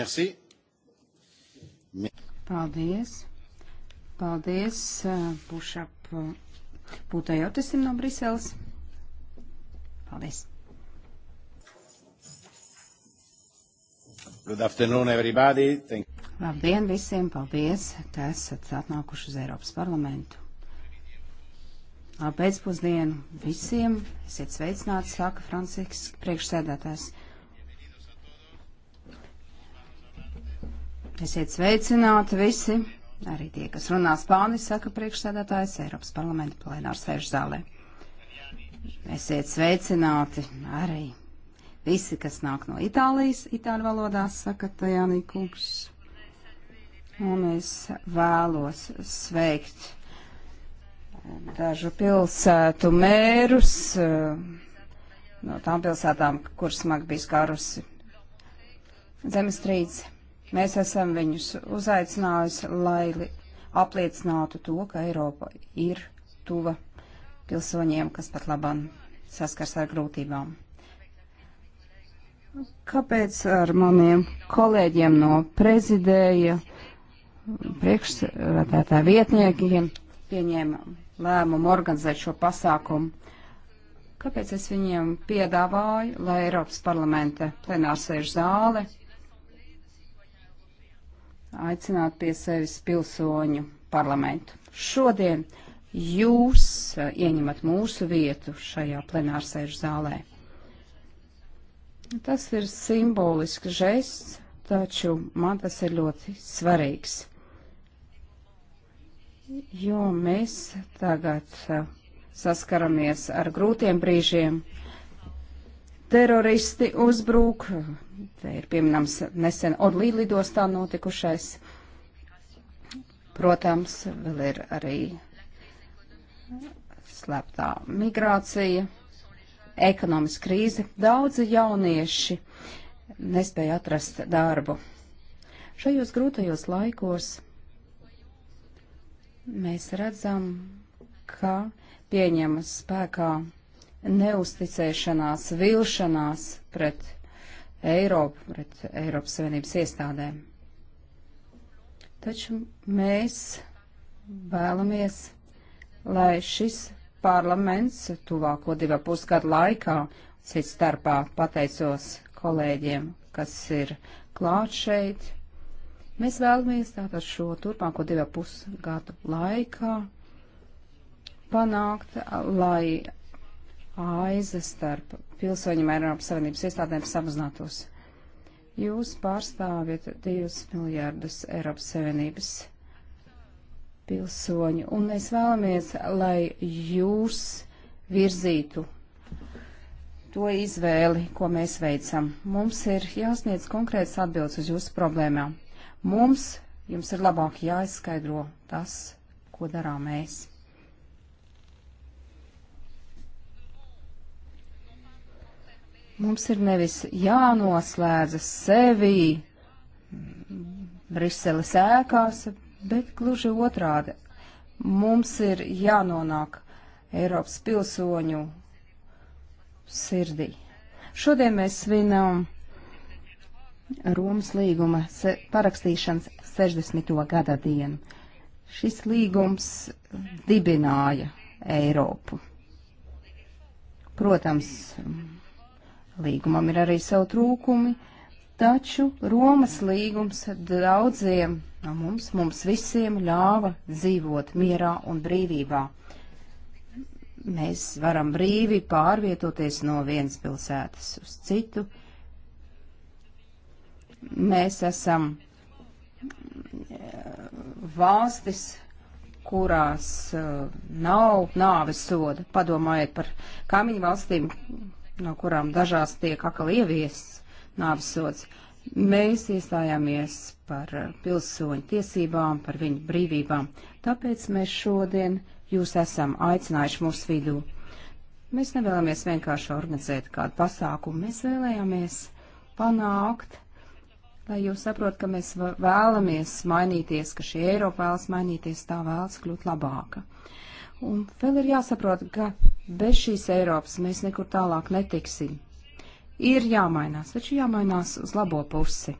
Merci. Paldies. Paldies, Pušap eh, Pūtajotisim eh, no Briseles. Paldies. Good afternoon, everybody. Thank Labdien visiem, paldies, ka esat atnākuši uz Eiropas parlamentu. Labu pēcpusdienu visiem, esiet sveicināti, saka Francisks priekšsēdētājs. Esiet sveicināti visi, arī tie, kas runā spāniski, saka priekšsēdētājs Eiropas parlamenta plenārs sēžu zālē. Esiet sveicināti arī visi, kas nāk no Itālijas, itāļu valodā, saka Tajānī kungs. Un es vēlos sveikt eh, dažu pilsētu mērus eh, no tām pilsētām, kuras smagi bija skārusi zemestrīce. Mēs esam viņus uzaicinājusi, lai apliecinātu to, ka Eiropa ir tuva pilsoņiem, kas pat labam saskars ar grūtībām. Kāpēc ar maniem kolēģiem no prezidēja, priekšsēdētāja vietniekiem pieņēma lēmumu organizēt šo pasākumu? Kāpēc es viņiem piedāvāju, lai Eiropas parlamenta plenārsēžu zāle aicināt pie sevis pilsoņu parlamentu. Šodien jūs eh, ieņemat mūsu vietu šajā plenārsēžu zālē. Tas ir simbolisks žests, taču man tas ir ļoti svarīgs. Jo mēs tagad eh, saskaramies ar grūtiem brīžiem, teroristi uzbrūk. Te ir pieminams nesen Odlī lidostā notikušais. Protams, vēl ir arī slēptā migrācija, ekonomiska krīze. Daudzi jaunieši nespēja atrast darbu. Šajos grūtajos laikos mēs redzam, ka pieņemas spēkā neusticēšanās, vilšanās pret Eiropu, pret Eiropas Savienības iestādēm. Taču mēs vēlamies, lai šis parlaments tuvāko divu pusgadu laikā, cits starpā pateicos kolēģiem, kas ir klāt šeit. Mēs vēlamies tātad šo turpmāko divu pusgadu laikā panākt, lai aiza starp pilsoņiem Eiropas Savienības iestādēm samazinātos. Jūs pārstāvjat 2 miljārdus Eiropas Savienības pilsoņu, un mēs vēlamies, lai jūs virzītu to izvēli, ko mēs veicam. Mums ir jāsniedz konkrēts atbildes uz jūsu problēmām. Mums jums ir labāk jāizskaidro tas, ko darām mēs. Mums ir nevis jānoslēdzas sevi Briseles ēkās, bet gluži otrādi. Mums ir jānonāk Eiropas pilsoņu sirdī. Šodien mēs svinam Romas līguma parakstīšanas 60. gada dienu. Šis līgums dibināja Eiropu. Protams, Līgumam ir arī savi trūkumi, taču Romas līgums daudziem no mums, mums visiem ļāva dzīvot mierā un brīvībā. Mēs varam brīvi pārvietoties no vienas pilsētas uz citu. Mēs esam eh, valstis, kurās uh, nav nāves soda. Padomājiet par kaimiņu valstīm, no kurām dažās tiek akal ieviests nāvisots. Mēs iestājāmies par pilsoņu tiesībām, par viņu brīvībām. Tāpēc mēs šodien jūs esam aicinājuši mūsu vidū. Mēs nevēlamies vienkārši organizēt kādu pasākumu, mēs vēlējāmies panākt, lai jūs saprot, ka mēs vēlamies mainīties, ka šī Eiropa vēlas mainīties, tā vēlas kļūt labāka. Uh, Un vēl ir jāsaprot, ka bez šīs Eiropas mēs nekur tālāk netiksim. Ir jāmainās, taču jāmainās uz labo pusi.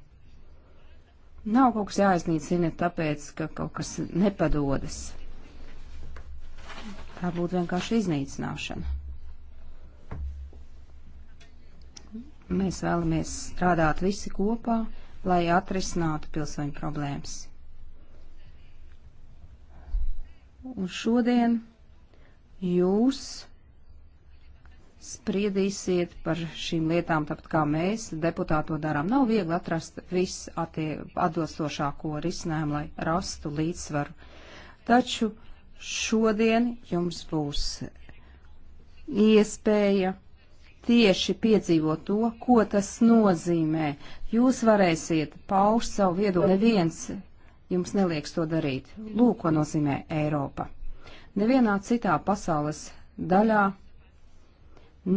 Nav kaut kas jāiznīcina tāpēc, ka kaut kas nepadodas. Tā būtu vienkārši iznīcināšana. mēs vēlamies strādāt visi kopā, lai atrisinātu pilsoņu problēmas. Un šodien jūs spriedīsiet par šīm lietām, tāpat kā mēs deputāto darām. Nav viegli atrast visu atbilstošāko risinājumu, lai rastu līdzsvaru. Taču šodien jums būs iespēja tieši piedzīvot to, ko tas nozīmē. Jūs varēsiet paust savu viedokli. Neviens jums nelieks to darīt. Lūk, ko nozīmē Eiropa. Nevienā citā pasaules daļā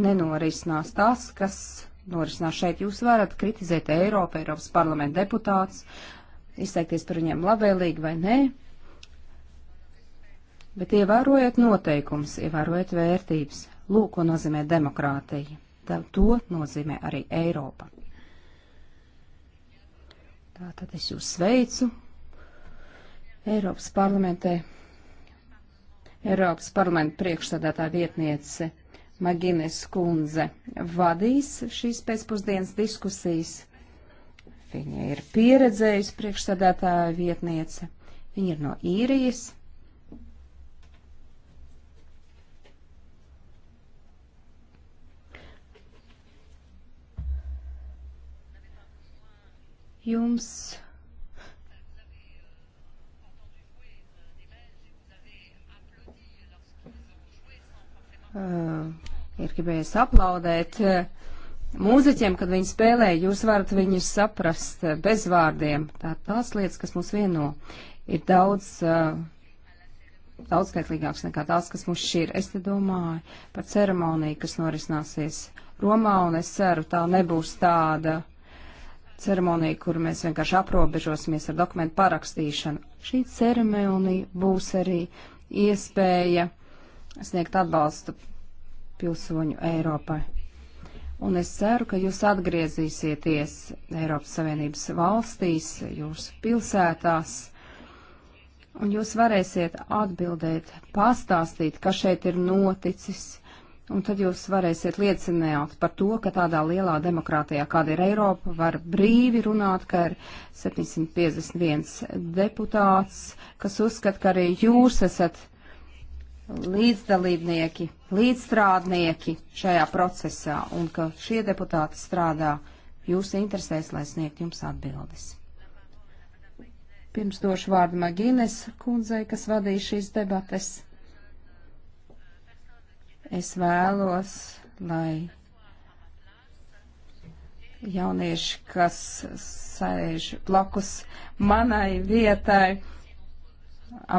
nenorisinās tas, kas norisinās šeit. Jūs varat kritizēt Eiropu, Eiropas parlamenta deputāts, izteikties par viņiem labvēlīgi vai nē, bet ievērojiet noteikums, ievērojiet vērtības. Lūk, ko nozīmē demokrātija. Tā, to nozīmē arī Eiropa. Tātad es jūs sveicu Eiropas parlamentē. Eiropas parlamenta priekšsādātāja vietniece Magines Kunze vadīs šīs pēcpusdienas diskusijas. Viņa ir pieredzējusi priekšsādātāja vietniece. Viņa ir no īrijas. Jums uh, ir gribējis aplaudēt uh, mūziķiem, kad viņi spēlē, jūs varat viņus saprast uh, bez vārdiem. Tā tās lietas, kas mūs vieno, ir daudz. Uh, Daudzskaitlīgāks nekā tās, kas mums šī ir. Es te domāju par ceremoniju, kas norisināsies Romā, un es ceru, tā nebūs tāda ceremonija, kur mēs vienkārši aprobežosimies ar dokumentu parakstīšanu. Šī ceremonija būs arī iespēja uh, sniegt atbalstu pilsoņu Eiropai. Un es ceru, ka jūs atgriezīsieties Eiropas Savienības valstīs, jūsu pilsētās, un jūs varēsiet atbildēt, pastāstīt, kas šeit ir noticis, un tad jūs varēsiet liecināt par to, ka tādā lielā demokrātijā, kāda ir Eiropa, var brīvi runāt, ka ir 751 deputāts, kas uzskata, ka arī jūs esat līdzdalībnieki, līdzstrādnieki šajā procesā un ka šie deputāti strādā jūsu interesēs, lai sniegt jums atbildes. Pirms došu vārdu Magīnes kundzei, kas vadīja šīs debates. Es vēlos, lai jaunieši, kas sēž blakus manai vietai,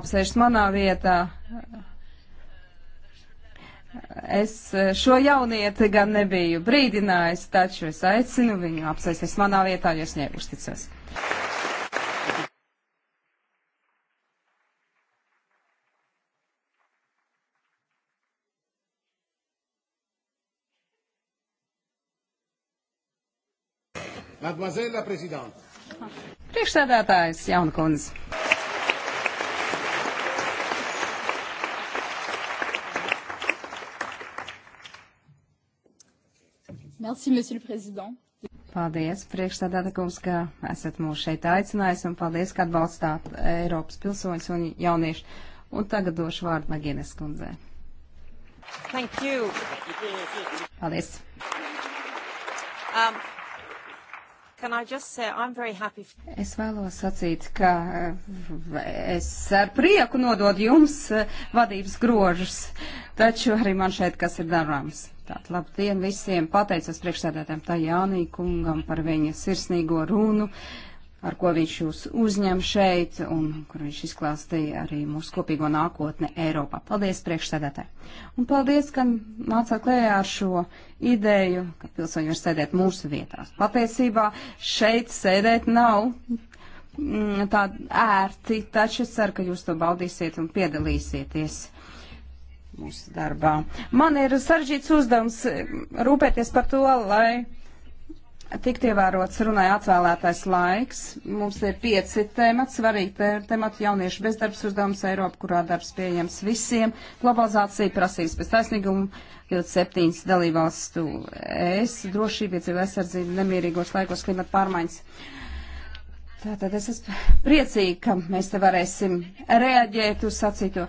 apsēžas manā vietā, Es eh, šo jaunieti gan nebiju brīdinājis, taču es aicinu viņu apsēsties manā vietā, jo es viņai uzticos. Mademoiselle la Présidente. Priekšsēdētājs Jaunkundze. Merci, monsieur le président. Paldies, priekšstādāta kungs, ka esat mūs šeit aicinājis un paldies, ka atbalstāt Eiropas pilsoņus un jauniešus. Un tagad došu vārdu Magienes kundzē. Thank you. Paldies. Um, Es vēlos sacīt, ka eh, es ar prieku nododu jums eh, vadības grožus, taču arī man šeit kas ir darāms. Tātad labdien visiem, pateicos priekšsēdētājiem tā Jānī kungam par viņa sirsnīgo runu. Uh, ar ko viņš jūs uzņem šeit un kur viņš izklāstīja arī mūsu kopīgo nākotni Eiropā. Paldies priekšsēdētāji. Un paldies, ka nācāt klējā ar šo ideju, ka pilsoņi var sēdēt mūsu vietās. Patiesībā šeit sēdēt nav mm, tā ērti, taču es ceru, ka jūs to baudīsiet un piedalīsieties mūsu darbā. Man ir saržģīts uzdevums rūpēties par to, lai tikt ievērots runai atvēlētais laiks. Mums ir pieci temati, svarīgi temati jauniešu bezdarbs uzdevums Eiropa, kurā darbs pieejams visiem. Globalizācija prasīs pēc taisnīguma 27 dalībvalstu ES, drošība, iedzīvē aizsardzība, nemierīgos laikos klimata pārmaiņas. Tātad es esmu priecīgi, ka mēs te varēsim reaģēt uz sacīto.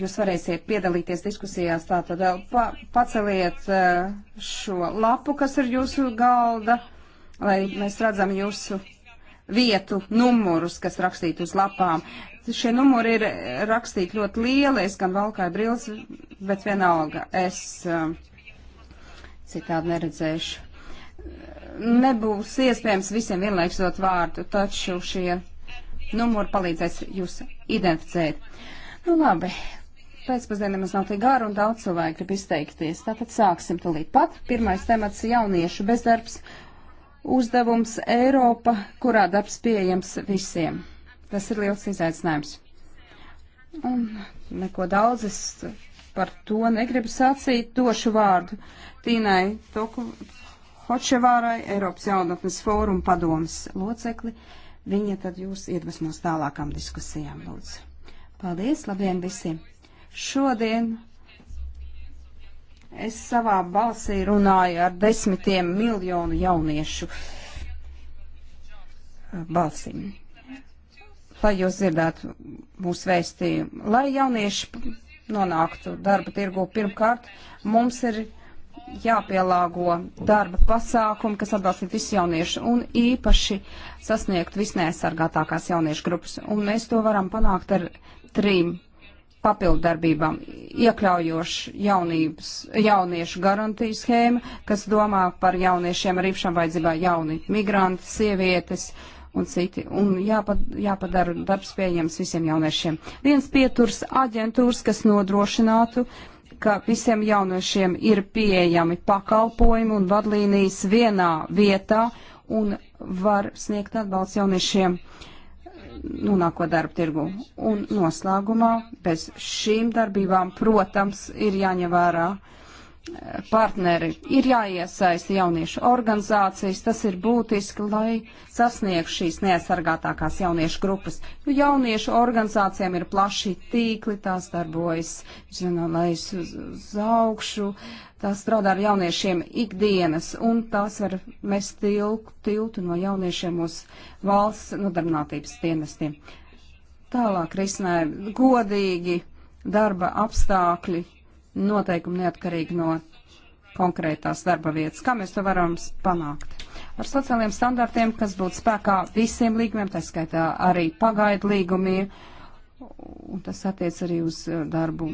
Jūs varēsiet piedalīties diskusijās, tātad eh, pa, paceliet eh, šo lapu, kas ir jūsu galda, lai mēs redzam jūsu vietu numurus, kas rakstīti uz lapām. Šie numuri ir eh, rakstīti ļoti lieli, es gan valkāju brīlis, bet vienalga es citādi neredzēšu. Nebūs iespējams visiem vienlaiks dot vārdu, taču šie numuri palīdzēs jūs identificēt. Uh, Nu labi, pēcpusdiena mums nav tik gara un daudz cilvēku grib izteikties. Tātad sāksim tūlīt pat. Pirmais temats - jauniešu bezdarbs. Uzdevums Eiropa, kurā darbs pieejams visiem. Tas ir liels izaicinājums. Un neko daudz es par to negribu sacīt. Došu vārdu Tīnai Toku Hočevārai, Eiropas jaunatnes fóruma padomas locekli. Viņa tad jūs iedvesmos tālākām diskusijām, lūdzu. Paldies, labdien visiem! Šodien es savā balsī runāju ar desmitiem miljonu jauniešu eh, balsīm. Lai jūs dzirdētu mūsu vēstījumu, lai jaunieši nonāktu darba tirgu, pirmkārt, mums ir jāpielāgo darba pasākumi, kas atbalstītu visus jauniešus un īpaši sasniegt visneaizsargātākās jauniešu grupas. Un mēs to varam panākt ar trim papildarbībām iekļaujoši jaunības, jauniešu garantijas schēma, kas domā par jauniešiem ar īpašām vajadzībām jauni migranti, sievietes un citi. Un jāpad, jāpadara darbs pieejams visiem jauniešiem. Viens pieturs aģentūras, kas nodrošinātu, ka visiem jauniešiem ir pieejami pakalpojumi un vadlīnijas vienā vietā un var sniegt atbalstu jauniešiem uh, nonākot darba tirgu. Un noslēgumā bez šīm darbībām, protams, ir jāņem vērā uh, partneri, ir jāiesaista jauniešu organizācijas, tas ir būtiski, lai sasniegtu šīs neaizsargātākās jauniešu grupas. Jo jauniešu organizācijām ir plaši tīkli, tās darbojas, zinām, lai es uz, uz augšu, tās strādā ar jauniešiem ikdienas, un tās var mest tiltu, tiltu no jauniešiem uz valsts nodarbinātības dienestiem. Tālāk risinājumi godīgi darba apstākļi noteikumi neatkarīgi no konkrētās darba vietas. Kā mēs to varam panākt? Ar sociāliem standartiem, kas būtu spēkā visiem līgumiem, tā skaitā arī pagaidu līgumiem, un tas attiec arī uz e, darbu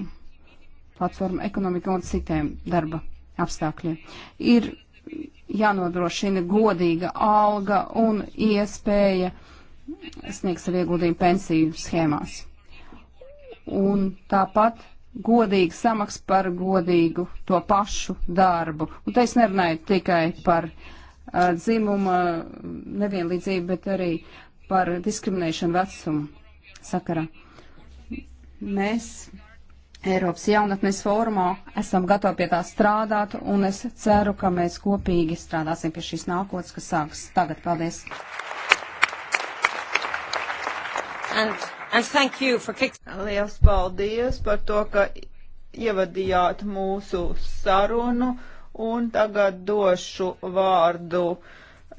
platformu ekonomiku un citiem darba apstākļiem. Ir jānodrošina godīga alga un iespēja sniegt savu ieguldījumu pensiju schēmās. Un tāpat godīga samaksa par godīgu to pašu darbu. Un te es nerunāju tikai par uh, dzimuma nevienlīdzību, bet arī par diskriminēšanu vecumu sakarā. Mēs Eiropas jaunatnes fórumā esam gatavi pie tā strādāt, un es ceru, ka mēs kopīgi strādāsim pie šīs nākotnes, kas sāks tagad. Paldies! And Liels paldies par to, ka ievadījāt mūsu sarunu, un tagad došu vārdu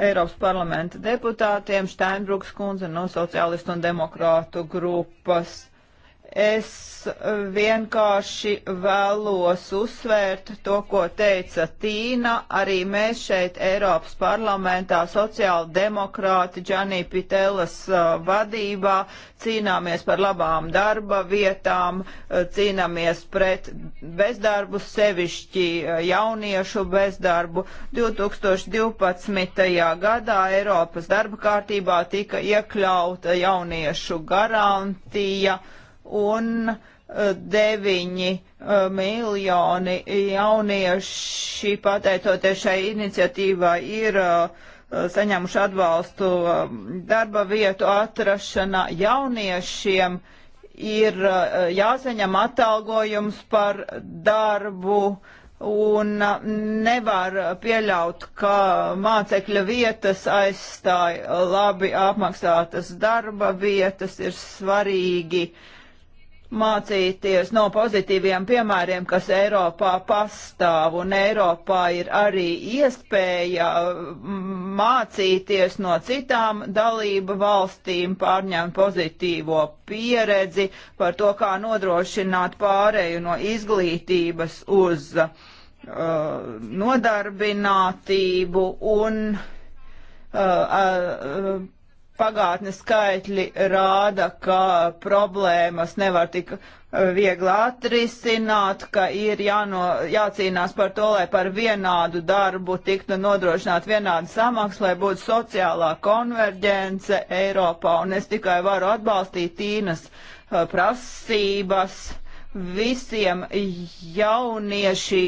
Eiropas parlamenta deputātiem Steinbruks kundze no Socialistu un Demokrātu grupas. Es vienkārši vēlos uzsvērt to, ko teica Tīna. Arī mēs šeit Eiropas parlamentā sociāli demokrāti Džanī Pitelas uh, vadībā cīnāmies par labām darba vietām, uh, cīnāmies pret bezdarbu, sevišķi uh, jauniešu bezdarbu. 2012. gadā Eiropas darba kārtībā tika iekļauta jauniešu garantija un 9 eh, eh, miljoni jaunieši pateicoties šai iniciatīvai ir eh, saņēmuši atbalstu darba vietu atrašanā jauniešiem ir jāsaņem atalgojums par darbu, un nevar pieļaut, ka mācekļa vietas aizstāja labi apmaksātas darba vietas, ir svarīgi uh, mācīties no pozitīviem piemēriem, kas Eiropā pastāv, un Eiropā ir arī iespēja mm, mācīties no citām dalību valstīm, pārņemt pozitīvo pieredzi par to, kā nodrošināt pārēju no izglītības uz uh, nodarbinātību un uh, uh, pagātnes skaitļi rāda, ka problēmas nevar tik uh, viegli atrisināt, ka ir jāno, jācīnās par to, lai par vienādu darbu tiktu nodrošināt vienādu samaksu, lai būtu sociālā konverģence Eiropā. Un es tikai varu atbalstīt Tīnas uh, prasības. Visiem jaunieši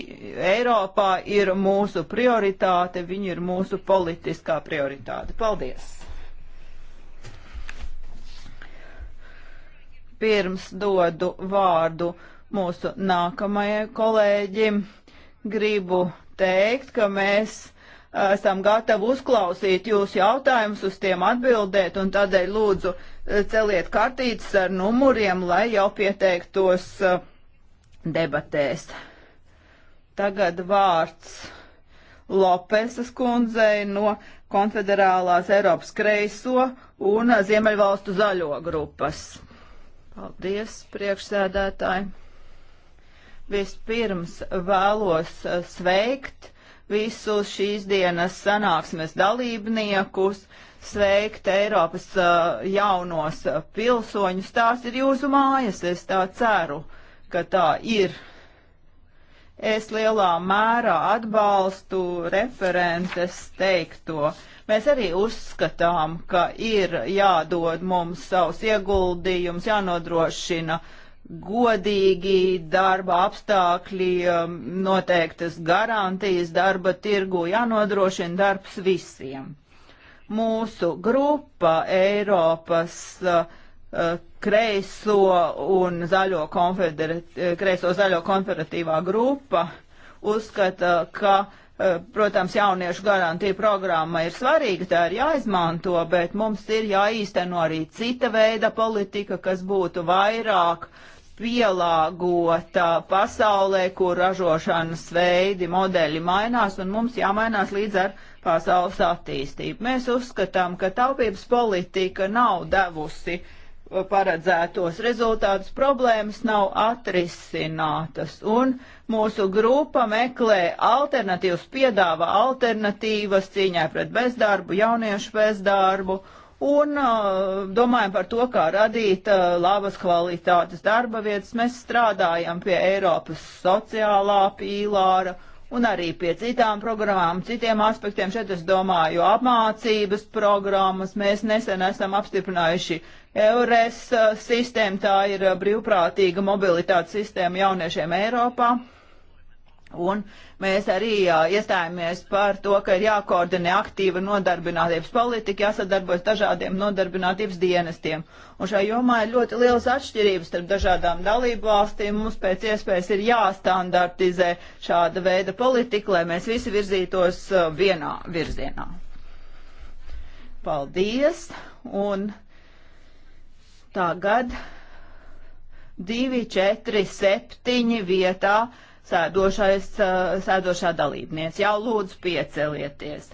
Eiropā ir mūsu prioritāte, viņi ir mūsu politiskā prioritāte. Paldies! pirms dodu vārdu mūsu nākamajai kolēģim, gribu teikt, ka mēs uh, esam gatavi uzklausīt jūsu jautājumus, uz tiem atbildēt, un tādēļ lūdzu uh, celiet kartītes ar numuriem, lai jau pieteiktos uh, debatēs. Tagad vārds Lopesas kundzei no Konfederālās Eiropas kreiso un Ziemeļvalstu zaļo grupas. Paldies, priekšsēdētāji. Vispirms vēlos uh, sveikt visus šīs dienas sanāksmes dalībniekus, sveikt Eiropas uh, jaunos uh, pilsoņus. Tās ir jūsu mājas, es tā ceru, ka tā ir. Es lielā mērā atbalstu referentes teikto. Mēs arī uzskatām, ka ir jādod mums savs ieguldījums, jānodrošina godīgi darba apstākļi, um, noteiktas garantijas darba tirgu, jānodrošina darbs visiem. Mūsu grupa Eiropas uh, uh kreiso un zaļo kreiso zaļo konfederatīvā grupa uzskata, ka Eh, protams, jauniešu garantija programma ir svarīga, tā ir jāizmanto, bet mums ir jāīsteno arī cita veida politika, kas būtu vairāk pielāgota pasaulē, kur ražošanas veidi, modeļi mainās, un mums jāmainās līdz ar pasaules attīstību. Mēs uzskatām, ka taupības politika nav devusi uh, paredzētos rezultātus, problēmas nav atrisinātas. Un mūsu grupa meklē alternatīvas, piedāvā alternatīvas cīņai pret bezdarbu, jauniešu bezdarbu. Un uh, domājam par to, kā radīt uh, labas kvalitātes darba vietas. Mēs strādājam pie Eiropas sociālā pīlāra, uh, un arī pie citām programmām, citiem aspektiem. Šeit es domāju apmācības programmas. Mēs nesen esam apstiprinājuši EURES eh, sistēmu, tā ir eh, brīvprātīga mobilitātes sistēma jauniešiem Eiropā. Un mēs arī jā, iestājāmies par to, ka ir jākoordinē aktīva nodarbinātības politika, jāsadarbojas dažādiem nodarbinātības dienestiem. Un šajā jomā ir ļoti lielas atšķirības starp dažādām dalību valstīm. Mums pēc iespējas ir jāstandartizē šāda veida politika, lai mēs visi virzītos uh, vienā virzienā. Paldies! Un tagad 2, 4, 7 vietā sēdošais, sēdošā dalībniece. Jau lūdzu piecelieties.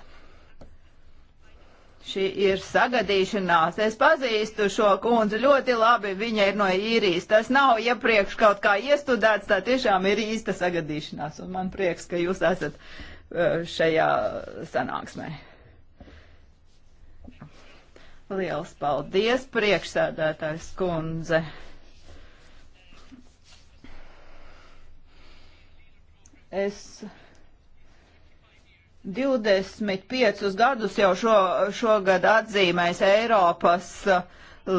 Šī ir sagadīšanās. Es pazīstu šo kundzi ļoti labi. Viņa ir no īrijas. Tas nav iepriekš kaut kā iestudēts. Tā tiešām ir īsta sagadīšanās. Un man prieks, ka jūs esat šajā sanāksmē. Liels paldies, priekšsēdētājs kundze. Es 25 gadus jau šo, šogad atzīmēs Eiropas uh,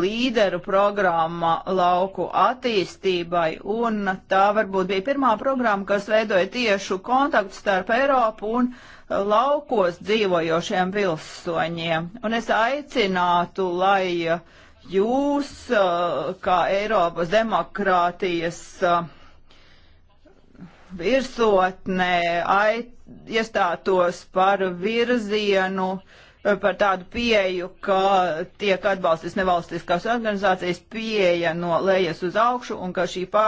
līderu programma lauku attīstībai, un tā varbūt bija pirmā programma, kas veidoja tiešu kontaktu starp Eiropu un uh, laukos dzīvojošiem pilsoņiem. Un es aicinātu, lai uh, jūs, kā Eiropas demokrātijas virsotnē iestātos par virzienu, par tādu pieeju, ka tiek atbalstīts nevalstiskās organizācijas pieeja no lejas uz augšu un ka šī pā,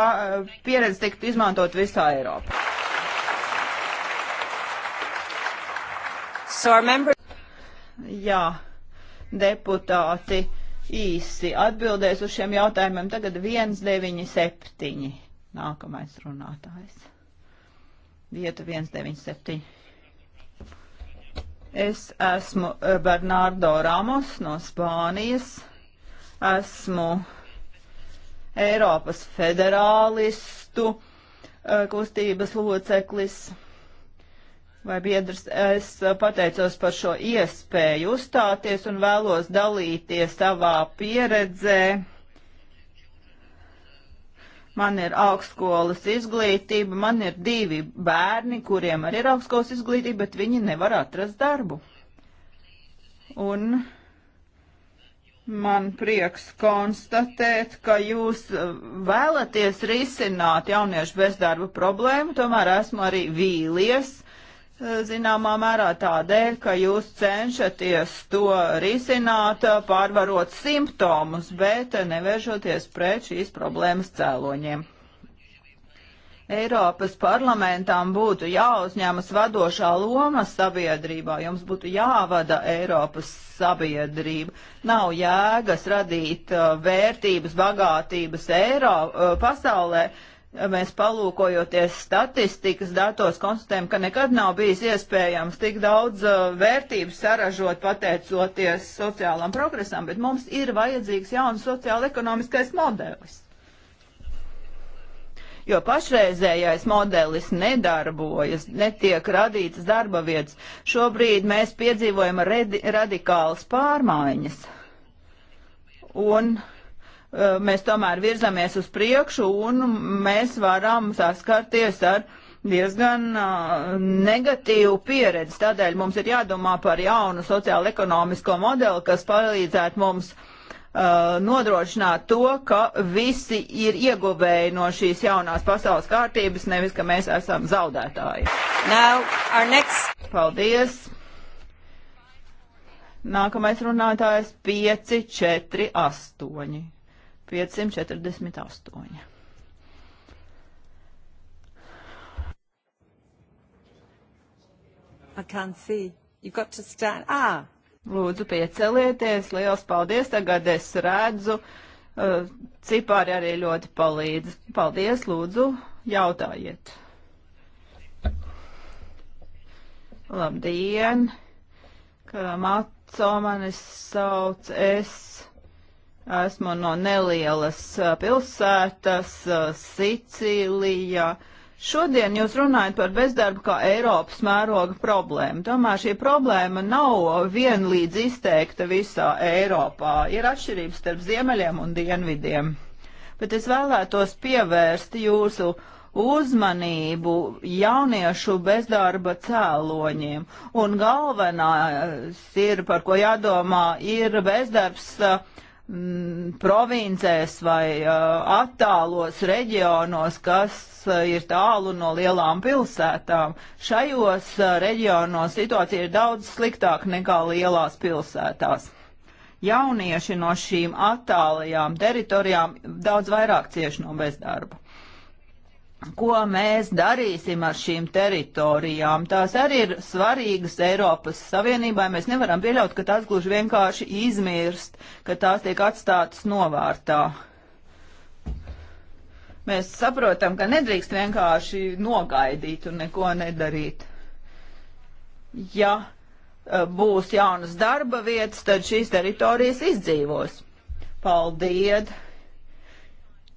pieredze tiktu izmantot visā Eiropā. So member... Jā, deputāti īsi atbildēs uz šiem jautājumiem. Tagad 197. Nākamais runātājs vietu 197. Es esmu eh, Bernardo Ramos no Spānijas, esmu Eiropas federālistu eh, kustības loceklis vai biedrs. Es pateicos par šo iespēju uzstāties un vēlos dalīties savā pieredzē man ir augstskolas izglītība, man ir divi bērni, kuriem arī ir augstskolas izglītība, bet viņi nevar atrast darbu. Un man prieks konstatēt, ka jūs vēlaties risināt jauniešu bezdarba problēmu, tomēr esmu arī vīlies zināmā mērā tādēļ, ka jūs cenšaties to risināt, pārvarot simptomus, bet nevēršoties pret šīs problēmas cēloņiem. Eiropas parlamentām būtu jāuzņemas vadošā loma sabiedrībā, jums būtu jāvada Eiropas sabiedrība. Nav jēgas radīt uh, vērtības, bagātības Eiro uh, pasaulē, uh, mēs palūkojoties statistikas datos, konstatējam, ka nekad nav bijis iespējams tik daudz uh, vērtības saražot pateicoties sociālam progresam, bet mums ir vajadzīgs jauns sociāla-ekonomiskais modelis. Jo pašreizējais modelis nedarbojas, netiek radītas darba vietas. Šobrīd mēs piedzīvojam radi radikālas pārmaiņas. Un uh, Eh, mēs tomēr virzamies uz priekšu un mēs varam saskarties ar diezgan eh, negatīvu pieredzi. Tādēļ mums ir jādomā par jaunu sociālo-ekonomisko modeli, kas palīdzētu mums eh, nodrošināt to, ka visi ir ieguvēji no šīs jaunās pasaules kārtības, nevis ka mēs esam zaudētāji. Now, next... Paldies! Nākamais runātājs 5, 4, 8. 548. I can't see. You got to stand. Ah! Lūdzu, piecelieties. Liels paldies. Tagad es redzu. Uh, cipāri arī ļoti palīdz. Paldies, lūdzu, jautājiet. Labdien! Kamaco manis sauc. Es Esmu no nelielas pilsētas, Sicīlijā. Šodien jūs runājat par bezdarbu kā Eiropas mēroga problēmu. Tomēr šī problēma nav vienlīdz izteikta visā Eiropā. Ir atšķirības starp ziemeļiem un dienvidiem. Bet es vēlētos pievērst jūsu uzmanību jauniešu bezdarba cēloņiem. Un galvenais ir, par ko jādomā, ir bezdarbs uh, Mm, provincēs vai uh, attālos reģionos, kas uh, ir tālu no lielām pilsētām. Šajos uh, reģionos situācija ir daudz sliktāka nekā lielās pilsētās. Jaunieši no šīm attālajām teritorijām daudz vairāk cieši no bezdarba ko mēs darīsim ar šīm teritorijām. Tās arī ir svarīgas Eiropas Savienībai. Mēs nevaram pieļaut, ka tās gluži vienkārši izmirst, ka tās tiek atstātas novārtā. Mēs saprotam, ka nedrīkst vienkārši nogaidīt un neko nedarīt. Ja e, būs jaunas darba vietas, tad šīs teritorijas izdzīvos. Paldies!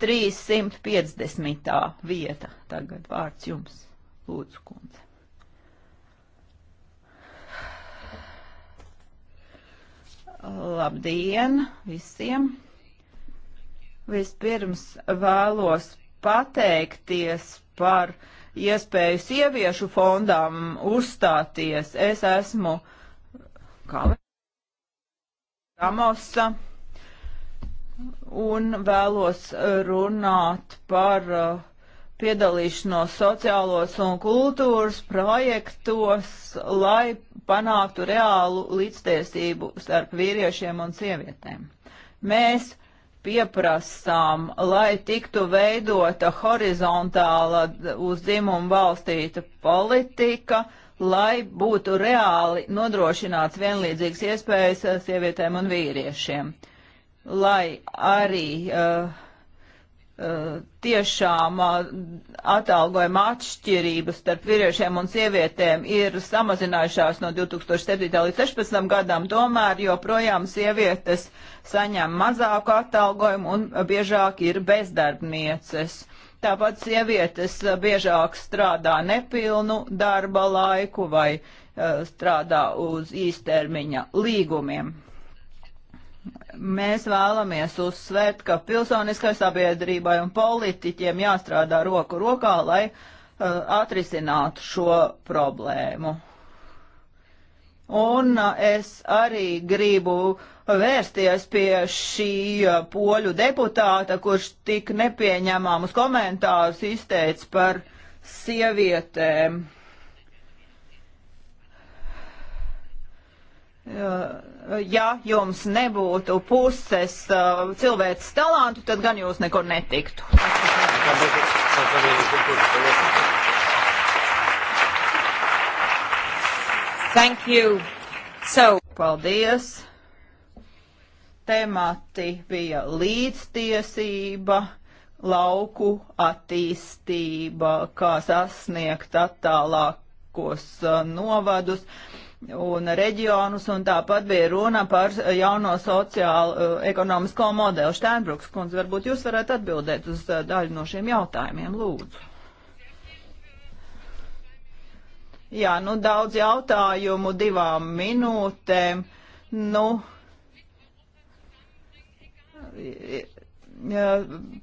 350. vieta. Tagad vārds jums, lūdzu, kundze. Labdien visiem! Vispirms vēlos pateikties par iespēju sieviešu fondām uzstāties. Es esmu Kale Ramosa un vēlos uh, runāt par uh, piedalīšanos sociālos un kultūras projektos, lai panāktu reālu līdztiesību starp vīriešiem un sievietēm. Mēs pieprasām, lai tiktu veidota horizontāla uz dzimumu balstīta politika, lai būtu reāli nodrošināts vienlīdzīgas iespējas sievietēm un vīriešiem. Uh, lai arī uh, uh, tiešām uh, atalgojuma atšķirības starp vīriešiem un sievietēm ir samazinājušās no 2007. līdz 16. gadam, tomēr joprojām sievietes saņem mazāku atalgojumu un biežāk ir bezdarbnieces. Tāpat sievietes biežāk strādā nepilnu darba laiku vai uh, strādā uz īstermiņa līgumiem. Mēs vēlamies uzsvērt, ka pilsoniskai sabiedrībai un politiķiem jāstrādā roku rokā, lai uh, atrisinātu šo problēmu. Un uh, es arī gribu vērsties pie šī uh, poļu deputāta, kurš tik nepieņemamus komentārus izteica par sievietēm. Uh, ja jums nebūtu puses uh, cilvēks talantu, tad gan jūs nekur netiktu. Thank you. So. Paldies. Temati bija līdztiesība lauku attīstība, kā sasniegt attālākos uh, novadus. Uh, un reģionus, un tāpat bija runa par jauno sociālo eh, ekonomisko modeli. Štēnbruks kundze, varbūt jūs varētu atbildēt uz eh, daļu no šiem jautājumiem, lūdzu. Jā, nu daudz jautājumu divām minūtēm. Nu,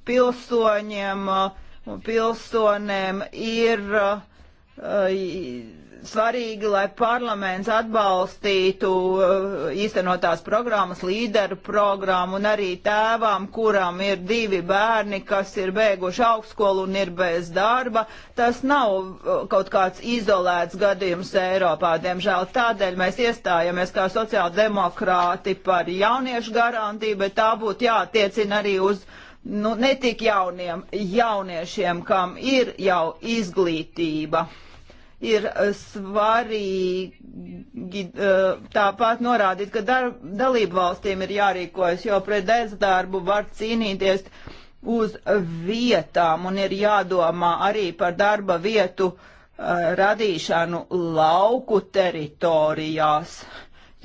pilsoņiem, eh, pilsonēm ir svarīgi, lai parlaments atbalstītu eh, īstenotās programmas, līderu programmu un arī tēvām, kuram ir divi bērni, kas ir beiguši augstskolu un ir bez darba. Tas nav eh, kaut kāds izolēts gadījums Eiropā, diemžēl. Tādēļ mēs iestājamies kā sociāldemokrāti par jauniešu garantiju, bet tā būtu jātiecina arī uz nu, ne tik jauniem jauniešiem, kam ir jau izglītība ir eh, svarīgi eh, tāpat norādīt, ka darb, dalību valstīm ir jārīkojas, jo pret bezdarbu var cīnīties uz vietām un ir jādomā arī par darba vietu uh, radīšanu lauku teritorijās.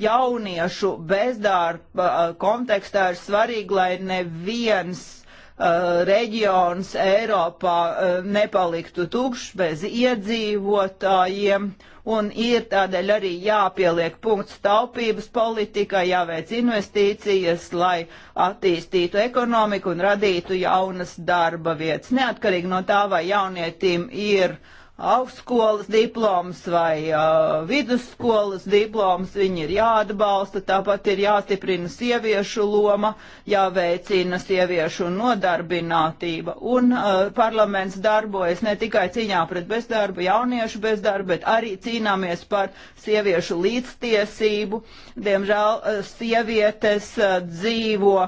Jauniešu bezdarba kontekstā ir svarīgi, lai neviens Uh, reģions Eiropā uh, nepaliktu tukšs bez iedzīvotājiem, un ir tādēļ arī jāpieliek punkts taupības politikai, jāveic investīcijas, lai attīstītu ekonomiku un radītu jaunas darba vietas. Neatkarīgi no tā, vai jaunietim ir uh, augstskolas diploms vai uh, vidusskolas diploms, viņi ir jāatbalsta, tāpat ir jāstiprina sieviešu loma, jāveicina sieviešu nodarbinātība. Un uh, parlaments darbojas ne tikai cīņā pret bezdarbu, jauniešu bezdarbu, bet arī cīnāmies par sieviešu līdztiesību. Diemžēl uh, sievietes uh, dzīvo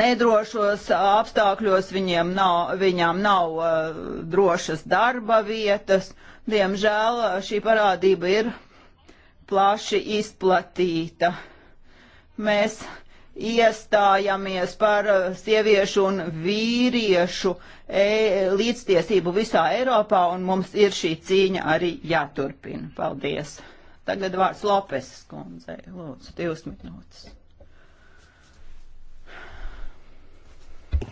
nedrošos apstākļos, viņiem nav, viņām nav uh, drošas darba vietas. Diemžēl uh, šī parādība ir plaši izplatīta. Mēs iestājamies par uh, sieviešu un vīriešu e līdztiesību visā Eiropā, un mums ir šī cīņa arī jāturpina. Paldies! Tagad vārds Lopes skundzei. Lūdzu, divas minūtes.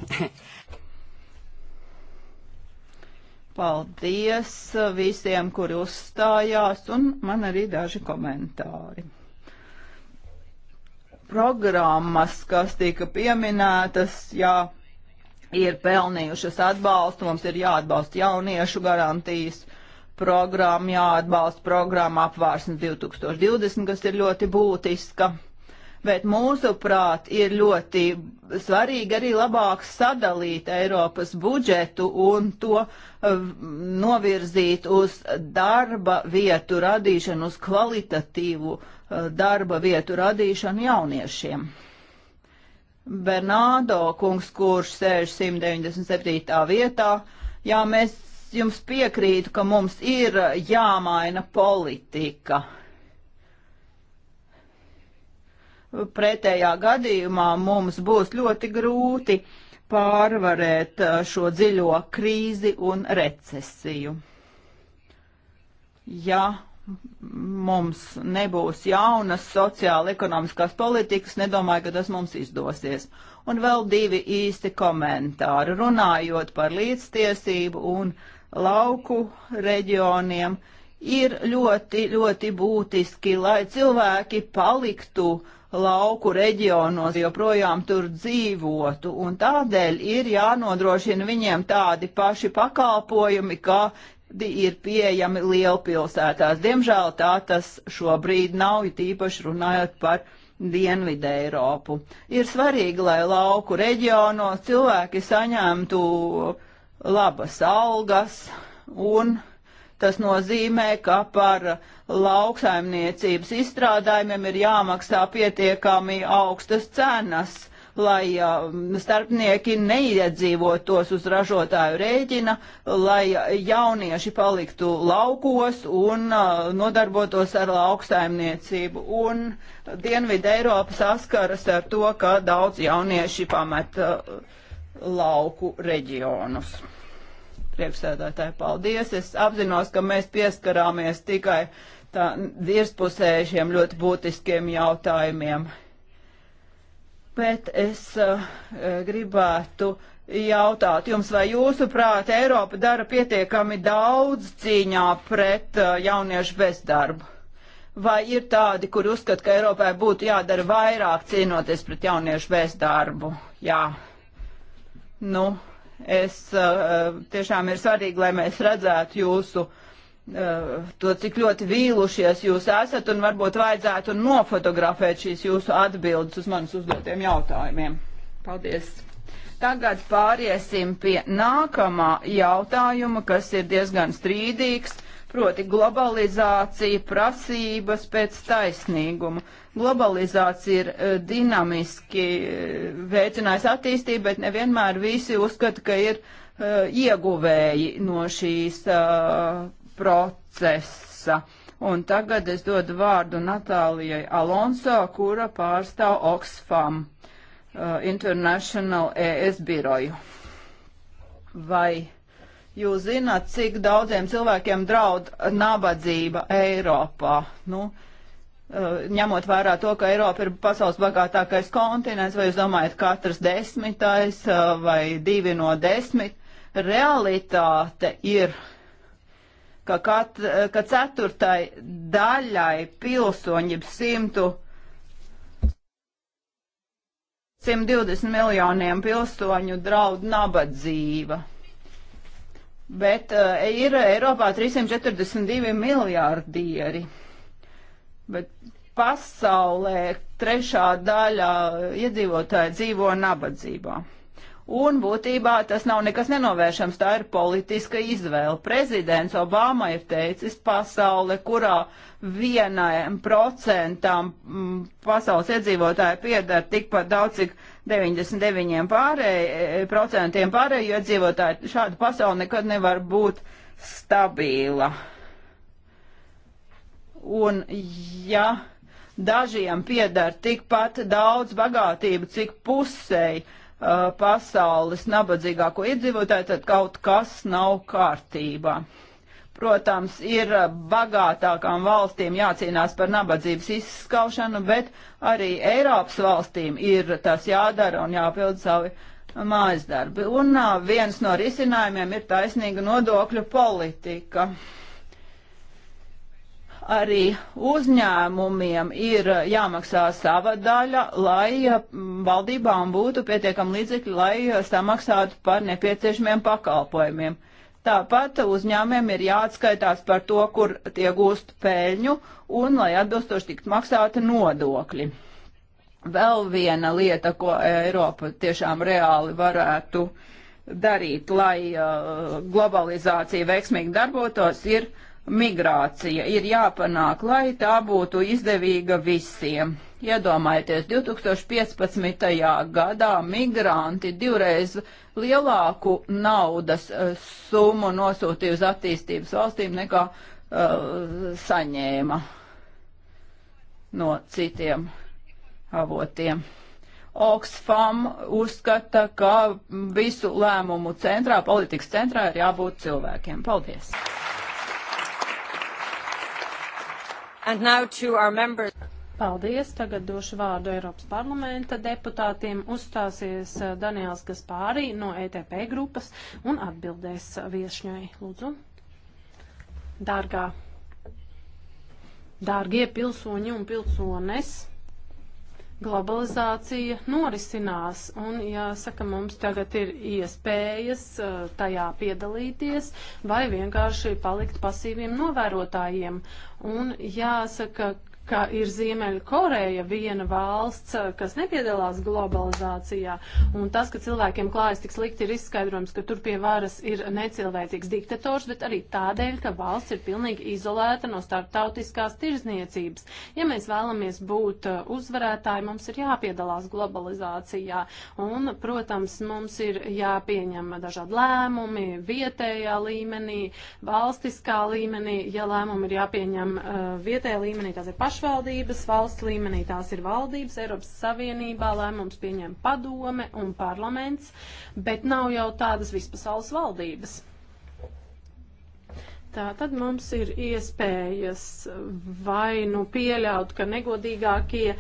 Paldies visiem, kuri uzstājās, un man arī daži komentāri. Programmas, kas tika pieminētas, jā, ir pelnījušas atbalstu, mums ir jāatbalsta jauniešu garantijas programma, jāatbalsta programma apvārsnes 2020, kas ir ļoti būtiska bet mūsuprāt ir ļoti svarīgi arī labāk sadalīt Eiropas budžetu un to eh, novirzīt uz darba vietu radīšanu, uz kvalitatīvu eh, darba vietu radīšanu jauniešiem. Bernādo kungs, kurš sēž 197. vietā, jā, mēs jums piekrītu, ka mums ir eh, jāmaina politika. Uh, Pretējā gadījumā mums būs ļoti grūti pārvarēt uh, šo dziļo krīzi un recesiju. Ja mums nebūs jaunas sociāla ekonomiskās politikas, nedomāju, ka tas mums izdosies. Un vēl divi īsti komentāri runājot par līdztiesību un lauku reģioniem. Ir ļoti, ļoti būtiski, lai cilvēki paliktu uh, lauku reģionos joprojām tur dzīvotu, un tādēļ ir jānodrošina viņiem tādi paši pakalpojumi, kādi ir pieejami lielpilsētās. Diemžēl tā tas šobrīd nav, it īpaši runājot par Dienvidē Eiropu. Ir svarīgi, lai lauku reģionos cilvēki saņemtu labas algas un uh, Tas nozīmē, ka par lauksaimniecības izstrādājumiem ir jāmaksā pietiekami augstas cenas, lai um, starpnieki neiedzīvotos uz ražotāju rēķina, lai jaunieši paliktu laukos un uh, nodarbotos ar lauksaimniecību. Un Dienvidu Eiropa saskaras ar to, ka daudz jaunieši pamet uh, lauku reģionus priekšsēdētāji, paldies. Es apzinos, ka mēs pieskarāmies tikai tā virspusējušiem ļoti būtiskiem jautājumiem. Bet es uh, gribētu jautāt jums, vai jūsuprāt Eiropa dara pietiekami daudz cīņā pret uh, jauniešu bezdarbu? Vai ir tādi, kur uzskat, ka Eiropai būtu jādara vairāk cīnoties pret jauniešu bezdarbu? Jā. Nu, Es eh, tiešām ir svarīgi, lai mēs redzētu jūsu eh, to, cik ļoti vīlušies jūs esat, un varbūt vajadzētu nofotografēt šīs jūsu atbildes uz manas uzdotiem jautājumiem. Paldies! Tagad pāriesim pie nākamā jautājuma, kas ir diezgan strīdīgs, proti globalizācija, prasības pēc taisnīguma. Globalizācija ir eh, dinamiski eh, veicinājusi attīstību, bet nevienmēr visi uzskata, ka ir uh, ieguvēji no šīs uh, procesa. Un tagad es dodu vārdu Natālijai Alonso, kura pārstāv Oxfam uh, International ES biroju. Vai jūs zināt, cik daudziem cilvēkiem draud nabadzība Eiropā? Nu, uh, Eh, ņemot vērā to, ka Eiropa ir pasaules bagātākais kontinents, vai jūs domājat katrs desmitais eh, vai divi no desmit, realitāte ir, ka, kat, eh, ka ceturtai daļai pilsoņi simtu. 120 miljoniem pilsoņu draud nabadzība. Bet uh, ir Eiropā 342 miljārdieri. Uh, bet pasaulē trešā daļa iedzīvotāji dzīvo nabadzībā. Un būtībā tas nav nekas nenovēršams, tā ir politiska izvēle. Prezidents Obama ir teicis, pasaule, kurā vienam procentam mm, pasaules iedzīvotāji piedara tikpat daudz, cik 99% pārēj, e, pārējo iedzīvotāju, šāda pasaule nekad nevar būt stabila. Uh, Un ja dažiem piedara tikpat daudz bagātību, cik pusēji uh, pasaules nabadzīgāko iedzīvotāju, tad kaut kas nav kārtībā. Protams, ir uh, bagātākām valstīm jācīnās par nabadzības izskaušanu, bet arī Eiropas valstīm ir tas jādara un jāpild savi mājas darbi. Un uh, viens no risinājumiem ir taisnīga nodokļu politika. Uh, arī uzņēmumiem ir jāmaksā sava daļa, lai mm, valdībām būtu pietiekami līdzekļi, lai samaksātu par nepieciešamiem pakalpojumiem. Tāpat uzņēmumiem ir jāatskaitās par to, kur tie gūst peļņu un lai atbilstoši tikt maksāti nodokļi. Vēl viena lieta, ko Eiropa tiešām reāli varētu darīt, lai uh, globalizācija veiksmīgi darbotos, ir uh, migrācija ir jāpanāk, lai tā būtu izdevīga visiem. Iedomājieties, 2015. gadā migranti divreiz lielāku naudas eh, summu nosūtīja uz attīstības valstīm nekā uh, saņēma no citiem avotiem. Oxfam uzskata, ka visu lēmumu centrā, politikas centrā ir jābūt cilvēkiem. Paldies! Paldies. Tagad došu vārdu Eiropas parlamenta deputātiem. Uzstāsies eh, Daniels Gaspārī no ETP grupas un atbildēs viešņai. Lūdzu. Dārgā. Dārgie pilsoņi un pilsones globalizācija norisinās, un jāsaka, mums tagad ir iespējas eh, tajā piedalīties vai vienkārši palikt pasīviem novērotājiem. Un jāsaka, ka ir Ziemeļkoreja viena valsts, eh, kas nepiedalās globalizācijā, un tas, ka cilvēkiem klājas tik slikti, ir izskaidrojums, ka tur pie varas ir necilvēcīgs diktators, bet arī tādēļ, ka valsts ir pilnīgi izolēta no starptautiskās tirzniecības. Ja mēs vēlamies būt eh, uzvarētāji, mums ir jāpiedalās globalizācijā, un, protams, mums ir jāpieņem dažādi lēmumi vietējā līmenī, valstiskā līmenī, ja lēmumi ir jāpieņem uh, vietējā līmenī, tās ir pašas pašvaldības valsts līmenī, tās ir valdības, Eiropas Savienībā lēmums pieņem padome un parlaments, bet nav jau tādas vispasaules valdības. Tā tad mums ir iespējas vai nu pieļaut, ka negodīgākie,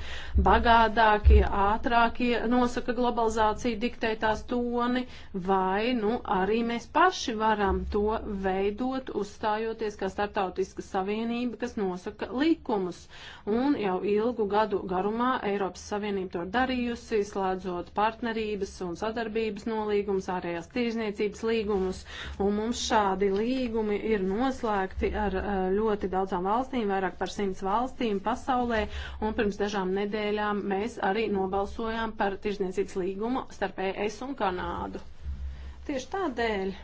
bagātākie, ātrākie nosaka globalizāciju diktētās toni, vai nu arī mēs paši varam to veidot, uzstājoties kā startautiska savienība, kas nosaka likumus. Un jau ilgu gadu garumā Eiropas Savienība to ir darījusi, slēdzot partnerības un sadarbības nolīgumus, ārējās tirzniecības līgumus, un mums šādi līgumi ir. Nu, noslēgti ar eh, ļoti daudzām valstīm, vairāk par simts valstīm pasaulē, un pirms dažām nedēļām mēs arī nobalsojām par tirzniecības līgumu starp ES un Kanādu. Tieši tādēļ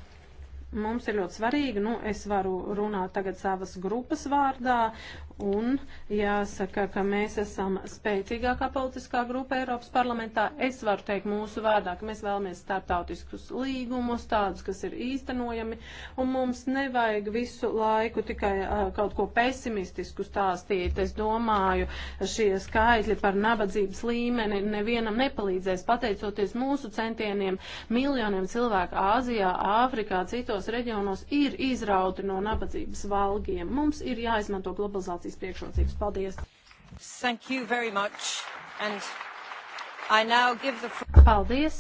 mums ir ļoti svarīgi, nu, es varu runāt tagad savas grupas vārdā, Un jāsaka, ka mēs esam spēcīgākā politiskā grupa Eiropas parlamentā. Es varu teikt mūsu vārdā, ka mēs vēlamies startautiskus līgumus, tādus, kas ir īstenojami, un mums nevajag visu laiku tikai uh, kaut ko pesimistisku stāstīt. Es domāju, šie skaitļi par nabadzības līmeni nevienam nepalīdzēs. Pateicoties mūsu centieniem, miljoniem cilvēku Āzijā, Āfrikā, citos reģionos ir izrauti no nabadzības valgiem. Mums ir jāizmanto globalizācija situācijas priekšrocības. Paldies! Thank you very much. And I now give the... Paldies!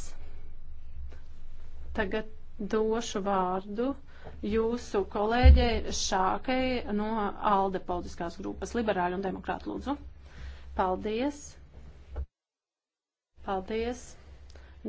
Tagad došu vārdu jūsu kolēģei Šākai no ALDE politiskās grupas liberāļu un demokrātu lūdzu. Paldies! Paldies!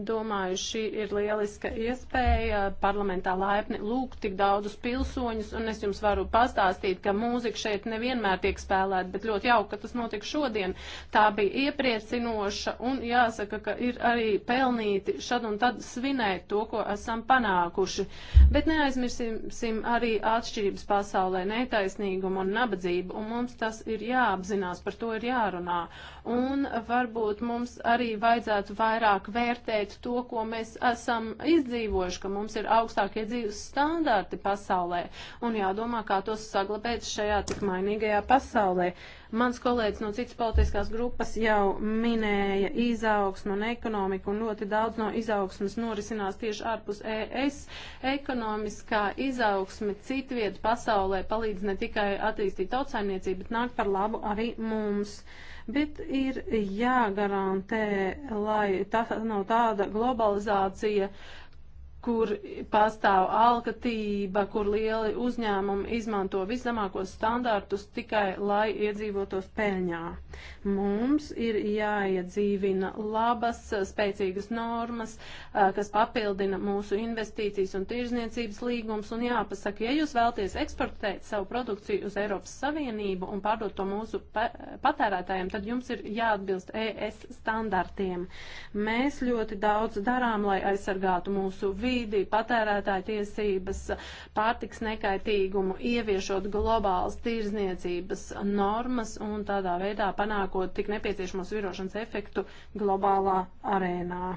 Domāju, šī ir lieliska iespēja parlamentā laipni lūgt tik daudzus pilsoņus, un es jums varu pastāstīt, ka mūzika šeit nevienmēr tiek spēlēta, bet ļoti jauka, ka tas notiek šodien. Tā bija iepriecinoša, un jāsaka, ka ir arī pelnīti šad un tad svinēt to, ko esam panākuši. Bet neaizmirsim arī atšķirības pasaulē, netaisnīgumu un nabadzību, un mums tas ir jāapzinās, par to ir jārunā. Un varbūt mums arī vajadzētu vairāk vērtēt pateicu to, ko mēs esam izdzīvojuši, ka mums ir augstākie dzīves standarti pasaulē un jādomā, kā tos saglabēt šajā tik mainīgajā pasaulē. Mans kolēģis no citas politiskās grupas jau minēja izaugsmu un ekonomiku, un ļoti daudz no izaugsmas norisinās tieši ārpus ES. Ekonomiskā izaugsme citviet pasaulē palīdz ne tikai attīstīt tautsaimniecību, bet nāk par labu arī mums. Uh, bet ir jāgarantē, lai tā nav tāda globalizācija, uh, kur pastāv alkatība, kur lieli uzņēmumi izmanto viszemākos standartus tikai, lai iedzīvotos peļņā. Mums ir jāiedzīvina labas, spēcīgas normas, kas papildina mūsu investīcijas un tirzniecības līgums, un jāpasaka, ja jūs vēlties eksportēt savu produkciju uz Eiropas Savienību un pārdot to mūsu patērētājiem, tad jums ir jāatbilst ES standartiem. Mēs ļoti daudz darām, lai aizsargātu mūsu vīdu brīdī, patērētāju tiesības, pārtiks nekaitīgumu, ieviešot globālas tirzniecības normas un tādā veidā panākot tik nepieciešamos virošanas efektu globālā arēnā.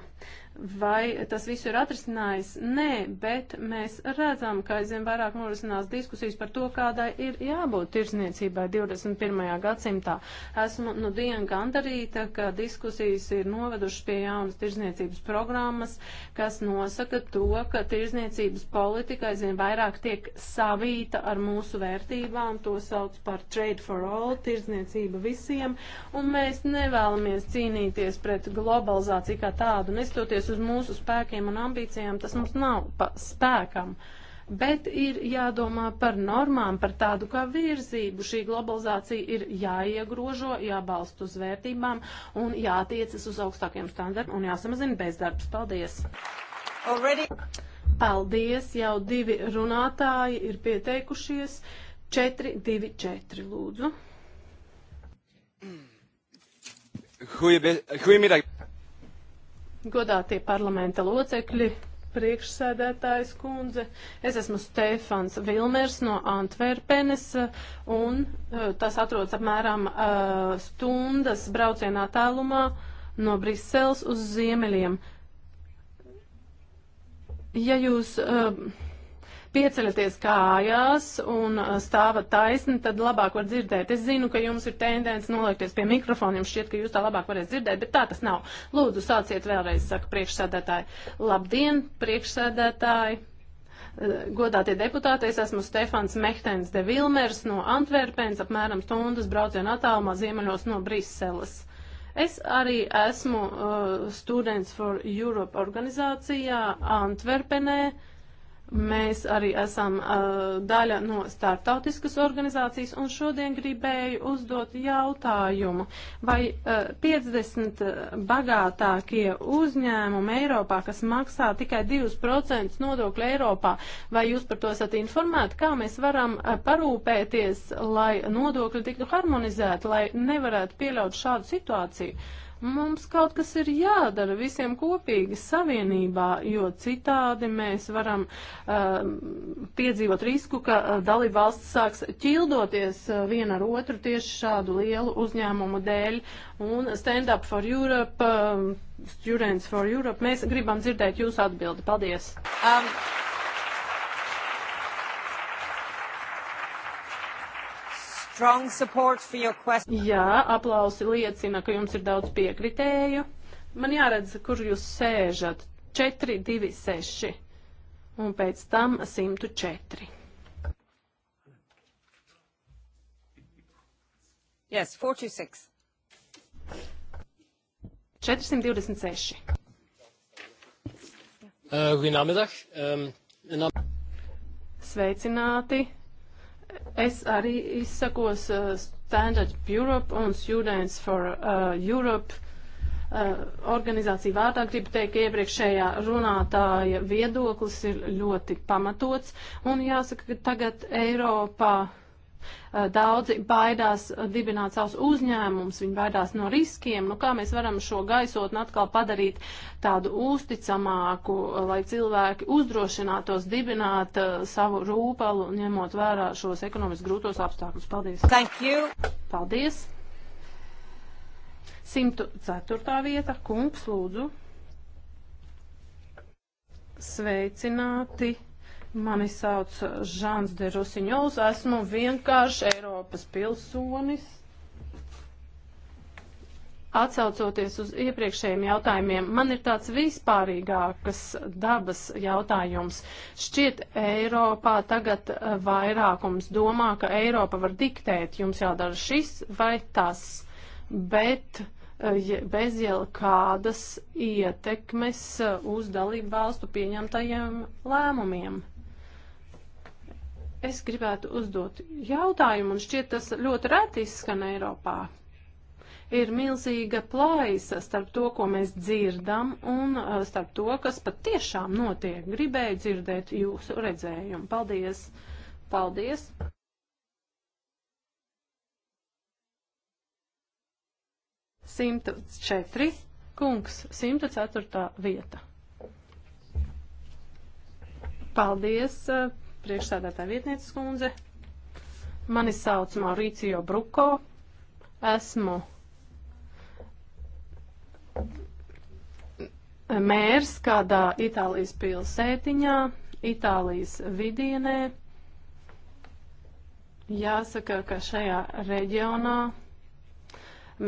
Vai tas visu ir atrisinājis? Nē, bet mēs redzam, ka aizvien vairāk norisinās diskusijas par to, kādai ir jābūt tirsniecībai 21. gadsimtā. Esmu nu dienu gandarīta, ka diskusijas ir novedušas pie jaunas tirsniecības programmas, kas nosaka to, ka tirsniecības politika aizvien vairāk tiek savīta ar mūsu vērtībām. To sauc par trade for all, tirsniecība visiem. Un mēs nevēlamies cīnīties pret globalizāciju kā tādu, nestoties balstoties uz mūsu spēkiem un ambīcijām, tas mums nav pa spēkam. Bet ir jādomā par normām, par tādu kā virzību. Šī globalizācija ir jāiegrožo, jābalst uz vērtībām un jātiecas uz augstākiem standartiem un jāsamazina bezdarbs. Paldies! Already. Paldies! Jau divi runātāji ir pieteikušies. 4, 2, 4, lūdzu. Goedemiddag godātie parlamenta locekļi, priekšsēdētājs kundze. Es esmu Stefans Vilmers no Antverpenes, un eh, tas atrodas apmēram eh, stundas braucienā tālumā no Briseles uz ziemeļiem. Ja jūs uh, pieceļaties kājās un uh, stāvat taisni, tad labāk var dzirdēt. Es zinu, ka jums ir tendence noliekties pie mikrofona, jums šķiet, ka jūs tā labāk varēs dzirdēt, bet tā tas nav. Lūdzu, sāciet vēlreiz, saka priekšsēdētāji. Labdien, priekšsēdētāji! Uh, godātie deputāti, es esmu Stefans Mehtens de Vilmers no Antverpens, apmēram stundas brauciena attālumā ziemeļos no Briseles. Es arī esmu uh, Students for Europe organizācijā Antverpenē. Uh, Mēs arī esam uh, daļa no startautiskas organizācijas, un šodien gribēju uzdot jautājumu, vai uh, 50 uh, bagātākie uzņēmumi Eiropā, kas maksā tikai 2% nodokļu Eiropā, vai jūs par to esat informēti, kā mēs varam uh, parūpēties, lai nodokļi tiktu harmonizēti, lai nevarētu pieļaut šādu situāciju? Uh, Mums kaut kas ir jādara visiem kopīgi savienībā, jo citādi mēs varam uh, piedzīvot risku, ka uh, dalība valsts sāks ķildoties uh, viena ar otru tieši šādu lielu uzņēmumu dēļ. Un Stand Up for Europe, uh, Students for Europe, mēs gribam dzirdēt jūsu atbildi. Paldies! Um. Jā, aplausi liecina, ka jums ir daudz piekritēju. Man jāredz, kur jūs sēžat. 4, 2, 6 un pēc tam 104. Yes, 46. 426. Uh, Goedenamiddag. Um, Sveicināti. Es arī izsakos uh, Standard Europe un Students for uh, Europe uh, organizāciju vārdā gribu teikt, ka iepriekšējā runātāja viedoklis ir ļoti pamatots, un jāsaka, ka tagad Eiropā uh, Eh, daudzi baidās eh, dibināt savus uzņēmumus, viņi baidās no riskiem. Nu, kā mēs varam šo gaisotni atkal padarīt tādu uzticamāku, eh, lai cilvēki uzdrošinātos dibināt savu rūpalu, ņemot vērā šos ekonomiski grūtos apstākļus? Paldies! Thank you! Paldies! 104. vieta, kungs, lūdzu. Sveicināti! Mani sauc uh, Žans de Rusiņols, esmu vienkārši Eiropas pilsonis. Atsaucoties uz iepriekšējiem jautājumiem, man ir tāds vispārīgākas dabas jautājums. Šķiet, Eiropā tagad uh, vairākums domā, ka Eiropa var diktēt, jums jādara šis vai tas, bet uh, bez jau kādas ietekmes uz dalību valstu pieņemtajiem lēmumiem. Es gribētu uzdot jautājumu, un šķiet tas ļoti reti izskan Eiropā. Ir milzīga plaisa starp to, ko mēs dzirdam, un uh, starp to, kas patiešām notiek. Gribēju dzirdēt jūsu redzējumu. Paldies! Paldies! Simta četri, kungs, simta ceturtā vieta. Paldies! Uh, priekšsēdētāja vietnieces kundze. Mani sauc Mauricio Bruko. Esmu mērs kādā Itālijas pilsētiņā, Itālijas vidienē. Jāsaka, ka šajā reģionā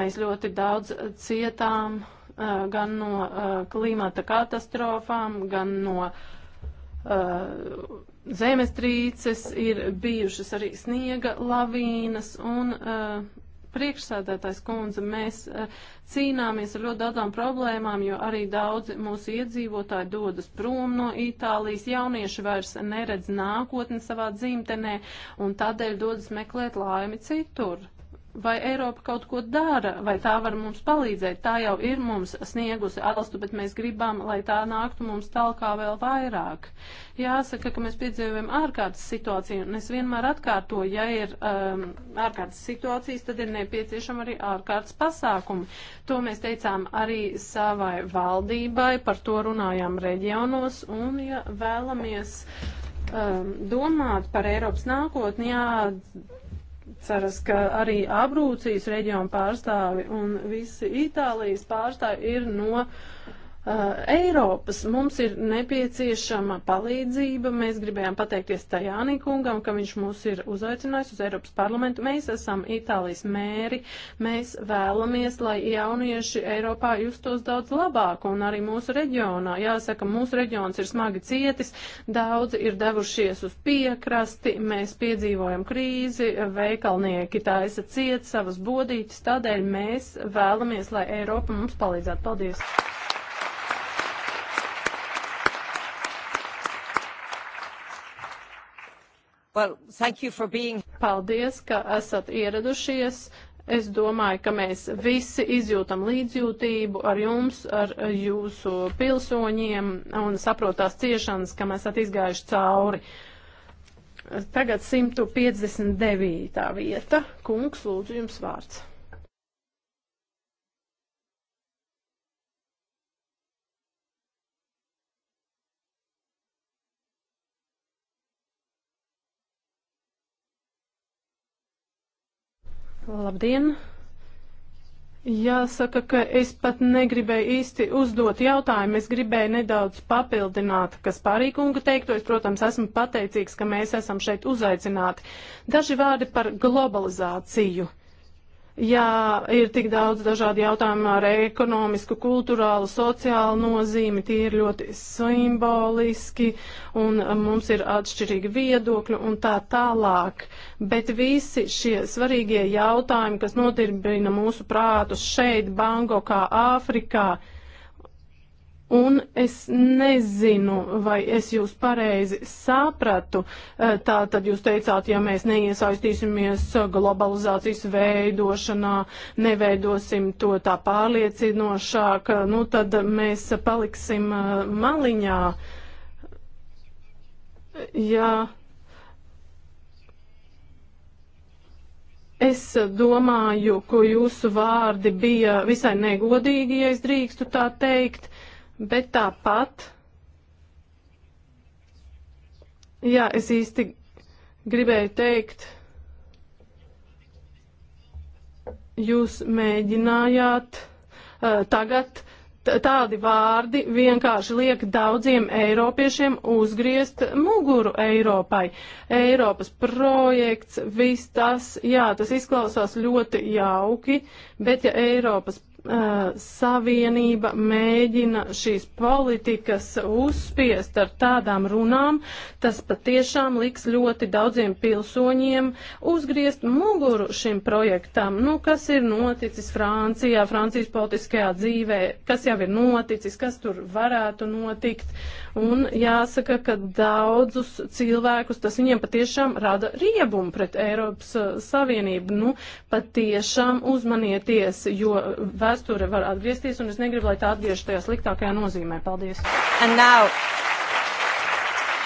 mēs ļoti daudz cietām eh, gan no eh, klimata katastrofām, gan no eh, zemestrīces, ir bijušas arī sniega lavīnas un uh, priekšsēdētājs kundze, mēs uh, cīnāmies ar ļoti daudzām problēmām, jo arī daudzi mūsu iedzīvotāji dodas prom no Itālijas, jaunieši vairs neredz nākotni savā dzimtenē un tādēļ dodas meklēt laimi citur vai Eiropa kaut ko dara, vai tā var mums palīdzēt. Tā jau ir mums sniegusi atbalstu, bet mēs gribam, lai tā nāktu mums talkā vēl vairāk. Jāsaka, ka mēs piedzīvojam ārkārtas situāciju, un es vienmēr atkārtoju, ja ir um, ārkārtas situācijas, tad ir nepieciešama arī ārkārtas pasākumi. To mēs teicām arī savai valdībai, par to runājām reģionos, un ja vēlamies um, domāt par Eiropas nākotni, jā, jāatceras, ka arī Abrūcijas reģiona pārstāvi un visi Itālijas pārstāvi ir no uh, Uh, Eiropas mums ir nepieciešama palīdzība. Mēs gribējām pateikties Tajānī kungam, ka viņš mūs ir uzaicinājis uz Eiropas parlamentu. Mēs esam Itālijas mēri. Mēs vēlamies, lai jaunieši Eiropā justos daudz labāk un arī mūsu reģionā. Jāsaka, mūsu reģions ir smagi cietis, daudzi ir devušies uz piekrasti, mēs piedzīvojam krīzi, veikalnieki taisa ciet savas bodītes, tādēļ mēs vēlamies, lai Eiropa mums palīdzētu. Paldies! Well, thank you for being. Paldies, ka esat ieradušies. Es domāju, ka mēs visi izjūtam līdzjūtību ar jums, ar jūsu pilsoņiem un saprotās ciešanas, kam esat izgājuši cauri. Tagad 159. vieta. Kungs, lūdzu, jums vārds. Labdien! Jāsaka, ka es pat negribēju īsti uzdot jautājumu, es gribēju nedaudz papildināt, kas pārīkunga teikto. Es, protams, esmu pateicīgs, ka mēs esam šeit uzaicināti. Daži vārdi par globalizāciju. Jā, ir tik daudz dažādu jautājumu ar ekonomisku, kulturālu, sociālu nozīmi, tie ir ļoti simboliski un mums ir atšķirīgi viedokļi un tā tālāk. Bet visi šie svarīgie jautājumi, kas notirbina mūsu prātus šeit, Bangokā, Āfrikā, uh, Un es nezinu, vai es jūs pareizi sapratu. E, tā tad jūs teicāt, ja mēs neiesaistīsimies globalizācijas veidošanā, neveidosim to tā pārliecinošāk, nu tad mēs paliksim e, maliņā. Jā. Es domāju, ka jūsu vārdi bija visai negodīgi, ja es drīkstu tā teikt. Uh, Bet tāpat, jā, es īsti gribēju teikt, jūs mēģinājāt uh, tagad tādi vārdi vienkārši liek daudziem eiropiešiem uzgriezt muguru Eiropai. Eiropas projekts, viss tas, jā, tas izklausās ļoti jauki, bet ja Eiropas Uh, savienība mēģina šīs politikas uzspiest ar tādām runām, tas patiešām liks ļoti daudziem pilsoņiem uzgriezt muguru šim projektam. Nu, kas ir noticis Francijā, Francijas politiskajā dzīvē, kas jau ir noticis, kas tur varētu notikt. Un jāsaka, ka daudzus cilvēkus tas viņiem patiešām rada riebumu pret Eiropas uh, Savienību. Nu, patiešām uzmanieties, jo. Var vēsture var atgriezties, un es negribu, lai tā atgriežas tajā sliktākajā nozīmē. Paldies! Now,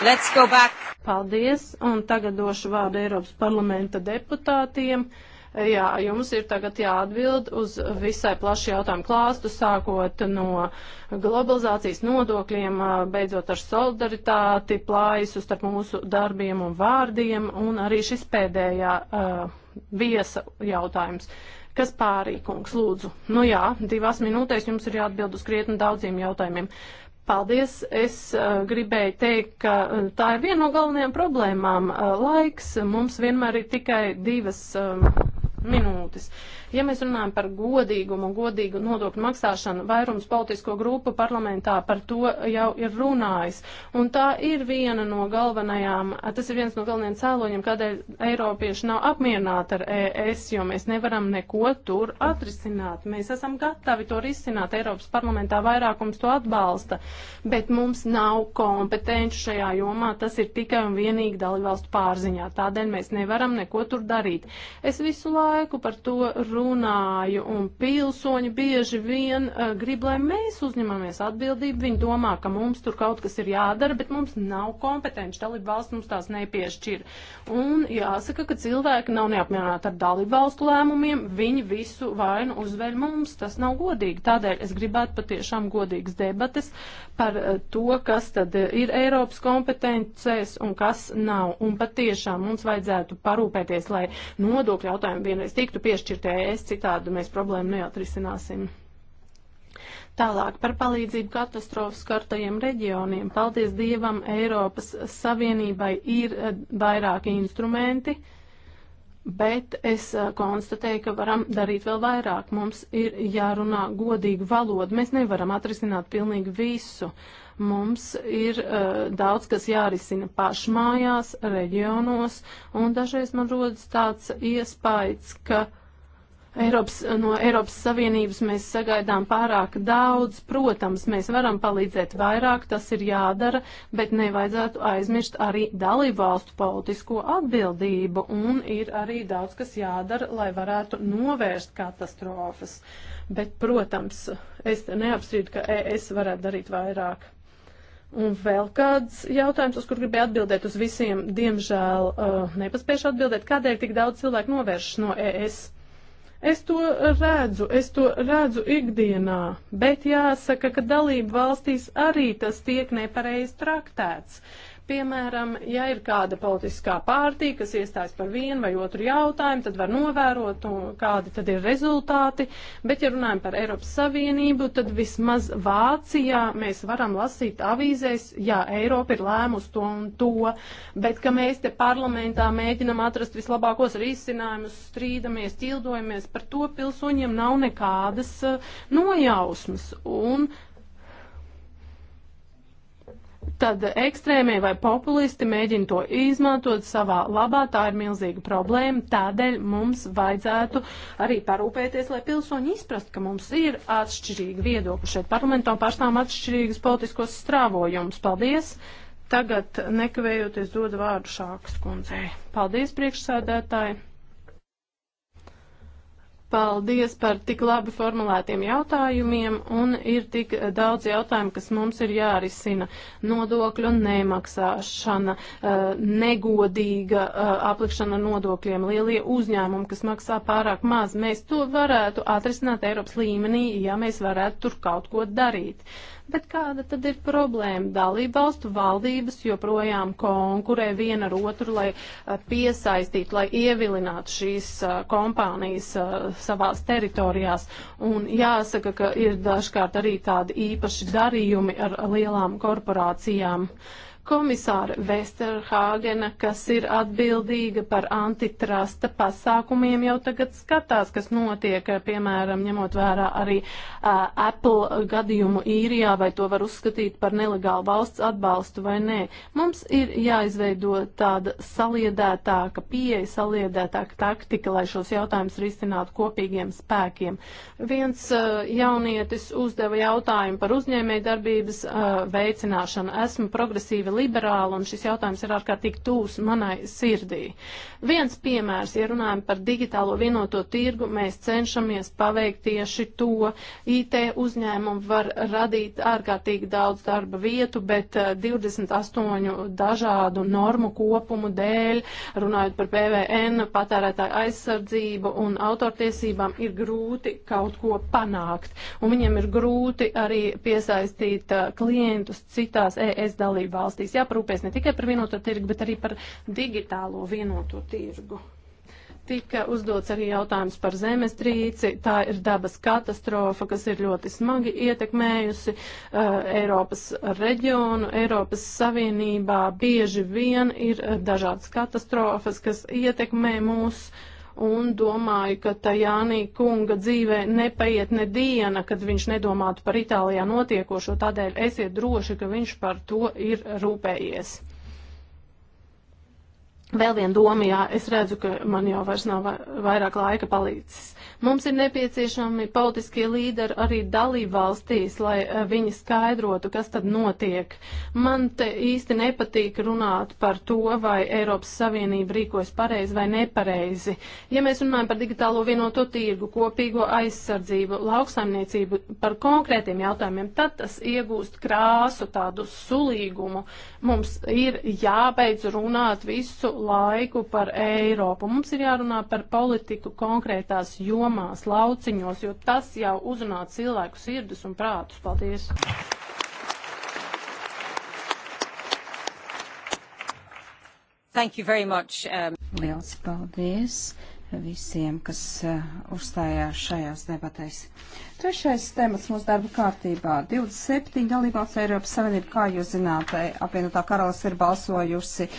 let's go back. Paldies, un tagad došu vārdu Eiropas parlamenta deputātiem. Jā, jums ir tagad jāatbild uz visai plašu jautājumu klāstu, sākot no globalizācijas nodokļiem, beidzot ar solidaritāti, plājas starp mūsu darbiem un vārdiem, un arī šis pēdējā uh, viesa jautājums. Kas pārīkums, lūdzu? Nu jā, divās minūtēs jums ir jāatbild uz krietni daudziem jautājumiem. Paldies! Es uh, gribēju teikt, ka eh, tā ir viena no galvenajām problēmām. Uh, laiks mums vienmēr ir tikai divas uh, minūtes. Uh, Ja mēs runājam par godīgumu un godīgu nodokļu maksāšanu, vairums politisko grupu parlamentā par to jau ir runājis. Un tā ir viena no galvenajām, tas ir viens no galvenajiem cēloņiem, kādēļ Eiropieši nav apmierināti ar ES, jo mēs nevaram neko tur atrisināt. Mēs esam gatavi to risināt. Eiropas parlamentā vairākums to atbalsta, bet mums nav kompetenci šajā jomā. Tas ir tikai un vienīgi dalībvalstu pārziņā. Tādēļ mēs nevaram neko tur darīt. Es visu laiku par to runāju runāju, un pilsoņi bieži vien uh, grib, lai mēs uzņemamies atbildību. Viņi domā, ka mums tur kaut kas ir jādara, bet mums nav kompetenci. Dalību valsts mums tās nepiešķir. Un jāsaka, ka cilvēki nav neapmierināti ar dalību valstu lēmumiem. Viņi visu vainu uzveļ mums. Tas nav godīgi. Tādēļ es gribētu patiešām godīgas debates par uh, to, kas tad eh, ir Eiropas kompetencēs un kas nav. Un patiešām mums vajadzētu parūpēties, lai nodokļu jautājumi vienreiz tiktu piešķirtē mēs citādi mēs problēmu neatrisināsim. Tālāk par palīdzību katastrofu skartajiem reģioniem. Paldies Dievam, Eiropas Savienībai ir eh, vairāki instrumenti, bet es eh, konstatēju, ka varam darīt vēl vairāk. Mums ir jārunā godīgu valodu. Mēs nevaram atrisināt pilnīgi visu. Mums ir uh, daudz, kas jārisina pašmājās, reģionos, un dažreiz man rodas tāds iespējas, ka uh, Eiropas, no Eiropas Savienības mēs sagaidām pārāk daudz. Protams, mēs varam palīdzēt vairāk, tas ir jādara, bet nevajadzētu aizmirst arī dalību valstu politisko atbildību un ir arī daudz, kas jādara, lai varētu novērst katastrofas. Bet, protams, es neapstrīdu, ka ES varētu darīt vairāk. Un vēl kāds jautājums, uz kur gribēju atbildēt uz visiem, diemžēl uh, nepaspējuši atbildēt, kādēļ tik daudz cilvēku novērš no ES. Es to redzu, es to redzu ikdienā, bet jāsaka, ka dalību valstīs arī tas tiek nepareiz traktēts. Piemēram, ja ir kāda politiskā pārtīka, kas iestājas par vienu vai otru jautājumu, tad var novērot, kādi tad ir rezultāti. Bet, ja runājam par Eiropas Savienību, tad vismaz Vācijā mēs varam lasīt avīzēs, jā, Eiropa ir lēmusi to un to, bet ka mēs te parlamentā mēģinam atrast vislabākos risinājumus, strīdamies, ķildojamies, par to pilsoņiem nav nekādas eh, nojausmas. Un, uh, tad ekstrēmie vai populisti mēģina to izmantot savā labā. Tā ir milzīga problēma. Tādēļ mums vajadzētu arī parūpēties, lai pilsoņi izprast, ka mums ir atšķirīgi viedokļi šeit parlamentā pārstāvam atšķirīgas politiskos strāvojumus. Paldies! Tagad nekavējoties dodu vārdu šākas kundzei. Paldies, priekšsēdētāji! Paldies par tik labi formulētiem jautājumiem, un ir tik daudz jautājumu, kas mums ir jārisina. Nodokļu nemaksāšana, eh, negodīga eh, aplikšana nodokļiem, lielie uzņēmumi, kas maksā pārāk maz. Mēs to varētu atrisināt Eiropas līmenī, ja mēs varētu tur kaut ko darīt. Uh, Bet kāda tad ir problēma? Dalībvalstu valdības joprojām konkurē viena ar otru, lai eh, piesaistītu, lai ievilinātu šīs eh, kompānijas eh, savās teritorijās. Un jāsaka, ka ir dažkārt arī tādi īpaši darījumi ar lielām korporācijām. Uh, Komisāra Vesterhāgena, kas ir atbildīga par antitrasta pasākumiem, jau tagad skatās, kas notiek, piemēram, ņemot vērā arī uh, Apple gadījumu īrijā, vai to var uzskatīt par nelegālu valsts atbalstu vai nē. Mums ir jāizveido tāda saliedētāka pieeja, saliedētāka taktika, lai šos jautājumus risinātu kopīgiem spēkiem. Viens uh, jaunietis uzdeva jautājumu par uzņēmējdarbības uh, veicināšanu. Esmu progresīvi liberāli, un šis jautājums ir ārkārtīgi tūs manai sirdī. Viens piemērs, ja runājam par digitālo vienoto tirgu, mēs cenšamies paveikt tieši to. IT uzņēmumi var radīt ārkārtīgi daudz darba vietu, bet 28 eh, dažādu normu kopumu dēļ, runājot par PVN, patērētāju aizsardzību un autortiesībām, ir grūti kaut ko panākt. Un viņiem ir grūti arī piesaistīt eh, klientus citās ES dalībvalstīs valstīs jāparūpēs ne tikai par vienoto tirgu, bet arī par digitālo vienoto tirgu. Tika uzdots arī jautājums par zemestrīci. Tā ir dabas katastrofa, kas ir ļoti smagi ietekmējusi uh, Eiropas reģionu. Eiropas Savienībā bieži vien ir uh, dažādas katastrofas, kas ietekmē mūsu un domāju, ka Tajānī kunga dzīvē nepaiet ne diena, kad viņš nedomātu par Itālijā notiekošo, tādēļ esiet droši, ka viņš par to ir rūpējies. Vēl viena doma, jā, es redzu, ka man jau vairs nav vairāk laika palīdzis. Mums ir nepieciešami politiskie līderi arī dalībvalstīs, lai eh, viņi skaidrotu, kas tad notiek. Man te īsti nepatīk runāt par to, vai Eiropas Savienība rīkojas pareizi vai nepareizi. Ja mēs runājam par digitālo vienoto tirgu, kopīgo aizsardzību, lauksaimniecību, par konkrētiem jautājumiem, tad tas iegūst krāsu, tādu sulīgumu. Mums ir jābeidz runāt visu laiku par Eiropu. Mums ir jārunā par politiku konkrētās jomās domās, lauciņos, jo tas jau uzrunā cilvēku sirdis un prātus. Paldies! Thank you very much. Um... Liels paldies visiem, kas uh, uzstājās šajās debatēs. Trešais temats mūsu darba kārtībā. 27 dalībvalsts Eiropas Savienība, kā jūs zināt, eh, apvienotā karalis ir balsojusi uh,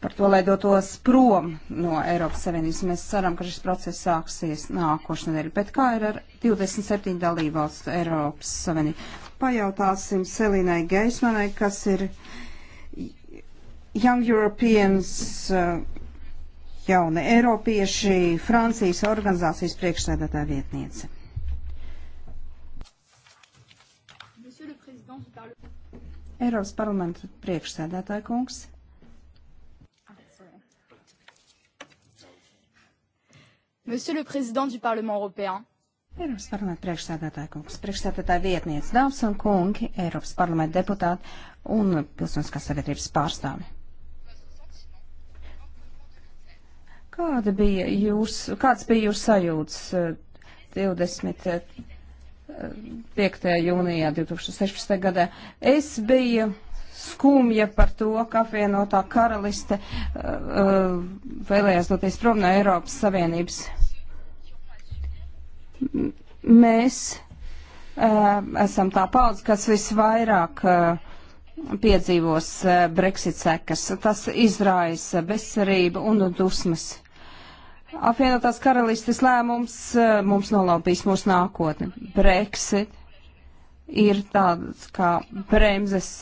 par to, lai dotos prom no Eiropas Savienības. Mēs ceram, ka šis process sāksies nākošnedēļ. Bet kā ir ar 27 dalībvalstu Eiropas Savienību? Pajautāsim Selīnai Geismanai, kas ir Young Europeans, uh, jauni Eiropieši, Francijas organizācijas priekšsēdētāja vietniece. Eiropas parlamenta priekšsēdētāja kungs. Monsieur le Président du Parlement européen. Pirms parlamenta priekšsēdētāja kungs, priekšsēdētāja vietniece, dāmas un kungi, Eiropas parlamenta deputāti un pilsoniskās sabiedrības pārstāvi. Kāda bija jūs, kāds bija jūs sajūts 20. Eh, 5. Eh, jūnijā 2016. gadā. Es biju skumja par to, ka apvienotā karaliste uh, vēlējās doties prom no Eiropas Savienības mēs uh, esam tā paudze, kas visvairāk uh, piedzīvos uh, Brexit sekas. Tas izraisa bezcerību un dusmas. Apvienotās karalistes lēmums uh, mums nolaupīs mūsu nākotni. Brexit ir tāds kā bremzes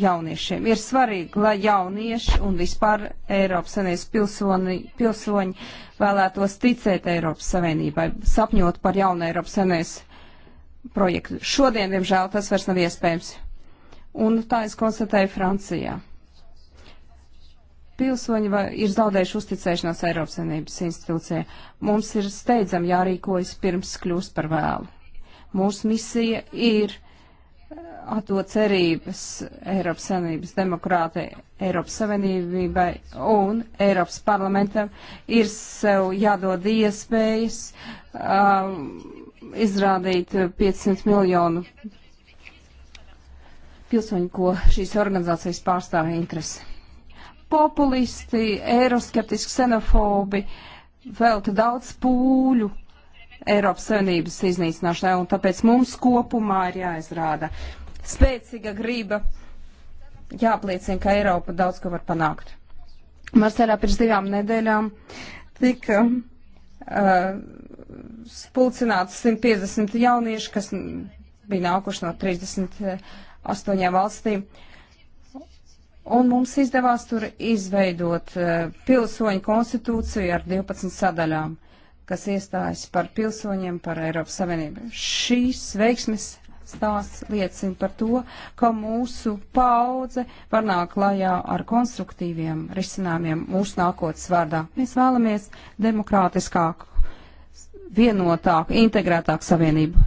jauniešiem. Ir svarīgi, lai jaunieši un vispār Eiropas Savienības pilsoni, pilsoņi vēlētos ticēt Eiropas Savienībai, sapņot par jaunu Eiropas Savienības projektu. Šodien, diemžēl, tas vairs nav iespējams. Un tā es konstatēju Francijā. Pilsoņi vai, ir zaudējuši uzticēšanos Eiropas Savienības institūcijai. Mums ir steidzam jārīkojas pirms kļūst par vēlu. Mūsu misija ir atdot cerības Eiropas Savienības demokrātai, Eiropas Savienībai un Eiropas parlamentam ir sev jādod iespējas um, izrādīt 500 miljonu pilsoņu, ko šīs organizācijas pārstāv interesi. Populisti, eiroskeptiski xenofobi velta daudz pūļu Eiropas Savienības iznīcināšanai, un tāpēc mums kopumā ir jāizrāda spēcīga grība jāpliecina, ka Eiropa daudz ko var panākt. Marselā pirms divām nedēļām tika uh, spulcināts 150 jaunieši, kas bija nākuši no 38 valstīm. Un mums izdevās tur izveidot uh, pilsoņu konstitūciju ar 12 sadaļām, kas iestājas par pilsoņiem, par Eiropas Savienību. Šīs veiksmes tās liecina par to, ka mūsu paudze var nākt klajā ar konstruktīviem risinājumiem mūsu nākotnes vārdā. Mēs vēlamies demokrātiskāku, vienotāku, integrētāku savienību.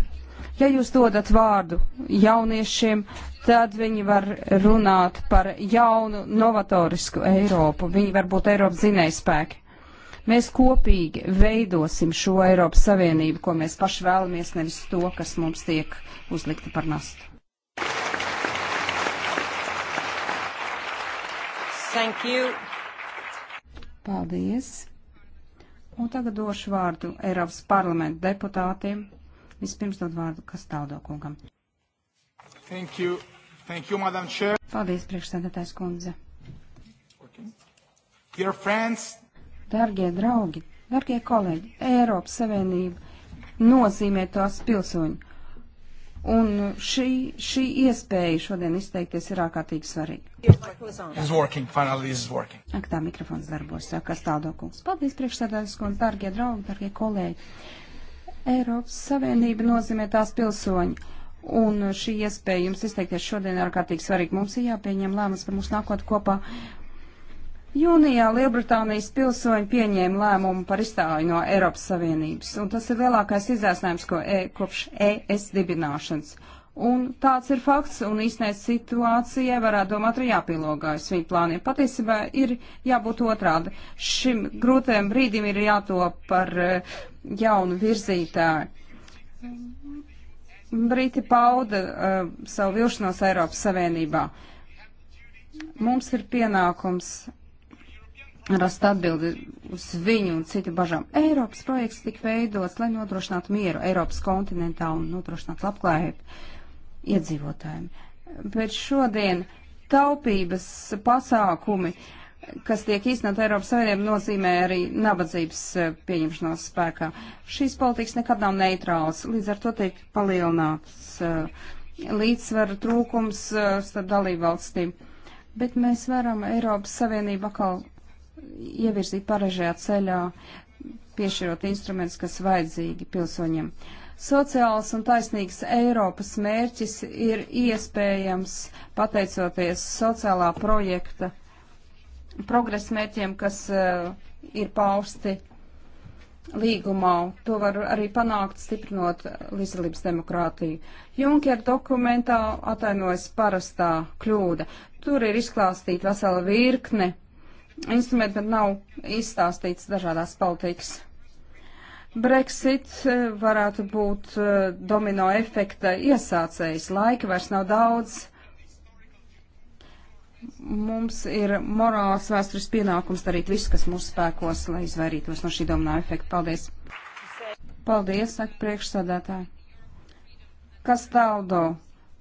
Ja jūs dodat vārdu jauniešiem, tad viņi var runāt par jaunu, novatorisku Eiropu. Viņi var būt Eiropas zinējspēki. Mēs kopīgi veidosim šo Eiropas Savienību, ko mēs paši vēlamies, nevis to, kas mums tiek uzlikta par nastu. Thank you. Paldies. Un tagad došu vārdu Eiropas parlamenta deputātiem. Vispirms dod vārdu Kastaldo kungam. Thank you. Thank you, Madam Chair. Paldies, priekšsēdētājs kundze. Okay. Dear friends, Dargie draugi, dargie kolēģi, Eiropas Savienība nozīmē tās pilsoņu. Un šī, šī iespēja šodien izteikties ir ārkārtīgi svarīga. Ak, tā mikrofons darbos, saka Stādokungs. Paldies, priekšsēdājas kundze, dargie draugi, dargie kolēģi. Eiropas Savienība nozīmē tās pilsoņu. Un šī iespēja jums izteikties šodien ir ārkārtīgi svarīga. Mums ir jāpieņem lēmums par mūsu nākotnē kopā. Jūnijā Lielbritānijas pilsoņi pieņēma lēmumu par izstāju no Eiropas Savienības, un tas ir lielākais izaicinājums, ko e, kopš ES dibināšanas. Un tāds ir fakts, un īstenībā situācijai varētu domāt arī jāpielogājas viņa plāniem. Patiesībā ir jābūt otrādi. Šim grūtajam brīdim ir jāto par e, jaunu virzītāju. Brīti pauda uh, savu vilšanos Eiropas Savienībā. Mums ir pienākums rast atbildi uz viņu un citu bažām. Eiropas projekts tika veidots, lai nodrošinātu mieru Eiropas kontinentā un nodrošinātu labklājību iedzīvotājiem. Bet šodien taupības pasākumi, kas tiek īstenot Eiropas Savienību, nozīmē arī nabadzības e, pieņemšanos spēkā. Šīs politikas nekad nav neitrāls, līdz ar to tiek palielināts e, līdzsvaru trūkums e, starp dalību valstīm. Bet mēs varam Eiropas Savienību atkal ievirzīt pareizajā ceļā, piešķirot instrumentus, kas vajadzīgi pilsoņiem. Sociāls un taisnīgs Eiropas mērķis ir iespējams pateicoties sociālā projekta progresa mērķiem, kas uh, ir pausti līgumā. To var arī panākt, stiprinot līdzdalības demokrātiju. Junker dokumentā atainojas parastā kļūda. Tur ir izklāstīta vesela virkne instrumenti, bet nav izstāstīts dažādās politikas. Brexit eh, varētu būt eh, domino efekta iesācējs. Laika vairs nav daudz. Mums ir morāls vēstures pienākums darīt visu, kas mūsu spēkos, lai izvairītos no šī domino efekta. Paldies! Paldies, saka priekšsādātāji. Kas taldo,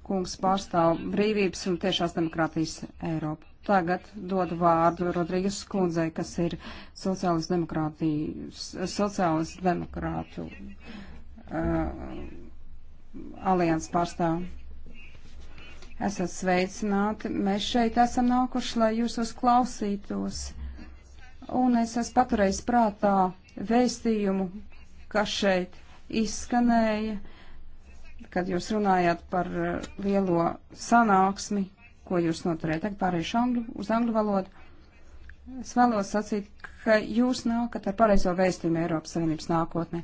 kungs pārstāv brīvības un tiešās demokrātijas Eiropu? Tagad dod vārdu Rodrīgas skundzei, kas ir sociālas sociālis demokrātu uh, alianses pārstāv. Esat sveicināti. Mēs šeit esam nākuši, lai jūs uzklausītos. Un es esmu paturējis prātā vēstījumu, kas šeit izskanēja, kad jūs runājāt par uh, lielo sanāksmi, ko jūs noturējat. Tagad pārējuši angļu, uz angļu valodu. Es vēlos sacīt, ka jūs nākat ar pareizo vēstījumu Eiropas Savienības nākotnē.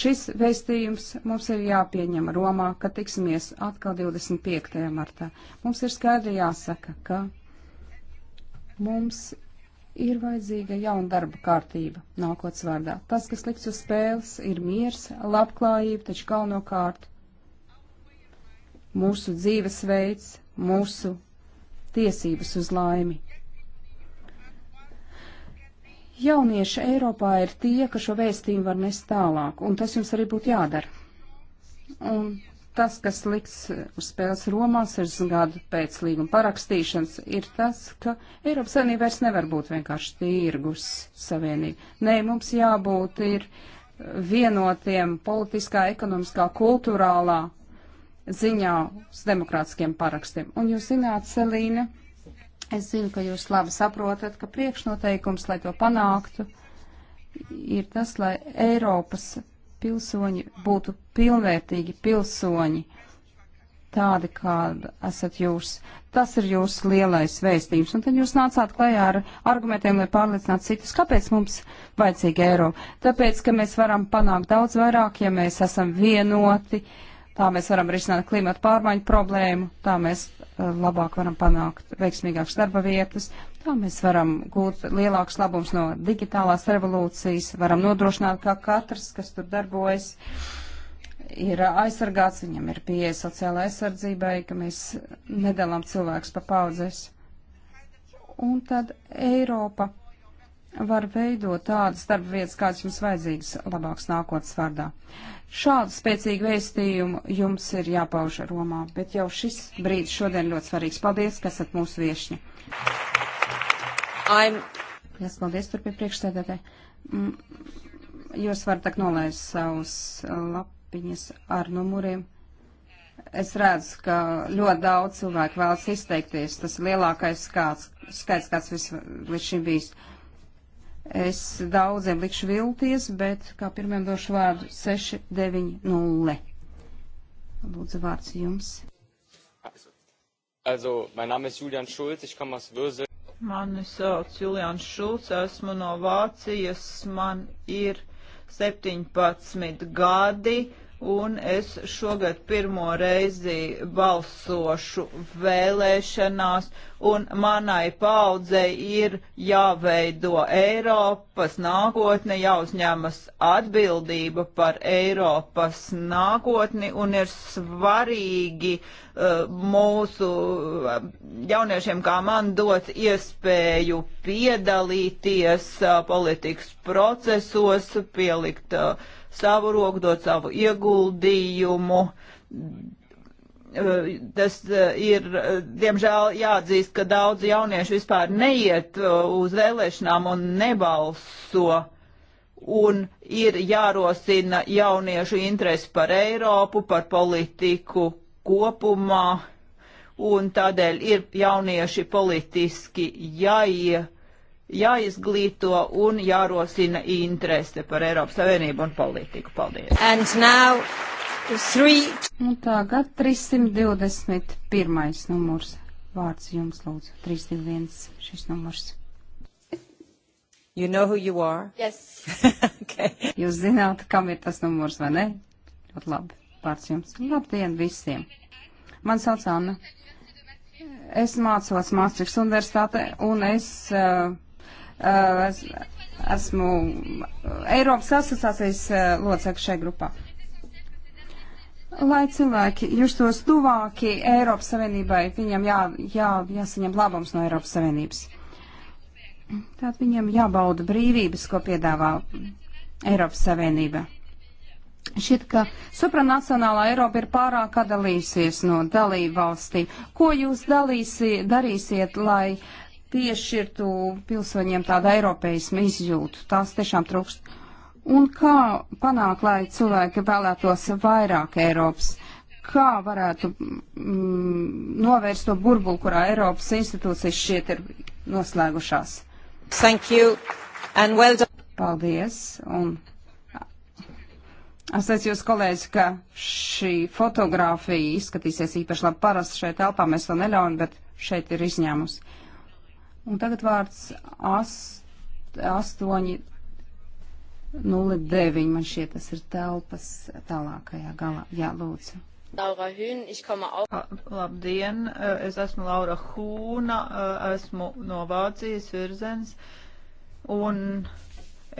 Šis vēstījums mums ir jāpieņem Romā, kad tiksimies atkal 25. martā. Mums ir skaidri jāsaka, ka mums ir vajadzīga jauna darba kārtība nākotnes vārdā. Tas, kas liks uz spēles, ir miers, labklājība, taču galvenokārt mūsu dzīvesveids, mūsu tiesības uz laimi. Jaunieši Eiropā ir tie, ka šo vēstījumu var nest tālāk, un tas jums arī būtu jādara. Un tas, kas liks uz spēles Romā 60 gadu pēc līguma parakstīšanas, ir tas, ka Eiropas Savienība vairs nevar būt vienkārši tirgus savienība. Nē, mums jābūt ir vienotiem politiskā, ekonomiskā, kultūrālā ziņā uz demokrātiskiem parakstiem. Un jūs zināt, Selīna, es zinu, ka jūs labi saprotat, ka priekšnoteikums, lai to panāktu, ir tas, lai Eiropas pilsoņi būtu pilnvērtīgi pilsoņi, tādi, kādi esat jūs. Tas ir jūsu lielais vēstījums. Un tad jūs nācāt klajā ar argumentiem, lai pārliecinātu citus, kāpēc mums vajadzīga Eiropa. Tāpēc, ka mēs varam panākt daudz vairāk, ja mēs esam vienoti. Uh, Tā mēs varam risināt klimata pārmaiņu problēmu, tā mēs eh, labāk varam panākt veiksmīgākas darba vietas, tā mēs varam gūt lielākus labums no digitālās revolūcijas, varam nodrošināt, ka katrs, kas tur darbojas, ir aizsargāts, viņam ir pieeja sociālai aizsardzībai, ka mēs nedalām cilvēkus pa paudzēs. Un tad Eiropa var veidot tādas darba vietas, kādas jums vajadzīgas labāks nākotnes vārdā. Šādu spēcīgu vēstījumu jums ir jāpauž Romā, bet jau šis brīdis šodien ļoti svarīgs. Paldies, ka esat mūsu viešņi. I'm... Es paldies turpie priekšstādātē. Mm, jūs varat tak nolaist savus lapiņas ar numuriem. Es redzu, ka ļoti daudz cilvēku vēlas izteikties. Tas ir lielākais skāds, skaits, kāds vis, līdz šim bijis. Es daudziem likšu vilties, bet kā pirmiem došu vārdu 690. Lūdzu, vārds jums. Also, mein Name ist Julian Schulz, ich komme aus Würsel. Mani sauc Julians Šulcs, esmu no Vācijas, man ir 17 gadi un es šogad pirmo reizi balsošu vēlēšanās, un manai paudzei ir jāveido Eiropas nākotne, jāuzņemas atbildība par Eiropas nākotni, un ir svarīgi uh, mūsu uh, jauniešiem kā man dot iespēju piedalīties uh, politikas procesos, pielikt uh, savu roku, dot savu ieguldījumu. Eh, tas eh, ir, eh, diemžēl, jāatzīst, ka daudz jauniešu vispār neiet uz vēlēšanām un nebalso un ir jārosina jauniešu interesi par Eiropu, par politiku kopumā, un tādēļ ir jaunieši politiski jāie jāizglīto un jārosina interese par Eiropas Savienību un politiku. Paldies! Three... Un tagad 321. numurs. Vārds jums, lūdzu. 321. šis numurs. You know who you are? Yes. okay. Jūs zināt, kam ir tas numurs, vai ne? Ļoti labi. Vārds jums. Labdien visiem. Man sauc Anna. Es mācos Māstriks universitātē un es. Uh, Eh, es, esmu Eiropas asociācijas eh, locekļu šai grupā. Lai cilvēki justos tuvāki Eiropas Savienībai, viņam jā, jā, jāsaņem labums no Eiropas Savienības. Tātad viņam jābauda brīvības, ko piedāvā Eiropas Savienība. Šit, ka supranacionālā Eiropa ir pārāk atdalīsies no dalību valstī. Ko jūs dalīsi, darīsiet, lai piešķirtu pilsoņiem tādu eiropeismu izjūtu. Tās tiešām trūkst. Un kā panākt, lai cilvēki vēlētos vairāk Eiropas? Kā varētu mm, novērst to burbuli, kurā Eiropas institūcijas šķiet ir noslēgušās? Thank you and well done. Paldies. Un es teicu jūs, kolēģi, ka šī fotografija izskatīsies īpaši labi. Parasti šeit telpā mēs to neļaujam, bet šeit ir izņēmums. Un tagad vārds 8.09. Man šķiet, tas ir telpas tālākajā galā. Jā, lūdzu. Laura Hūn, ich komme auch. Labdien, e, es esmu Laura Hūna, e, esmu no Vācijas virzens. Un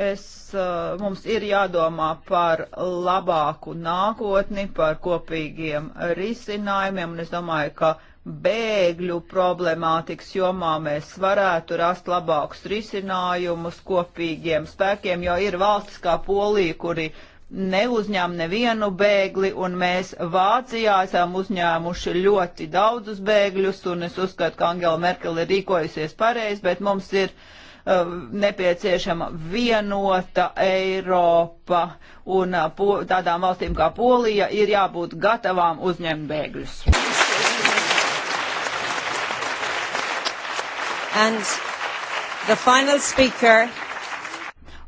es, e, mums ir jādomā par labāku nākotni, par kopīgiem risinājumiem, un es domāju, ka bēgļu problemātikas jomā mēs varētu rast labākus risinājumus kopīgiem spēkiem, jo ir valstis kā Polija, kuri neuzņem nevienu bēgli, un mēs Vācijā esam uzņēmuši ļoti daudzus bēgļus, un es uzskatu, ka Angela Merkel ir rīkojusies pareizi, bet mums ir uh, nepieciešama vienota Eiropa, un uh, tādām valstīm kā Polija ir jābūt gatavām uzņemt bēgļus. And the final speaker.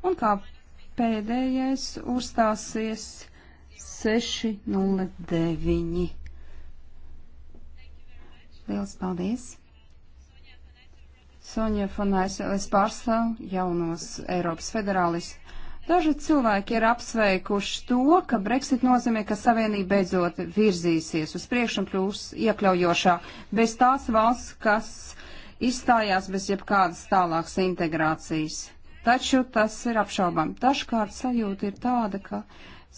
Un kā pēdējais uzstāsies 609. Liels paldies! Soņa Fonais, es pārstāvu jaunos Eiropas federālis. Daži cilvēki ir apsveikuši to, ka Brexit nozīmē, ka Savienība beidzot virzīsies uz priekšu un kļūs iekļaujošā bez tās valsts, kas izstājās bez jebkādas tālākas integrācijas. Taču tas ir apšaubām. Dažkārt sajūta ir tāda, ka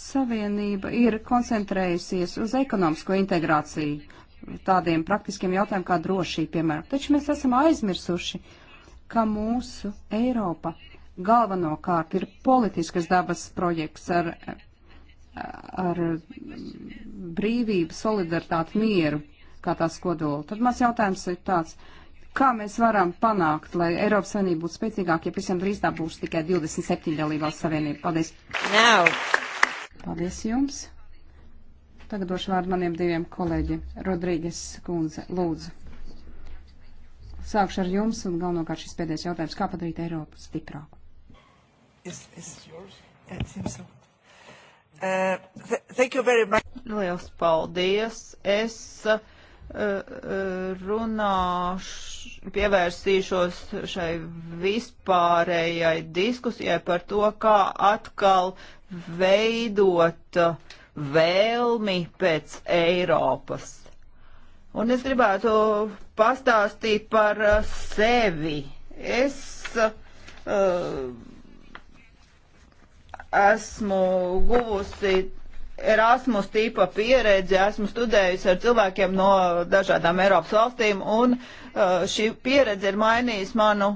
Savienība ir koncentrējusies uz ekonomisko integrāciju tādiem praktiskiem jautājumiem kā drošība, piemēram. Taču mēs esam aizmirsuši, ka mūsu Eiropa galvenokārt ir politiskas dabas projekts ar, ar brīvību, solidaritāti, mieru kā tās kodola. Tad mans jautājums ir tāds, Kā mēs varam panākt, lai Eiropas Savienība būtu spēcīgāka, ja pavisam drīz tā būs tikai 27 dalībvalsts savienība? Paldies! Now. Paldies jums! Tagad došu vārdu maniem diviem kolēģiem. Rodrīgas kundze, lūdzu. Sākšu ar jums un galvenokārt šis pēdējais jautājums. Kā padarīt Eiropu stiprāku? Is, is yours? Yeah, it seems so. Uh, th thank you very much. Liels paldies. Es uh, uh runāšu pievērsīšos šai vispārējai diskusijai par to, kā atkal veidot vēlmi pēc Eiropas. Un es gribētu pastāstīt par sevi. Es uh, esmu guvusi Erasmus tīpa pieredzi, esmu studējusi ar cilvēkiem no dažādām Eiropas valstīm un uh, Uh, šī pieredze ir mainījusi manu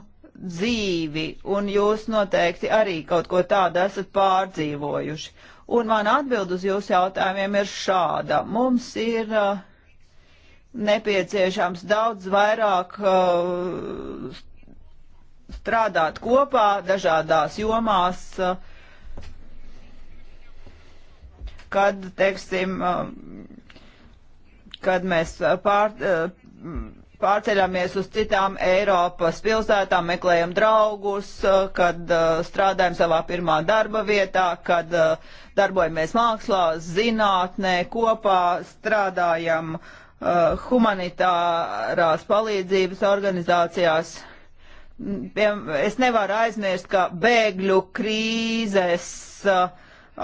dzīvi, un jūs noteikti arī kaut ko tādu esat pārdzīvojuši. Un man atbild uz jūsu jautājumiem ir šāda. Mums ir uh, nepieciešams daudz vairāk uh, strādāt kopā dažādās jomās, uh, kad, teiksim, uh, kad mēs uh, pār, pārceļamies uz citām Eiropas pilsētām, meklējam draugus, eh, kad eh, strādājam savā pirmā darba vietā, kad eh, darbojamies mākslā, zinātnē, kopā strādājam humanitārās palīdzības organizācijās. Es nevaru aizmirst, ka bēgļu krīzes uh,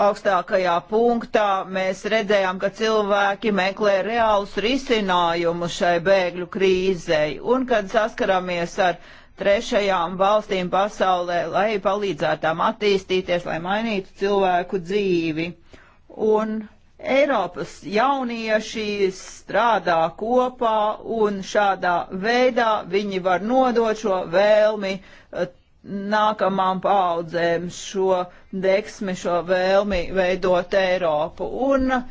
augstākajā punktā mēs redzējām, ka cilvēki meklē reālus risinājumus šai bēgļu krīzei, un kad saskaramies ar trešajām valstīm pasaulē, lai palīdzētu tām attīstīties, lai mainītu cilvēku dzīvi. Un Eiropas jaunieši strādā kopā un šādā veidā viņi var nodot šo vēlmi eh, nākamām paudzēm šo deksmi, šo vēlmi veidot Eiropu. Un uh,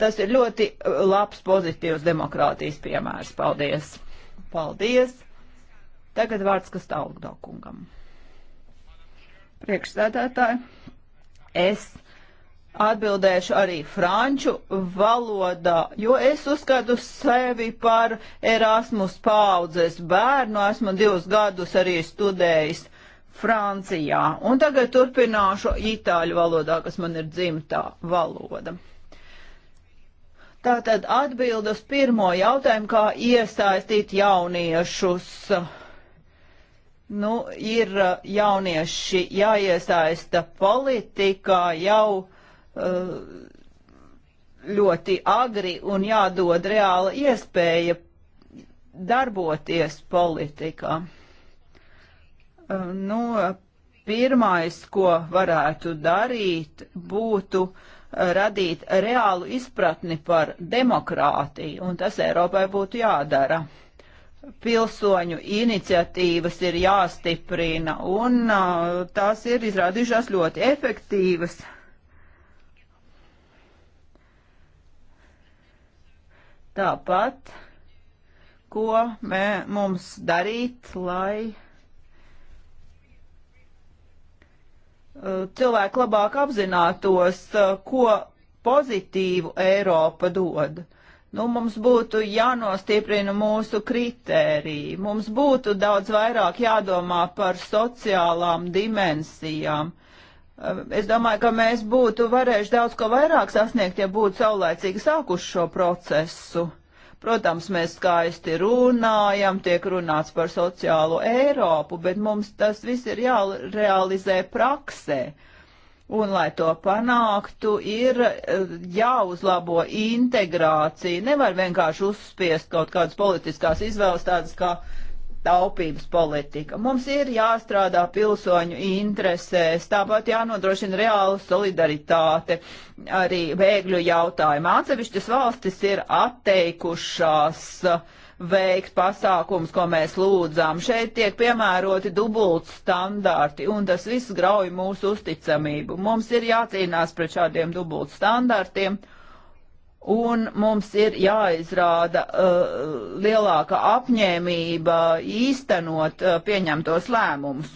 tas ir ļoti uh, labs pozitīvs demokrātijas piemērs. Paldies! Paldies! Tagad vārds Kastāvgdokungam. Priekšstādātāji, es atbildēšu arī franču valodā, jo es uzskatu sevi par Erasmus paudzes bērnu, esmu divus gadus arī studējis Francijā, un tagad turpināšu itāļu valodā, kas man ir dzimtā valoda. Tātad atbild uz pirmo jautājumu, kā iesaistīt jauniešus. Nu, ir uh, jaunieši jāiesaista politikā jau Eh, ļoti agri un jādod reāla iespēja darboties politikā. Eh, nu, pirmais, ko varētu darīt, būtu eh, radīt reālu izpratni par demokrātiju, un tas Eiropai būtu jādara. Pilsoņu iniciatīvas ir jāstiprina, un tās ir izrādījušās ļoti efektīvas. Tāpat, ko mē, mums darīt, lai cilvēki labāk apzinātos, ko pozitīvu Eiropa dod. Nu, mums būtu jānostiprina mūsu kritēriji, mums būtu daudz vairāk jādomā par sociālām dimensijām. Uh, Es domāju, ka mēs būtu varējuši daudz ko vairāk sasniegt, ja būtu saulēcīgi sākuši šo procesu. Protams, mēs skaisti runājam, tiek runāts par sociālo Eiropu, bet mums tas viss ir jārealizē praksē. Un, lai to panāktu, ir eh, jāuzlabo integrācija. Nevar vienkārši uzspiest kaut kādas politiskās izvēles tādas kā. Ka taupības politika. Mums ir jāstrādā pilsoņu interesēs, tāpat jānodrošina reāla solidaritāte arī bēgļu jautājumā. Atsevišķas valstis ir atteikušās veikt pasākums, ko mēs lūdzām. Šeit tiek piemēroti dubult standarti, un tas viss grauj mūsu uzticamību. Mums ir jācīnās pret šādiem dubult standartiem un mums ir jāizrāda uh, lielāka apņēmība īstenot uh, pieņemtos lēmumus.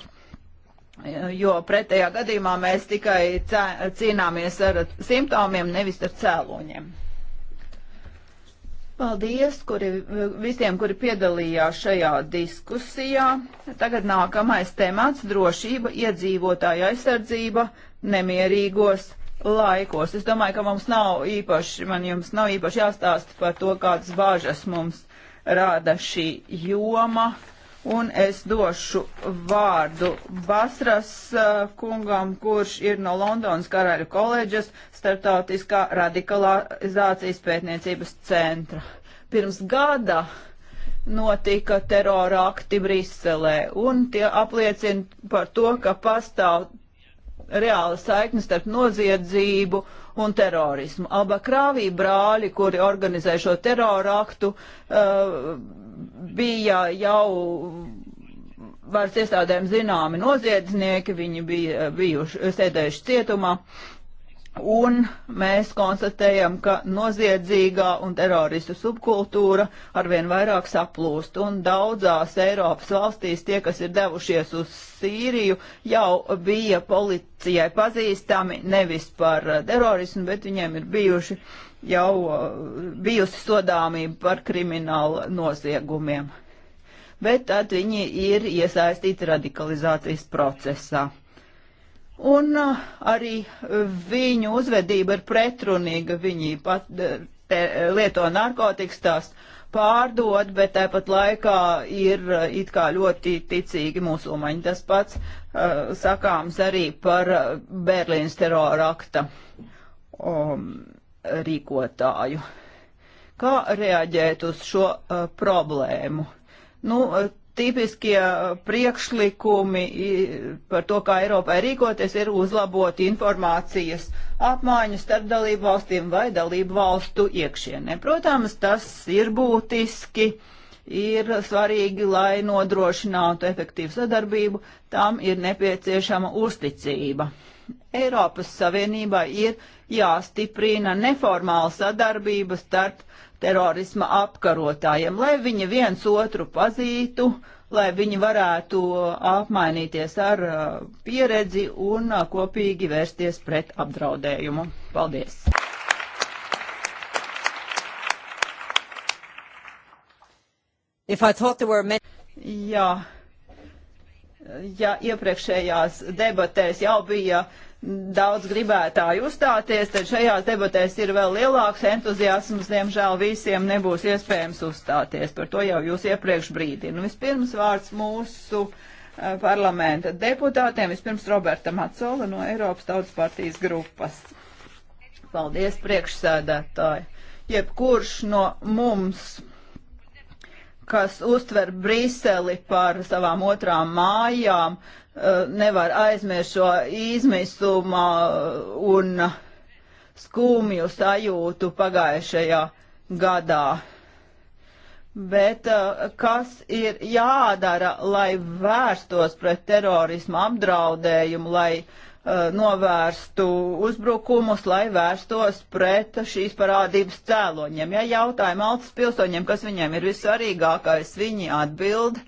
Uh, jo pretējā gadījumā mēs tikai cīnāmies ar simptomiem, nevis ar cēloņiem. Paldies kuri, visiem, kuri piedalījās šajā diskusijā. Tagad nākamais temats - drošība, iedzīvotāja aizsardzība, nemierīgos laikos. Es domāju, ka mums nav īpaši, man jums nav īpaši jāstāst par to, kādas bāžas mums rāda šī joma. Un es došu vārdu Basras uh, kungam, kurš ir no Londonas Karaļu koledžas starptautiskā radikalizācijas pētniecības centra. Pirms gada notika terora akti Briselē, un tie apliecina par to, ka pastāv reāla saikne starp noziedzību un terorismu. Aba krāvī brāļi, kuri organizē šo teroraktu, uh, eh, bija jau varas iestādēm zināmi noziedznieki, viņi bija eh, bijuši sēdējuši cietumā. Uh, Un mēs konstatējam, ka noziedzīgā un teroristu subkultūra arvien vairāk saplūst, un daudzās Eiropas valstīs tie, kas ir devušies uz Sīriju, jau bija policijai pazīstami nevis par eh, terorismu, bet viņiem ir bijuši jau eh, bijusi sodāmība par kriminālu noziegumiem. Bet tad viņi ir iesaistīti radikalizācijas procesā. Un uh, arī viņu uzvedība ir pretrunīga. Viņi pat uh, te, lieto narkotikas, tās pārdod, bet tāpat laikā ir uh, it kā ļoti ticīgi musulmaņi. Tas pats uh, sakāms arī par Berlīnas terora akta um, rīkotāju. Kā reaģēt uz šo uh, problēmu? Nu, tipiskie uh, priekšlikumi par to, kā Eiropai rīkoties, ir uzlabot informācijas apmaiņu starp dalību valstīm vai dalību valstu iekšienē. Protams, tas ir būtiski, ir svarīgi, lai nodrošinātu efektīvu sadarbību, tam ir nepieciešama uzticība. Eiropas Savienībā ir jāstiprina neformāla sadarbība starp terorisma apkarotājiem, lai viņi viens otru pazītu, lai viņi varētu apmainīties ar uh, pieredzi un uh, kopīgi vērsties pret apdraudējumu. Paldies! Many... Jā, ja iepriekšējās debatēs jau bija uh, daudz gribētāju uzstāties, tad šajās debatēs ir vēl lielāks entuziasms, diemžēl visiem nebūs iespējams uzstāties. Par to jau jūs iepriekš brīdinu. Nu, vispirms vārds mūsu eh, parlamenta deputātiem, vispirms Roberta Macola no Eiropas Tautas partijas grupas. Paldies, priekšsēdētāji! Jebkurš no mums kas uztver Briseli par savām otrām mājām, eh, nevar aizmirst šo izmisumā eh, un skumju sajūtu pagājušajā gadā. Bet eh, kas ir jādara, lai vērstos pret terorismu apdraudējumu, lai uh, Uh, novērstu uzbrukumus, lai vērstos pret šīs parādības cēloņiem. Ja jautāja Maltas pilsoņiem, kas viņiem ir vissvarīgākais, viņi atbild,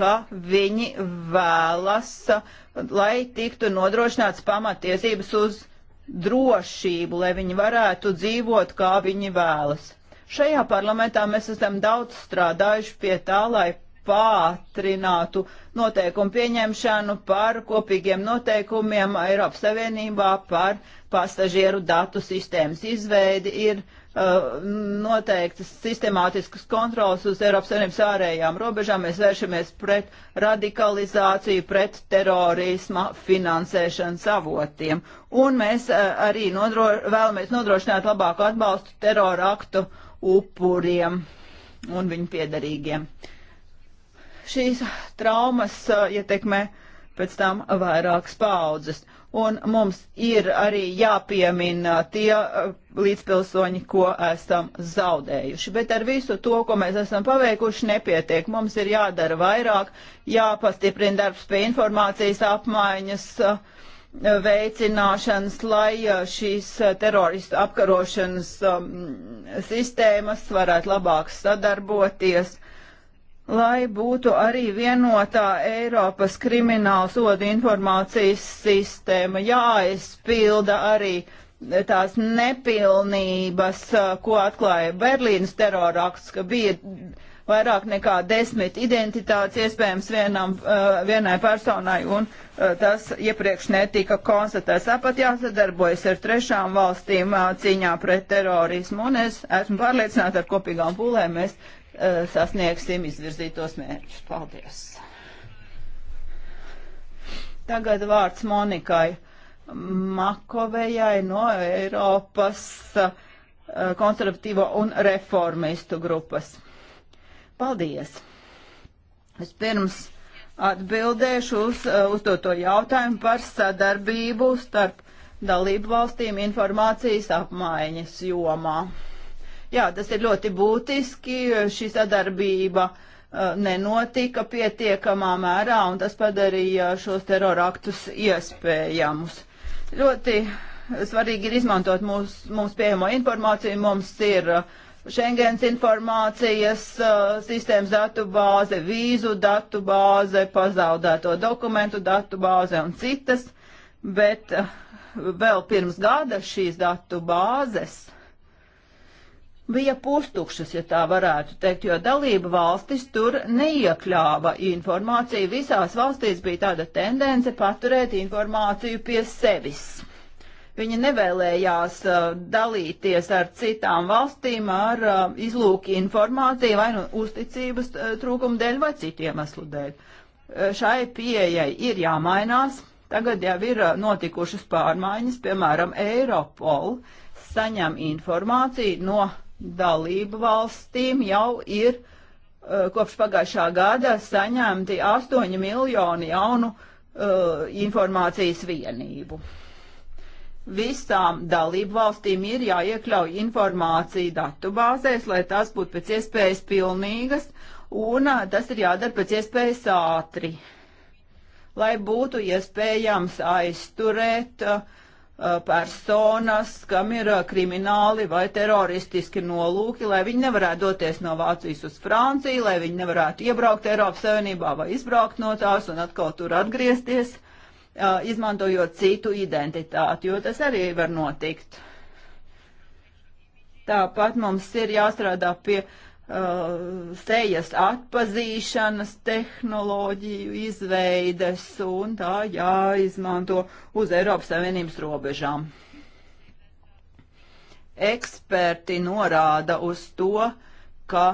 ka viņi vēlas, lai tiktu nodrošināts pamatiesības uz drošību, lai viņi varētu dzīvot, kā viņi vēlas. Šajā parlamentā mēs esam daudz strādājuši pie tā, lai pātrinātu noteikumu pieņemšanu par kopīgiem noteikumiem Eiropas Savienībā par pasažieru datu sistēmas izveidi ir uh, noteiktas sistemātiskas kontrolas uz Eiropas Savienības ārējām robežām. Mēs vēršamies pret radikalizāciju, pret terorisma finansēšanu savotiem. Un mēs uh, arī nodro, vēlamies nodrošināt labāku atbalstu terora aktu upuriem un viņu piedarīgiem. Uh, šīs traumas uh, ietekmē pēc tam vairākas paudzes. Un mums ir arī jāpiemina tie uh, līdzpilsoņi, ko esam zaudējuši. Bet ar visu to, ko mēs esam paveikuši, nepietiek. Mums ir jādara vairāk, jāpastiprina darbs pie informācijas apmaiņas uh, veicināšanas, lai šīs teroristu apkarošanas um, sistēmas varētu labāk sadarboties. Uh, lai būtu arī vienotā Eiropas krimināla sodu informācijas sistēma, jāizpilda arī tās nepilnības, ko atklāja Berlīnas terorāks, ka bija vairāk nekā desmit identitātes iespējams vienam, vienai personai, un tas iepriekš netika konstatēts. Tāpat jāsadarbojas ar trešām valstīm cīņā pret terorismu, un es esmu pārliecināta, ar kopīgām pūlēm mēs Eh, sasniegsim izvirzītos mērķus. Paldies! Tagad vārds Monikai Makovejai no Eiropas eh, konservatīvo un reformistu grupas. Paldies! Es pirms atbildēšu uz eh, uzdoto jautājumu par sadarbību starp dalību valstīm informācijas apmaiņas jomā. Jā, tas ir ļoti būtiski. Šī sadarbība uh, nenotika pietiekamā mērā, un tas padarīja šos teroraktus iespējamus. Ļoti svarīgi ir izmantot mūs, mums pieejamo informāciju. Mums ir uh, Schengens informācijas uh, sistēmas datubāze, vīzu datubāze, pazaudēto dokumentu datubāze un citas, bet vēl pirms gada šīs datubāzes bija pustukšas, ja tā varētu teikt, jo dalība valstis tur neiekļāva informāciju. Visās valstīs bija tāda tendence paturēt informāciju pie sevis. Viņi nevēlējās uh, dalīties ar citām valstīm ar uh, izlūki informāciju vai nu uzticības uh, trūkumu dēļ vai citu iemeslu dēļ. Uh, šai pieejai ir jāmainās. Tagad jau ir uh, notikušas pārmaiņas, piemēram, Eiropol saņem informāciju no dalību valstīm jau ir uh, kopš pagājušā gada saņemti 8 miljoni jaunu uh, informācijas vienību. Visām dalību valstīm ir jāiekļauj informācija datubāzēs, lai tās būtu pēc iespējas pilnīgas, un uh, tas ir jādara pēc iespējas ātri, lai būtu iespējams aizturēt uh, Uh, personas, kam ir uh, krimināli vai teroristiski nolūki, lai viņi nevarētu doties no Vācijas uz Franciju, lai viņi nevarētu iebraukt Eiropas Savienībā vai izbraukt no tās un atkal tur atgriezties, uh, izmantojot citu identitāti, jo tas arī var notikt. Tāpat mums ir jāstrādā pie uh, Uh, sejas atpazīšanas tehnoloģiju izveides, un tā jāizmanto uz Eiropas Savienības robežām. Eksperti norāda uz to, ka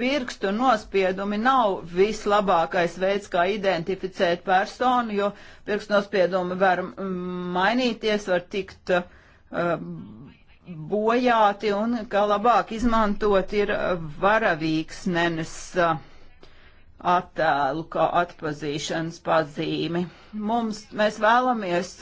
pirkstu nospiedumi nav vislabākais veids, kā identificēt personu, jo pirkstu nospiedumi var mainīties, var tikt uh, bojāti un ka labāk izmantot ir varavīksnenes attēlu kā atpazīšanas pazīmi. Mums, mēs vēlamies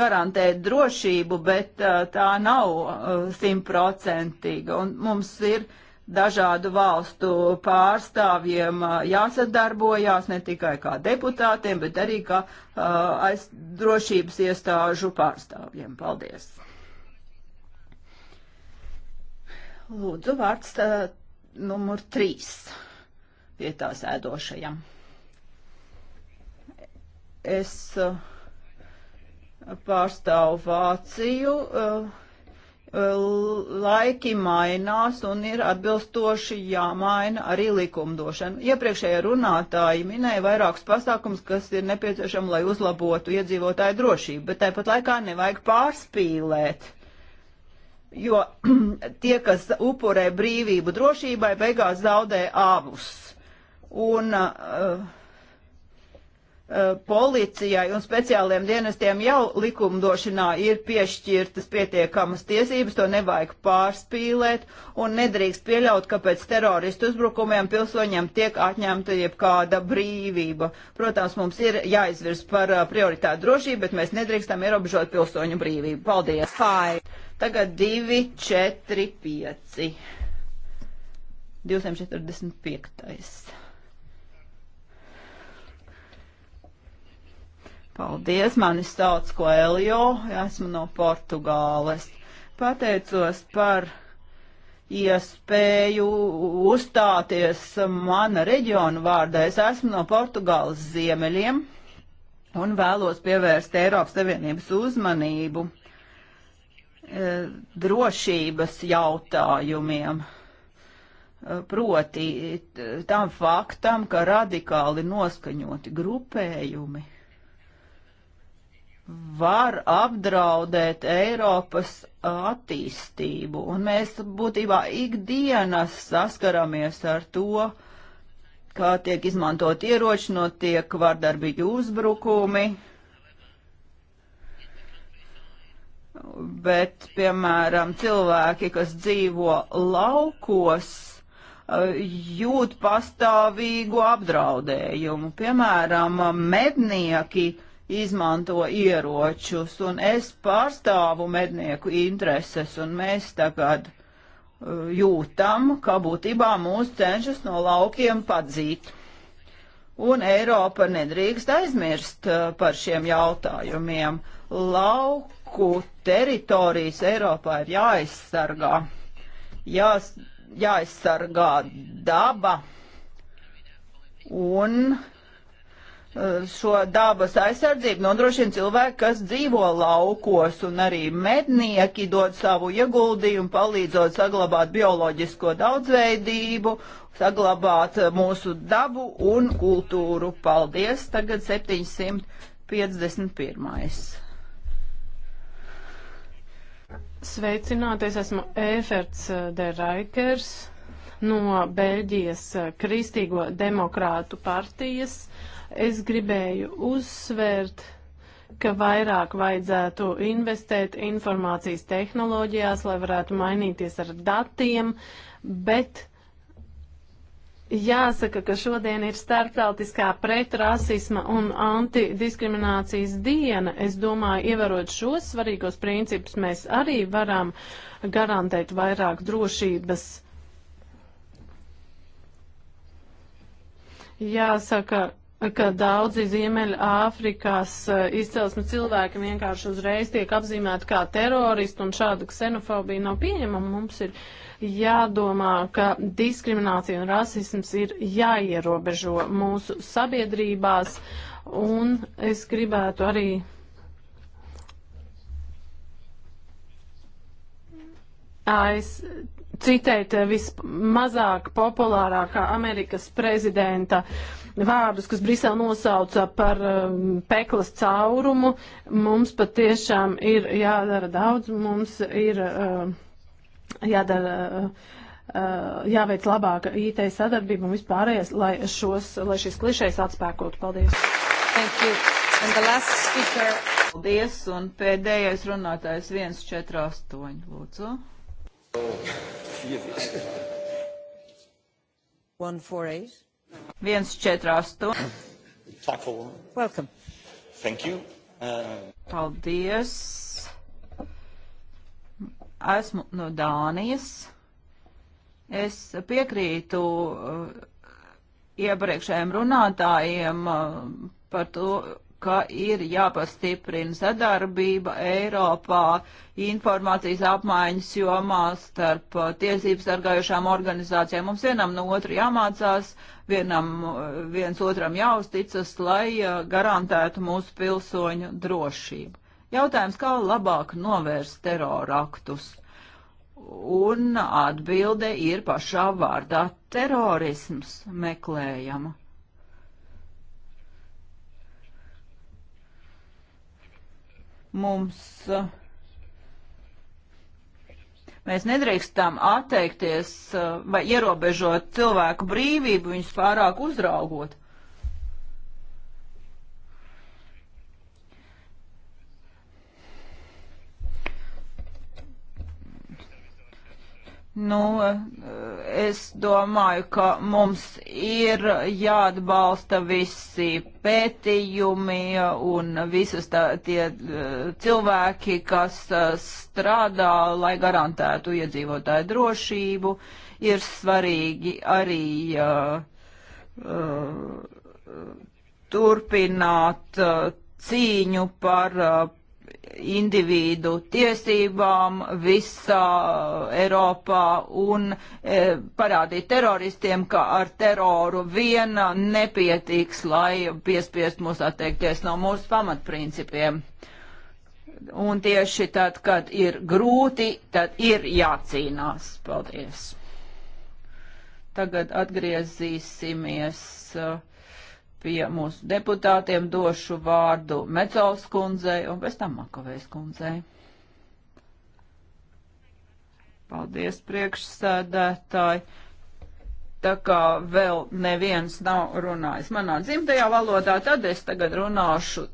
garantēt drošību, bet tā nav simtprocentīga un mums ir dažādu valstu pārstāvjiem jāsadarbojās ne tikai kā deputātiem, bet arī kā uh, aiz drošības iestāžu pārstāvjiem. Paldies! Lūdzu, vārds tā, uh, numur 3 vietā sēdošajam. Es uh, pārstāvu Vāciju. Uh, uh, laiki mainās un ir atbilstoši jāmaina arī likumdošana. Iepriekšējie runātāji minēja vairākus pasākums, kas ir nepieciešami, lai uzlabotu iedzīvotāju drošību, bet tāpat laikā nevajag pārspīlēt jo tie, kas upurē brīvību drošībai, beigās zaudē abus. Un uh, Eh, policijai un speciāliem dienestiem jau likumdošanā ir piešķirtas pietiekamas tiesības, to nevajag pārspīlēt un nedrīkst pieļaut, ka pēc teroristu uzbrukumiem pilsoņiem tiek atņemta jebkāda brīvība. Protams, mums ir jāizvirs par eh, prioritātu drošību, bet mēs nedrīkstam ierobežot pilsoņu brīvību. Paldies! Fai. Tagad 2, 4, 5. 245. Paldies, mani sauc Koeljo, esmu no Portugāles. Pateicos par iespēju uzstāties mana reģiona vārdā. Es esmu no Portugāles ziemeļiem un vēlos pievērst Eiropas Savienības uzmanību e, drošības jautājumiem. E, proti tam faktam, ka radikāli noskaņoti grupējumi var apdraudēt Eiropas attīstību. Un mēs būtībā ikdienas saskaramies ar to, kā tiek izmantot ieroči, notiek vardarbīgi uzbrukumi. Bet, piemēram, cilvēki, kas dzīvo laukos, jūt pastāvīgu apdraudējumu. Piemēram, mednieki uh, izmanto ieročus, un es pārstāvu mednieku intereses, un mēs tagad uh, jūtam, ka būtībā mūs cenšas no laukiem padzīt. Un Eiropa nedrīkst aizmirst uh, par šiem jautājumiem. Lauku teritorijas Eiropā ir jāaizsargā, jās, jāaizsargā daba un uh, Eh, šo dabas aizsardzību nodrošina cilvēki, kas dzīvo laukos, un arī mednieki dod savu ieguldījumu, palīdzot saglabāt bioloģisko daudzveidību, saglabāt eh, mūsu dabu un kultūru. Paldies! Tagad 751. Sveicināties, esmu Eferts eh, de Raikers no Beļģijas Kristīgo demokrātu partijas. Uh, Es gribēju uzsvērt, ka vairāk vajadzētu investēt informācijas tehnoloģijās, lai varētu mainīties ar datiem, bet jāsaka, ka šodien ir starptautiskā pretrasisma un antidiskriminācijas diena. Es domāju, ievarot šos svarīgos principus, mēs arī varam garantēt vairāk drošības. Jāsaka, ka daudzi Ziemeļāfrikas eh, izcelsmes cilvēki vienkārši uzreiz tiek apzīmēti kā teroristi, un šāda ksenofobija nav pieņemama. Mums ir jādomā, ka diskriminācija un rasisms ir jāierobežo mūsu sabiedrībās, un es gribētu arī. Es citēt eh, vismazāk populārākā Amerikas prezidenta uh, vārdus, kas Brisele nosauca par um, peklas caurumu, mums patiešām ir jādara daudz, mums ir uh, jādara. Uh, uh jāveic labāka IT sadarbība un vispārējais, lai, šos, lai šis klišais atspēkotu. Paldies! Thank you. And the last speaker. Paldies, un pēdējais runātājs 148, lūdzu. Oh, 148. 148. Tak for. Welcome. Thank you. Uh... Paldies. Esmu no Dānijas. Es piekrītu uh, iepriekšējiem runātājiem uh, par to, ka ir jāpastiprina sadarbība Eiropā informācijas apmaiņas jomā starp uh, tiesības sargājušām organizācijām. Mums vienam no otru jāmācās vienam, viens otram jāuzticas, lai garantētu mūsu pilsoņu drošību. Jautājums, kā labāk novērst teroraktus? Un atbilde ir pašā vārdā - terorisms meklējama. Mums uh, Mēs nedrīkstam atteikties eh, vai ierobežot cilvēku brīvību, viņus pārāk uzraugot. Nu, es domāju, ka mums ir jāatbalsta visi pētījumi un visas tā, tie eh, cilvēki, kas eh, strādā, lai garantētu iedzīvotāju drošību. Ir svarīgi arī uh, uh, turpināt uh, cīņu par uh, individu tiesībām visā Eiropā un e, parādīt teroristiem, ka ar teroru viena nepietiks, lai piespiest mūs atteikties no mūsu pamatprincipiem. Un tieši tad, kad ir grūti, tad ir jācīnās. Paldies! Tagad atgriezīsimies. Uh, pie mūsu deputātiem. Došu vārdu Mecovs kundzei un pēc tam Makovejs kundzei. Paldies, priekšsēdētāji. Tā kā vēl neviens nav runājis manā dzimtajā valodā, tad es tagad runāšu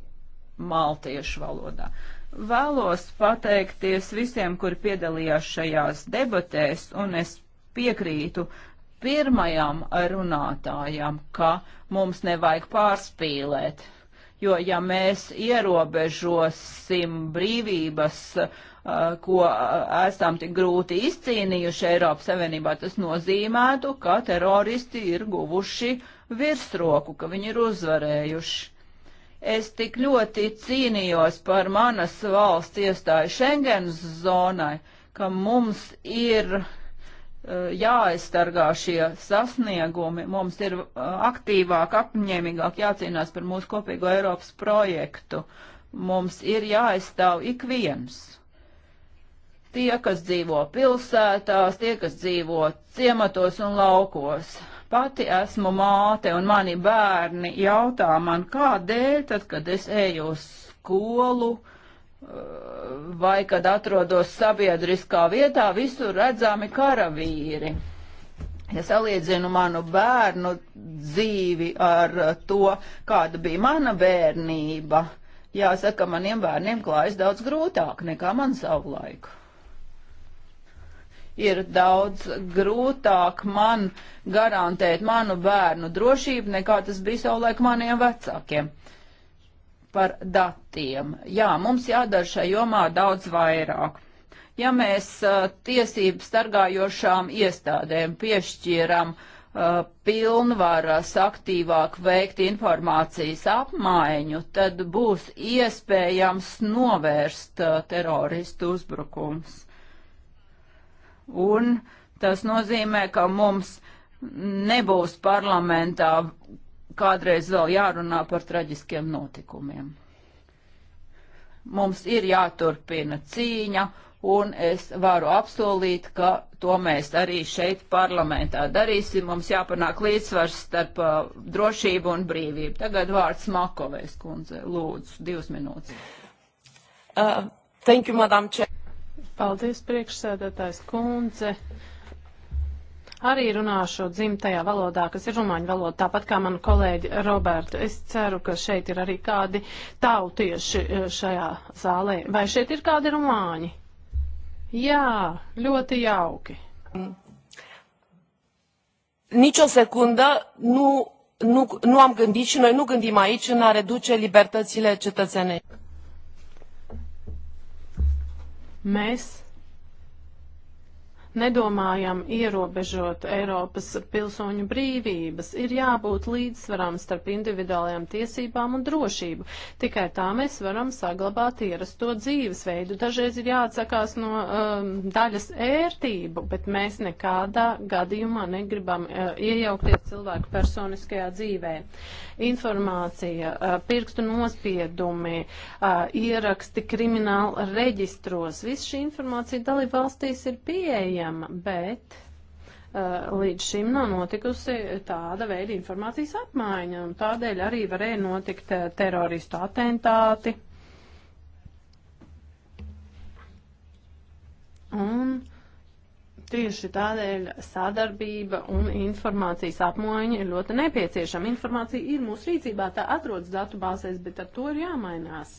maltiešu valodā. Vēlos pateikties visiem, kuri piedalījās šajās debatēs, un es piekrītu pirmajam runātājam, ka mums nevajag pārspīlēt, jo ja mēs ierobežosim brīvības, uh, ko uh, esam tik grūti izcīnījuši Eiropas Savienībā, tas nozīmētu, ka teroristi ir guvuši virsroku, ka viņi ir uzvarējuši. Es tik ļoti cīnījos par manas valsts iestāju Schengens zonai, ka mums ir uh, Eh, jāaizstargā šie sasniegumi, mums ir eh, aktīvāk, apņēmīgāk jācīnās par mūsu kopīgo Eiropas projektu. Mums ir jāaizstāv ik viens. Tie, kas dzīvo pilsētās, tie, kas dzīvo ciematos un laukos. Pati esmu māte un mani bērni jautā man, kādēļ tad, kad es eju uz skolu, uh, vai kad atrodos sabiedriskā vietā, visur redzami karavīri. Ja salīdzinu manu bērnu dzīvi ar to, kāda bija mana bērnība, jāsaka, maniem bērniem klājas daudz grūtāk nekā man savu laiku. Ir daudz grūtāk man garantēt manu bērnu drošību, nekā tas bija savulaik maniem vecākiem. Uh, par datiem. Jā, mums jādara šajā jomā daudz vairāk. Ja mēs uh, tiesību stargājošām iestādēm piešķiram uh, pilnvaras aktīvāk veikt informācijas apmaiņu, tad būs iespējams novērst uh, teroristu uzbrukums. Un tas nozīmē, ka mums nebūs parlamentā kādreiz vēl jārunā par traģiskiem notikumiem. Mums ir jāturpina cīņa, un es varu apsolīt, ka to mēs arī šeit parlamentā darīsim. Mums jāpanāk līdzsvars starp uh, drošību un brīvību. Tagad vārds Makovēs kundze, lūdzu, divas minūtes. Uh, thank you, madam Čē. Paldies, priekšsēdētājs kundze. Uh, arī runāšu dzimtajā valodā, kas ir rumāņu valoda, tāpat kā manu kolēģi Robertu. Es ceru, ka šeit ir arī kādi tautieši e, šajā zālē. Vai šeit ir kādi rumāņi? Jā, ļoti jauki. Nici o secundă nu, nu, nu am gândit și noi nu gândim aici în a reduce libertățile cetățenei. Mēs nedomājam ierobežot Eiropas pilsoņu brīvības. Ir jābūt līdzsvaram starp individuālajām tiesībām un drošību. Tikai tā mēs varam saglabāt ierasto dzīvesveidu. Dažreiz ir jāatsakās no um, daļas ērtību, bet mēs nekādā gadījumā negribam uh, iejaukties cilvēku personiskajā dzīvē. Informācija, uh, pirkstu nospiedumi, uh, ieraksti krimināla reģistros, viss šī informācija dalība valstīs ir pieejama pieejama, bet uh, līdz šim nav notikusi tāda veida informācijas apmaiņa, un tādēļ arī varēja notikt uh, teroristu atentāti. Un tieši tādēļ sadarbība un informācijas apmaiņa ir ļoti nepieciešama. Informācija ir mūsu rīcībā, tā atrodas datubāzēs, bet ar to ir jāmainās.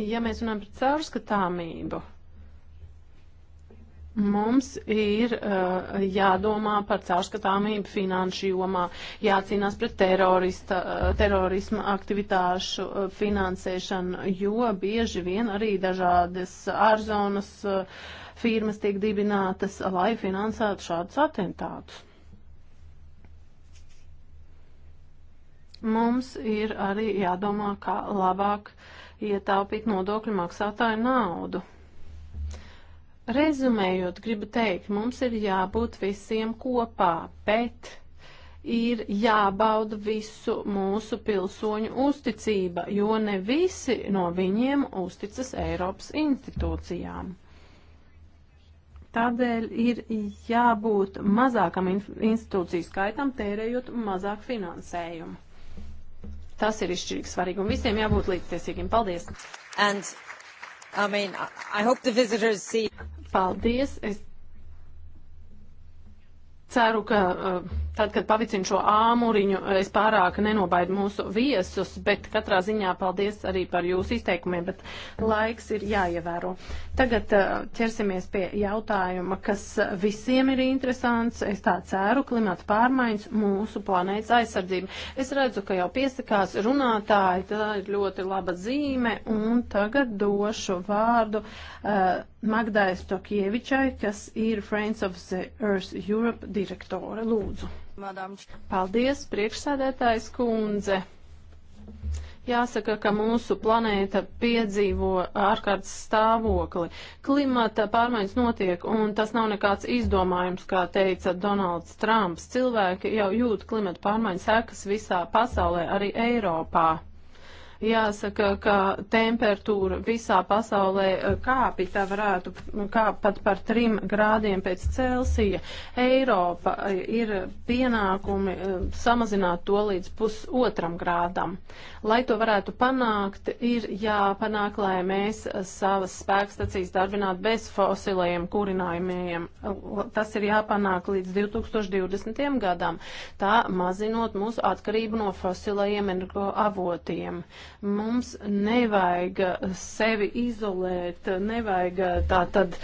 Ja mēs runājam par caurskatāmību, Mums ir uh, jādomā par caurskatāmību finanšu jomā, jācīnās pret terorista, uh, terorisma aktivitāšu uh, finansēšanu, jo bieži vien arī dažādas ārzonas uh, firmas tiek dibinātas, lai finansētu šādus atentātus. Mums ir arī jādomā, kā labāk ietaupīt nodokļu maksātāju naudu. Rezumējot, gribu teikt, mums ir jābūt visiem kopā, bet ir jābauda visu mūsu pilsoņu uzticība, jo ne visi no viņiem uzticas Eiropas institūcijām. Tādēļ ir jābūt mazākam institūciju skaitam, tērējot mazāk finansējumu. Tas ir izšķirīgi svarīgi un visiem jābūt līdztiesīgiem. Paldies! And I mean, I hope the visitors see. Paldies! Es Ceru, ka eh, tad, kad pavicinu šo āmuriņu, es pārāk nenobaidu mūsu viesus, bet katrā ziņā paldies arī par jūsu izteikumiem, bet laiks ir jāievēro. Tagad eh, ķersimies pie jautājuma, kas visiem ir interesants. Es tā ceru, klimata pārmaiņas, mūsu planētas aizsardzība. Es redzu, ka jau piesakās runātāji, tā ir ļoti laba zīme, un tagad došu vārdu. Uh, Magdai Stokievičai, kas ir Friends of the Earth Europe direktore. Lūdzu. Madam. Paldies, priekšsēdētājs kundze. Jāsaka, ka mūsu planēta piedzīvo ārkārtas stāvokli. Klimata pārmaiņas notiek, un tas nav nekāds izdomājums, kā teica Donalds Trumps. Cilvēki jau jūt klimata pārmaiņas sekas visā pasaulē, arī Eiropā. Jāsaka, ka temperatūra visā pasaulē eh, kāpi, tā varētu kāpt pat par 3 grādiem pēc Celsija. Eiropa eh, ir pienākumi eh, samazināt to līdz pusotram grādam. Lai to varētu panākt, ir jāpanāk, lai mēs savas spēkstacijas darbinātu bez fosilējiem kurinājumiem. Tas ir jāpanāk līdz 2020. gadam, tā mazinot mūsu atkarību no fosilējiem energoavotiem. Mums nevajag sevi izolēt, nevajag uh, tā tad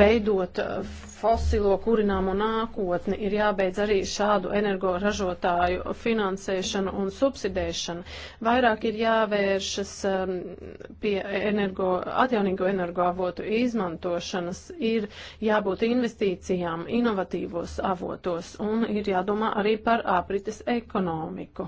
veidot uh, fosilo kurināmo nākotni. Ir jābeidz arī šādu energoražotāju finansēšanu un subsidēšanu. Vairāk ir jāvēršas um, pie energo, atjaunīgo energoavotu izmantošanas. Ir jābūt investīcijām inovatīvos avotos un ir jādomā arī par aprites ekonomiku.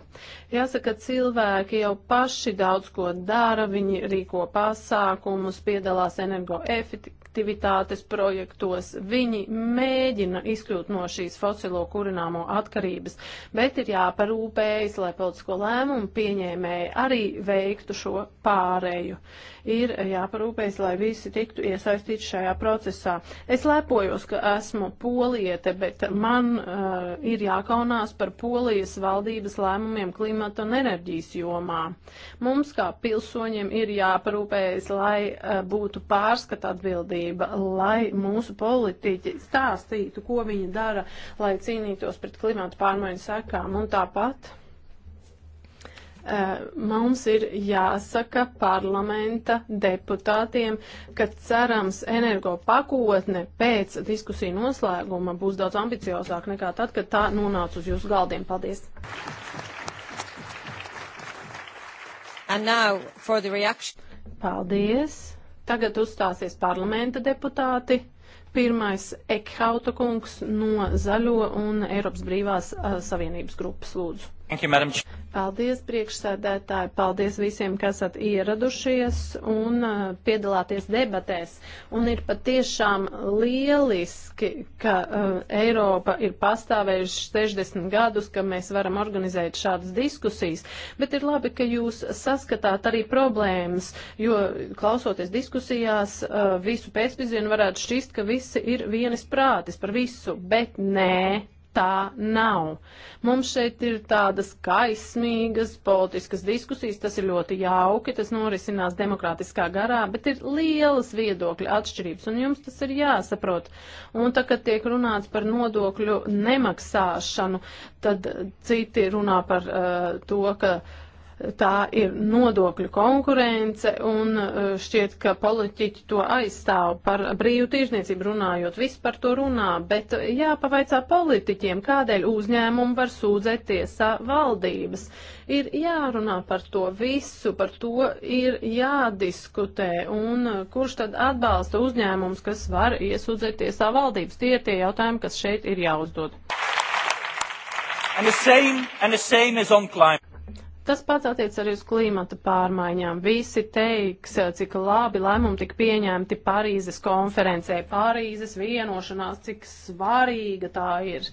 Jāsaka, cilvēki jau paši daudz ko dara, viņi rīko pasākumus, piedalās energoefektivitātes projektos, viņi mēģina izkļūt no šīs fosilo kurināmo atkarības, bet ir jāparūpējas, lai politisko lēmumu pieņēmēji arī veiktu šo pārēju. Uh, ir jāparūpējas, lai visi tiktu iesaistīti šajā procesā. Es lepojos, ka esmu poliete, bet man uh, ir jākaunās par polijas valdības lēmumiem klimata un enerģijas jomā. Mums kā pilsoņiem ir jāparūpējas, lai uh, būtu pārskata atbildība, lai mūsu politiķi stāstītu, ko viņi dara, lai cīnītos pret klimata pārmaiņu sekām un tāpat. Eh, mums ir jāsaka parlamenta deputātiem, ka cerams energo pakotne pēc diskusiju noslēguma būs daudz ambiciozāk nekā tad, kad tā nonāca uz jūsu galdiem. Paldies! Paldies! Tagad uzstāsies parlamenta deputāti. Pirmais Ekhauta kungs no Zaļo un Eiropas brīvās uh, savienības grupas lūdzu. Paldies priekšsēdētāji, paldies visiem, kas esat ieradušies un uh, piedalāties debatēs. Un ir patiešām lieliski, ka uh, Eiropa ir pastāvējuši 60 gadus, ka mēs varam organizēt šādas diskusijas, bet ir labi, ka jūs saskatāt arī problēmas, jo klausoties diskusijās uh, visu pēcpizienu varētu šķist, ka visi ir vienas prātis par visu, bet nē tā nav. Mums šeit ir tādas kaismīgas politiskas diskusijas, tas ir ļoti jauki, tas norisinās demokrātiskā garā, bet ir lielas viedokļa atšķirības, un jums tas ir jāsaprot. Un tā, kad tiek runāts par nodokļu nemaksāšanu, tad citi runā par uh, to, ka. Uh, tā ir nodokļu konkurence, un e, šķiet, ka politiķi to aizstāv par brīvu tirzniecību runājot, viss par to runā, bet jāpavaicā politiķiem, kādēļ uzņēmumi var sūdzēt tiesā valdības. Ir jārunā par to visu, par to ir jādiskutē, un e, kurš tad atbalsta uzņēmums, kas var iesūdzēt tiesā valdības. Tie ir tie jautājumi, kas šeit ir jāuzdod. And the same, and the same is on climate. Tas pats attiec arī uz klimata pārmaiņām. Visi teiks, cik labi lēmumi tika pieņemti Parīzes konferencē, Parīzes vienošanās, cik svarīga tā ir.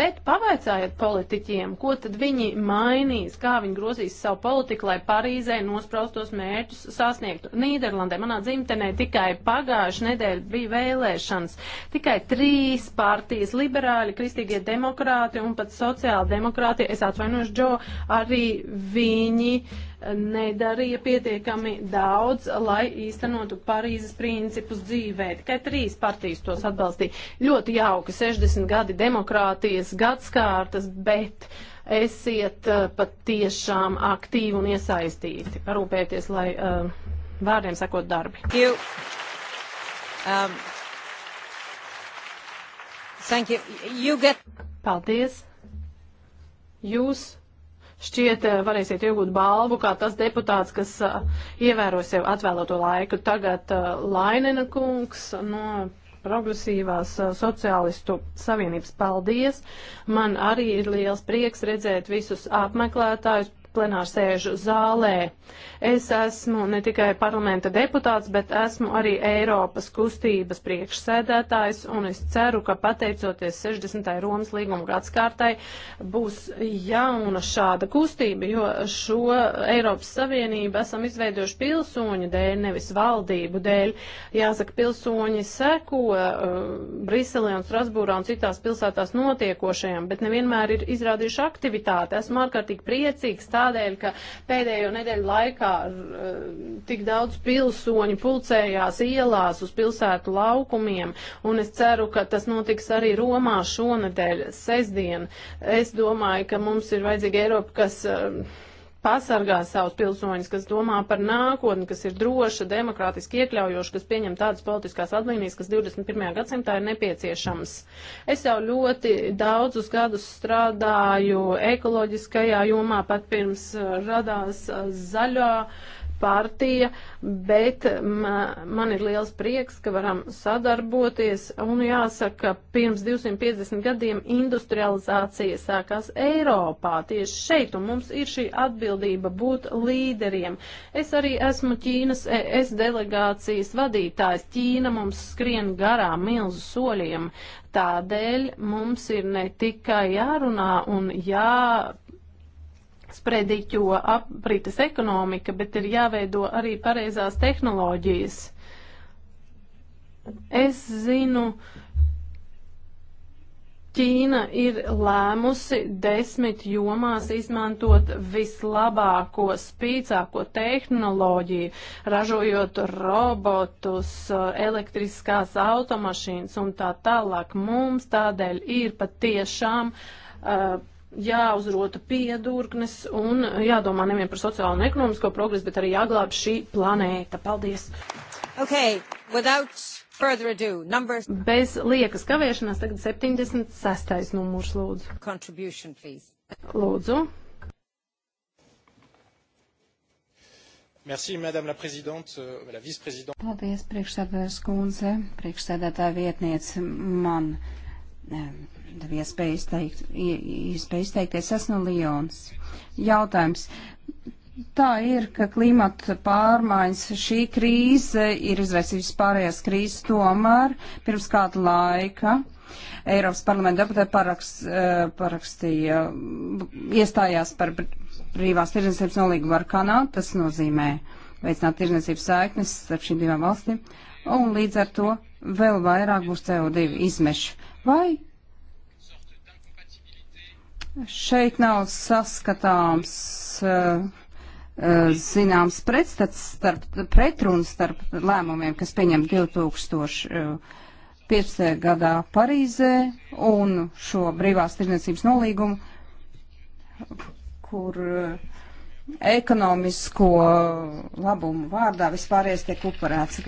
Bet pavaicājiet politiķiem, ko tad viņi mainīs, kā viņi grozīs savu politiku, lai Parīzē nospraustos mērķus sasniegtu. Nīderlandē, manā dzimtenē, tikai pagājuši nedēļa bija vēlēšanas. Tikai trīs partijas - liberāļi, kristīgie demokrāti un pat sociāla demokrātija, es atvainojos, Džo, arī viņi eh, nedarīja pietiekami daudz, lai īstenotu Parīzes principus dzīvē. Tikai trīs partijas tos atbalstīja. Ļoti jauki 60 gadi demokrātijas gadskārtas, bet esiet eh, pat tiešām aktīvi un iesaistīti. Parūpēties, lai eh, vārdiem sakot darbi. You. Um. Thank you. You get... Paldies. Jūs Šķiet, eh, varēsiet iegūt balvu, kā tas deputāts, kas eh, ievēro sev atvēlēto laiku. Tagad eh, Lainina kungs no progresīvās sociālistu savienības. Paldies! Man arī ir liels prieks redzēt visus apmeklētājus plenārsēžu zālē. Es esmu ne tikai parlamenta deputāts, bet esmu arī Eiropas kustības priekšsēdētājs, un es ceru, ka pateicoties 60. Romas līguma gadskārtai būs jauna šāda kustība, jo šo Eiropas Savienību esam izveidojuši pilsoņu dēļ, nevis valdību dēļ. Jāsaka, pilsoņi seko uh, Briselē un Strasbūrā un citās pilsētās notiekošajam, bet nevienmēr ir izrādījuši aktivitāti. Esmu ārkārtīgi priecīgs tā, tādēļ, ka pēdējo nedēļu laikā eh, tik daudz pilsoņu pulcējās ielās uz pilsētu laukumiem, un es ceru, ka tas notiks arī Romā šonadēļ, sestdien. Es domāju, ka mums ir vajadzīga Eiropa, kas eh, pasargā savus pilsoņus, kas domā par nākotni, kas ir droša, demokrātiski iekļaujoša, kas pieņem tādas politiskās atlīnijas, kas 21. gadsimtā ir nepieciešams. Es jau ļoti daudzus gadus strādāju ekoloģiskajā jomā, pat pirms eh, radās eh, zaļā partija, bet man ir liels prieks, ka varam sadarboties. Un jāsaka, pirms 250 gadiem industrializācija sākās Eiropā, tieši šeit, un mums ir šī atbildība būt līderiem. Es arī esmu Ķīnas ES delegācijas vadītājs. Ķīna mums skrien garām milzu soļiem. Tādēļ mums ir ne tikai jārunā un jā sprediķo aprites ekonomika, bet ir jāveido arī pareizās tehnoloģijas. Es zinu, Ķīna ir lēmusi desmit jomās izmantot vislabāko, spīcāko tehnoloģiju, ražojot robotus, elektriskās automašīnas un tā tālāk. Mums tādēļ ir patiešām uh, jāuzrota piedurknes un jādomā nevien par sociālo un ekonomisko progresu, bet arī jāglāb šī planēta. Paldies! Okay, without further ado, numbers... Bez liekas kavēšanās tagad 76. numurs lūdzu. Contribution, please. Lūdzu. Merci, Madame la Présidente, euh, la Vice-Présidente. Paldies, priekšsēdētājs kundze, priekšsēdētāja vietniece man. Ne, tev iespēju izteikt, iespēju izteikties. Esmu Lions. Jautājums. Tā ir, ka klimata pārmaiņas šī krīze ir izraisījusi pārējās krīzes tomēr pirms kāda laika. Eiropas parlamenta deputāti parakst, eh, parakstīja, iestājās par brīvās tirdzniecības nolīgumu ar Kanādu. Tas nozīmē veicināt tirdzniecības saiknes starp šīm divām valstīm. Un līdz ar to vēl vairāk būs CO2 izmešu. Vai Šeit nav saskatāms eh, eh, zināms pretstats starp, pretruns starp lēmumiem, kas pieņem 2015. Eh, gadā Parīzē un šo brīvās tirdzniecības nolīgumu, kur ekonomisko labumu vārdā vispārējais tiek upurēts.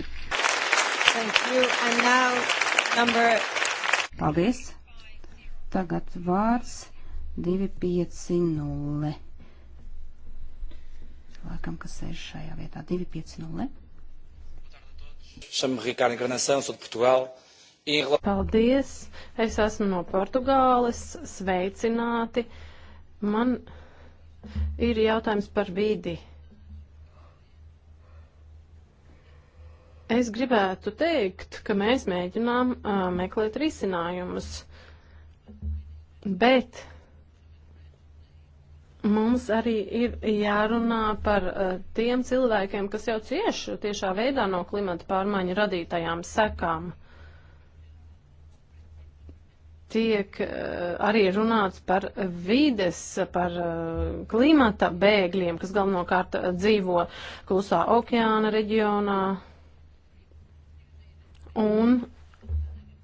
Paldies. Tagad vārds 250. Laikam, kas sēž šajā vietā. 250. Chamo-me Ricardo Encarnação, sou de Portugal. Paldies! Es esmu no Portugāles. Sveicināti! Man ir jautājums par vidi. Es gribētu teikt, ka mēs mēģinām uh, meklēt risinājumus, bet Mums arī ir jārunā par uh, tiem cilvēkiem, kas jau cieši tiešā veidā no klimata pārmaiņu radītajām sekām. Tiek uh, arī runāts par vides, par uh, klimata bēgļiem, kas galvenokārt dzīvo klusā okeāna reģionā. Un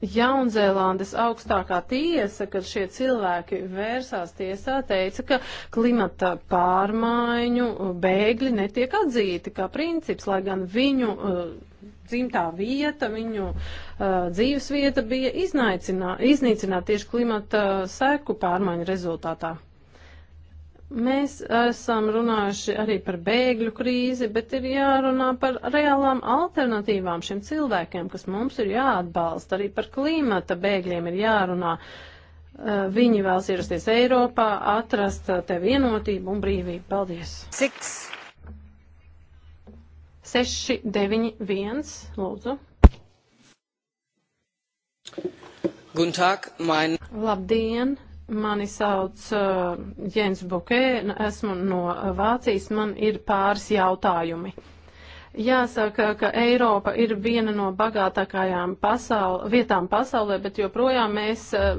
Jaunzēlandes augstākā tiesa, kad šie cilvēki vērsās tiesā, teica, ka klimata pārmaiņu bēgļi netiek atzīti kā princips, lai gan viņu uh, dzimtā vieta, viņu uh, dzīves vieta bija iznīcināta tieši klimata seku pārmaiņu rezultātā. Mēs esam runājuši arī par bēgļu krīzi, bet ir jārunā par reālām alternatīvām šiem cilvēkiem, kas mums ir jāatbalsta. Arī par klimata bēgļiem ir jārunā. Eh, viņi vēlas ierasties Eiropā, atrast eh, te vienotību un brīvību. Paldies! Six. 6, 9, 1, lūdzu. Guten Tag, mein... Labdien, Mani sauc uh, Jens Bukē, esmu no Vācijas, man ir pāris jautājumi. Jāsaka, ka Eiropa ir viena no bagātākajām pasaul, vietām pasaulē, bet joprojām mēs uh,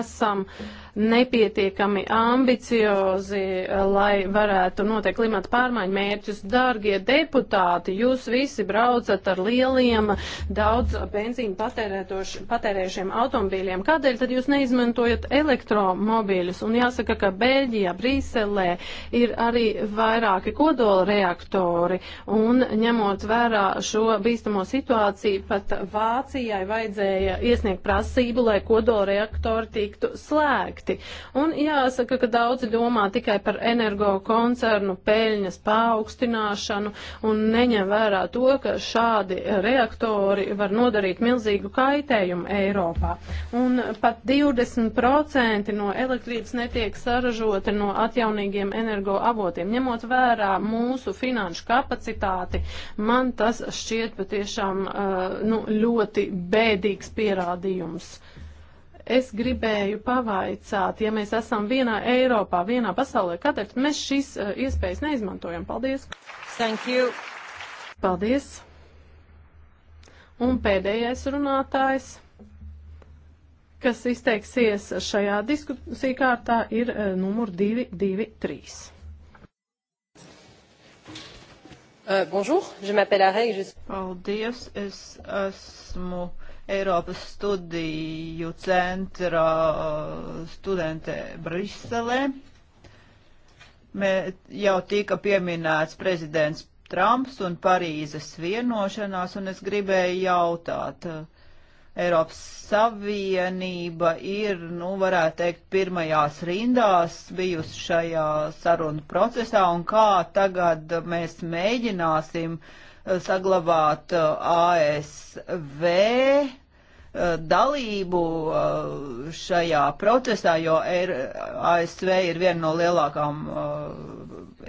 esam uh, nepietiekami ambiciozi, lai varētu noteikt klimata pārmaiņu mērķus. Dārgie deputāti, jūs visi braucat ar lieliem, daudz benzīnu patērējušiem automobīļiem. Kādēļ tad jūs neizmantojat elektromobīļus? Un jāsaka, ka Beļģijā, Brīselē ir arī vairāki kodola reaktori. Un ņemot vērā šo bīstamo situāciju, pat Vācijai vajadzēja iesniegt prasību, lai kodola reaktori tiktu slēgti efekti. Un jāsaka, ka daudzi domā tikai par energo koncernu peļņas paaugstināšanu un neņem vērā to, ka šādi reaktori var nodarīt milzīgu kaitējumu Eiropā. Un pat 20% no elektrības netiek saražota no atjaunīgiem energo avotiem. Ņemot vērā mūsu finanšu kapacitāti, man tas šķiet patiešām uh, nu, ļoti bēdīgs pierādījums. Es gribēju pavaicāt, ja mēs esam vienā Eiropā, vienā pasaulē, kādēļ mēs šīs uh, eh, iespējas neizmantojam? Paldies! Thank you! Paldies! Un pēdējais runātājs, kas izteiksies šajā diskusiju kārtā, ir uh, numur 223. Uh, bonjour, je m'appelle Arek. Je... Paldies, es esmu. Eiropas studiju centra uh, studente Briselē. Mē, jau tika pieminēts prezidents Trumps un Parīzes vienošanās, un es gribēju jautāt, uh, Eiropas Savienība ir, nu, varētu teikt, pirmajās rindās bijusi šajā sarunu procesā, un kā tagad mēs mēģināsim uh, Eh, saglabāt eh, ASV eh, dalību šajā procesā, jo ASV ir viena no lielākām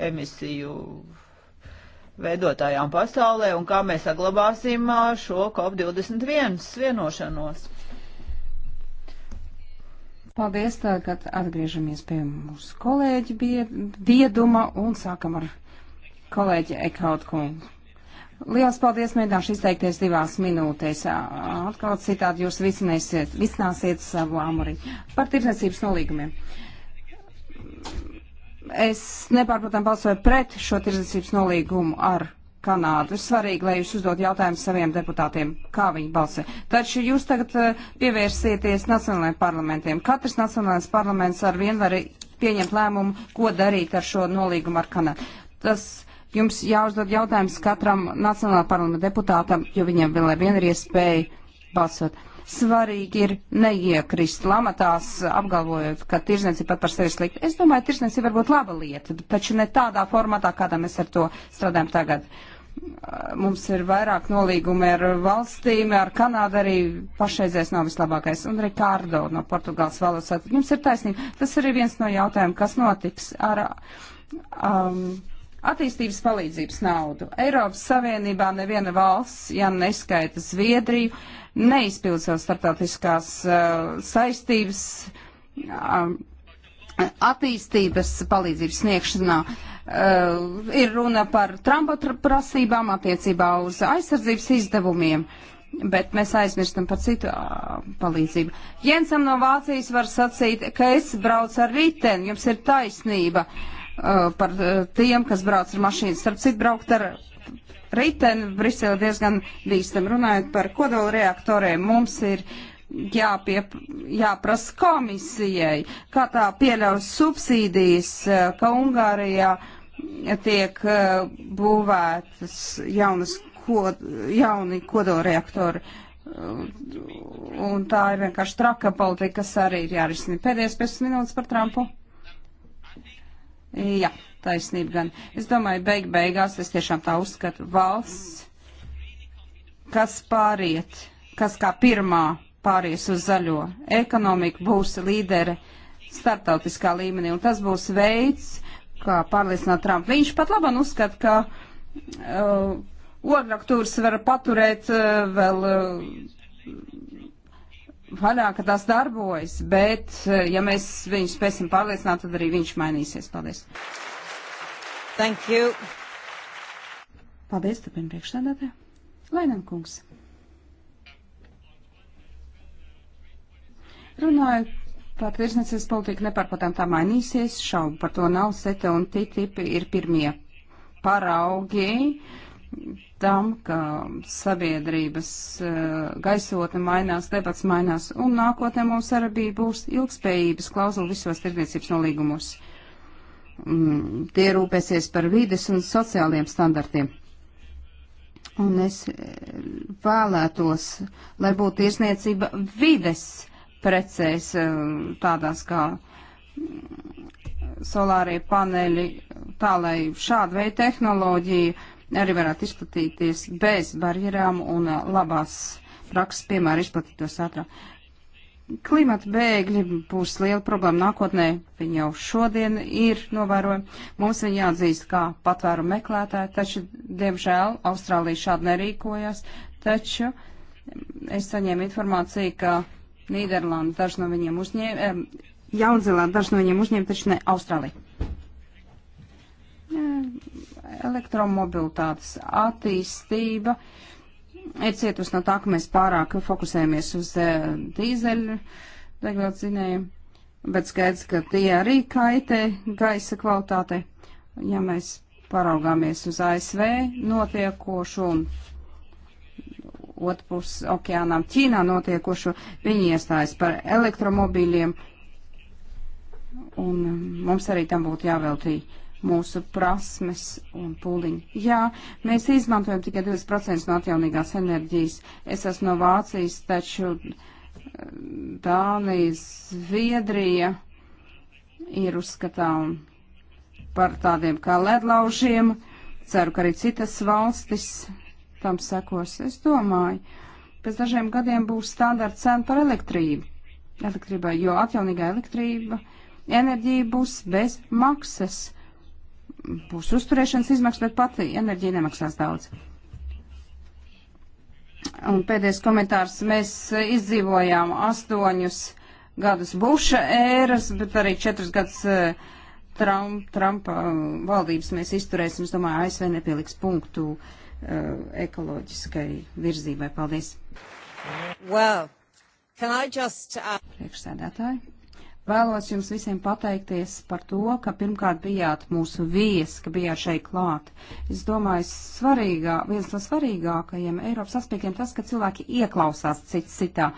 emisiju veidotājām pasaulē, un kā mēs saglabāsim šo COP21 vienošanos. Paldies, tagad atgriežamies pie mūsu kolēģi bieduma un sākam ar kolēģi Ekaut kungu. Liels paldies, mēģināšu izteikties divās minūtēs. Atkal citādi jūs vicinēsiet, vicināsiet savu amuri par tirdzniecības nolīgumiem. Es nepārprotam balsoju pret šo tirdzniecības nolīgumu ar Kanādu. Ir svarīgi, lai jūs uzdot jautājumu saviem deputātiem, kā viņi balsē. Taču jūs tagad e, pievērsieties nacionālajiem parlamentiem. Katrs nacionālais parlaments ar vienu var pieņemt lēmumu, ko darīt ar šo nolīgumu ar Kanādu. Tas jums jāuzdod jautājums katram Nacionālā parlamenta deputātam, jo viņam vēl ar vienu ir iespēja balsot. Svarīgi ir neiekrist lamatās, apgalvojot, ka tirzniecība pat par sevi slikta. Es domāju, tirzniecība var būt laba lieta, taču ne tādā formatā, kādā mēs ar to strādājam tagad. Mums ir vairāk nolīgumi ar valstīm, ar Kanādu arī pašreizēs nav vislabākais. Un Rikārdo no Portugāles valodas, jums ir taisnība. Tas arī viens no jautājumiem, kas notiks ar. Um, attīstības palīdzības naudu. Eiropas Savienībā neviena valsts, ja neskaita Zviedriju, neizpild savas starptautiskās uh, saistības uh, attīstības palīdzības sniegšanā. Uh, ir runa par Trumpa prasībām attiecībā uz aizsardzības izdevumiem, bet mēs aizmirstam par citu uh, palīdzību. Jensam no Vācijas var sacīt, ka es braucu ar riteni, jums ir taisnība. Uh, Uh, par uh, tiem, kas brauc ar mašīnu. Starp citu, braukt ar riteni Brisele diezgan bīstam. Runājot par kodola reaktoriem, mums ir jāpie, jāprasa komisijai, kā tā pieļaus subsīdijas, uh, ka Ungārijā tiek būvētas jaunas, kod, jauni kodola reaktori. Un tā ir vienkārši traka politika, kas arī ir jārisina. Pēdējais 5 minūtes par Trumpu. Jā, taisnība gan. Es domāju, beig beigās es tiešām tā uzskatu valsts, kas pāriet, kas kā pirmā pāries uz zaļo ekonomiku, būs līdere starptautiskā līmenī. Un tas būs veids, kā pārliecināt Trumpu. Viņš pat labam uzskata, ka uh, ogļaktūras var paturēt uh, vēl uh, panākt, ka tas darbojas, bet eh, ja mēs viņu spēsim pārliecināt, tad arī viņš mainīsies. Paldies. Thank you. Paldies, turpina priekšsēdētē. Lainam kungs. Runāju par tirsniecības politiku nepārprotām tā mainīsies, šaubu par to nav, sete un titipi ir pirmie paraugi. Uh, tam, ka sabiedrības eh, gaisotne mainās, debats mainās, un nākotnē mums arī būs ilgspējības klauzula visos tirdzniecības nolīgumos. Mm, tie rūpēsies par vides un sociāliem standartiem. Un es eh, vēlētos, lai būtu tirsniecība vides precēs eh, tādās kā mm, solārie paneļi, tā lai šāda veida tehnoloģija uh, arī varētu izplatīties bez barjerām un labās prakses, piemēram, izplatītos ātrāk. Klimata bēgļi būs liela problēma nākotnē, viņi jau šodien ir novērojami. Mums viņi jāatzīst kā patvēru meklētāji, taču, diemžēl, Austrālija šādi nerīkojas, taču mm, es saņēmu informāciju, ka Nīderlanda daži no viņiem uzņēma, Jaunzēlanda daži no viņiem uzņēma, taču ne Austrālija elektromobilitātes attīstība ir cietusi no tā, ka mēs pārāk fokusējamies uz eh, dīzeļu degvielcinējumu, bet skaidrs, ka tie arī kaitē gaisa kvalitātei. Ja mēs paraugāmies uz ASV notiekošo un otrpus okeānām Ķīnā notiekošo, viņi iestājas par elektromobīļiem, un mm, mums arī tam būtu jāveltīja mūsu prasmes un pūliņi. Jā, mēs izmantojam tikai 20% no atjaunīgās enerģijas. Es esmu no Vācijas, taču eh, Dānija, Zviedrija ir uzskatām par tādiem kā ledlaužiem. Ceru, ka arī citas valstis tam sekos. Es domāju, pēc dažiem gadiem būs standarta cena par elektrību. Elektrībai, jo atjaunīgā elektrība, enerģija būs bez maksas būs uzturēšanas izmaksas, bet pati enerģija nemaksās daudz. Un pēdējais komentārs. Mēs izdzīvojām astoņus gadus Buša ēras, bet arī četrus gadus eh, Trump, Trumpa eh, valdības mēs izturēsim. Es domāju, ASV nepieliks punktu uh, ekoloģiskai virzībai. Paldies. Well, just... Uh, Priekšsēdētāji. Vēlos jums visiem pateikties par to, ka pirmkārt bijāt mūsu viesi, ka bijāt šeit klāt. Es domāju, svarīgā, viens no svarīgākajiem Eiropas aspektiem tas, ka cilvēki ieklausās cits citā.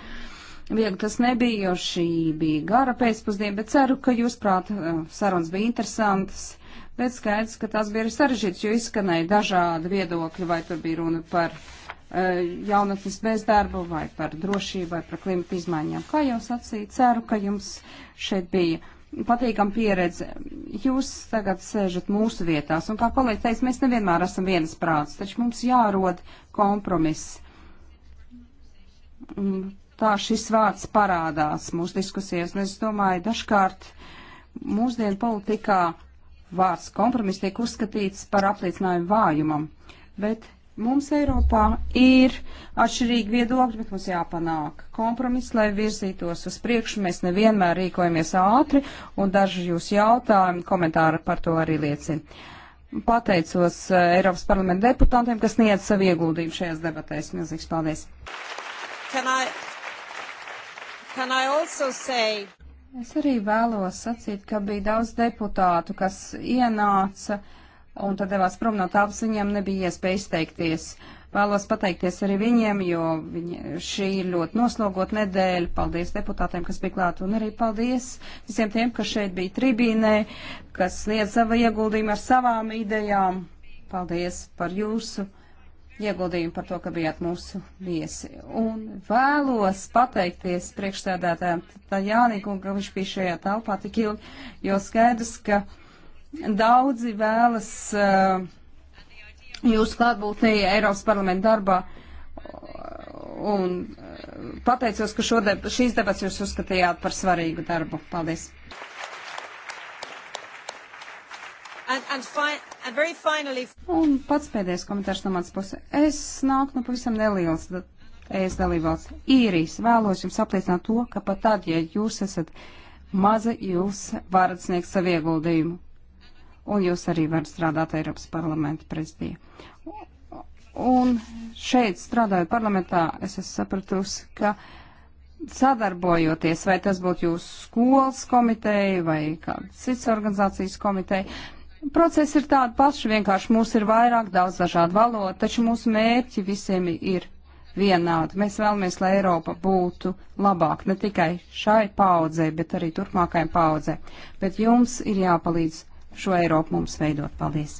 Viegli tas nebija, jo šī bija gara pēcpusdiena, bet ceru, ka jūs prāt eh, sarunas bija interesantas. Bet skaidrs, ka tās bija arī sarežģītas, jo izskanēja dažādi viedokļi, vai tur bija runa par Eh, jaunatnes bezdarbu vai par drošību vai par klimatu izmaiņām. Kā jau sacīju, ceru, ka jums šeit bija patīkam pieredze. Jūs tagad sēžat mūsu vietās, un kā kolēģi teica, mēs nevienmēr esam vienas prāts, taču mums jārod kompromiss. Tā šis vārds parādās mūsu diskusijās, un es domāju, dažkārt mūsdienu politikā vārds kompromiss tiek uzskatīts par apliecinājumu vājumam, bet Mums Eiropā ir atšķirīgi viedokļi, bet mums jāpanāk kompromiss, lai virzītos uz priekšu. Mēs nevienmēr rīkojamies ātri, un daži jūs jautājumi, komentāri par to arī liecina. Pateicos eh, Eiropas parlamenta deputātiem, kas niedz savu ieguldījumu šajās debatēs. Milzīgs paldies! Can I, can I say... Es arī vēlos sacīt, ka bija daudz deputātu, kas ienāca. Uh, un tad devās prom no tāpas, viņiem nebija iespēja izteikties. Vēlos pateikties arī viņiem, jo viņi, šī ir ļoti noslogot nedēļa. Paldies deputātiem, kas bija klāt, un arī paldies visiem tiem, kas šeit bija tribīnē, kas sniedz savu ieguldījumu ar savām idejām. Paldies par jūsu ieguldījumu, par to, ka bijāt mūsu viesi. Un vēlos pateikties priekšstādātājiem, tā Jānīkungam, ka viņš bija šajā telpā tik ilgi, jo skaidrs, ka. Daudzi vēlas uh, eh, jūs klātbūtnī Eiropas parlamenta darbā. Un eh, pateicos, ka šodien šīs debats jūs uzskatījāt par svarīgu darbu. Paldies! And, and fi and very finally... Un pats pēdējais komentārs no manas puses. Es nāku no pavisam nelielas ES dalībvalsts īrijas. Vēlos jums apliecināt to, ka pat tad, ja jūs esat maza, jūs varat sniegt savu ieguldījumu un jūs arī varat strādāt Eiropas parlamenta prezidijā. Un šeit strādājot parlamentā, es esmu sapratusi, ka sadarbojoties, vai tas būtu jūsu skolas komiteja vai kādas cits organizācijas komiteja, procesi ir tādi paši, vienkārši mūs ir vairāk, daudz dažādu valodu, taču mūsu mērķi visiem ir vienādi. Mēs vēlamies, lai Eiropa būtu labāk ne tikai šai paudzei, bet arī turpmākajai paudzei. Bet jums ir jāpalīdz šo Eiropu mums veidot. Paldies!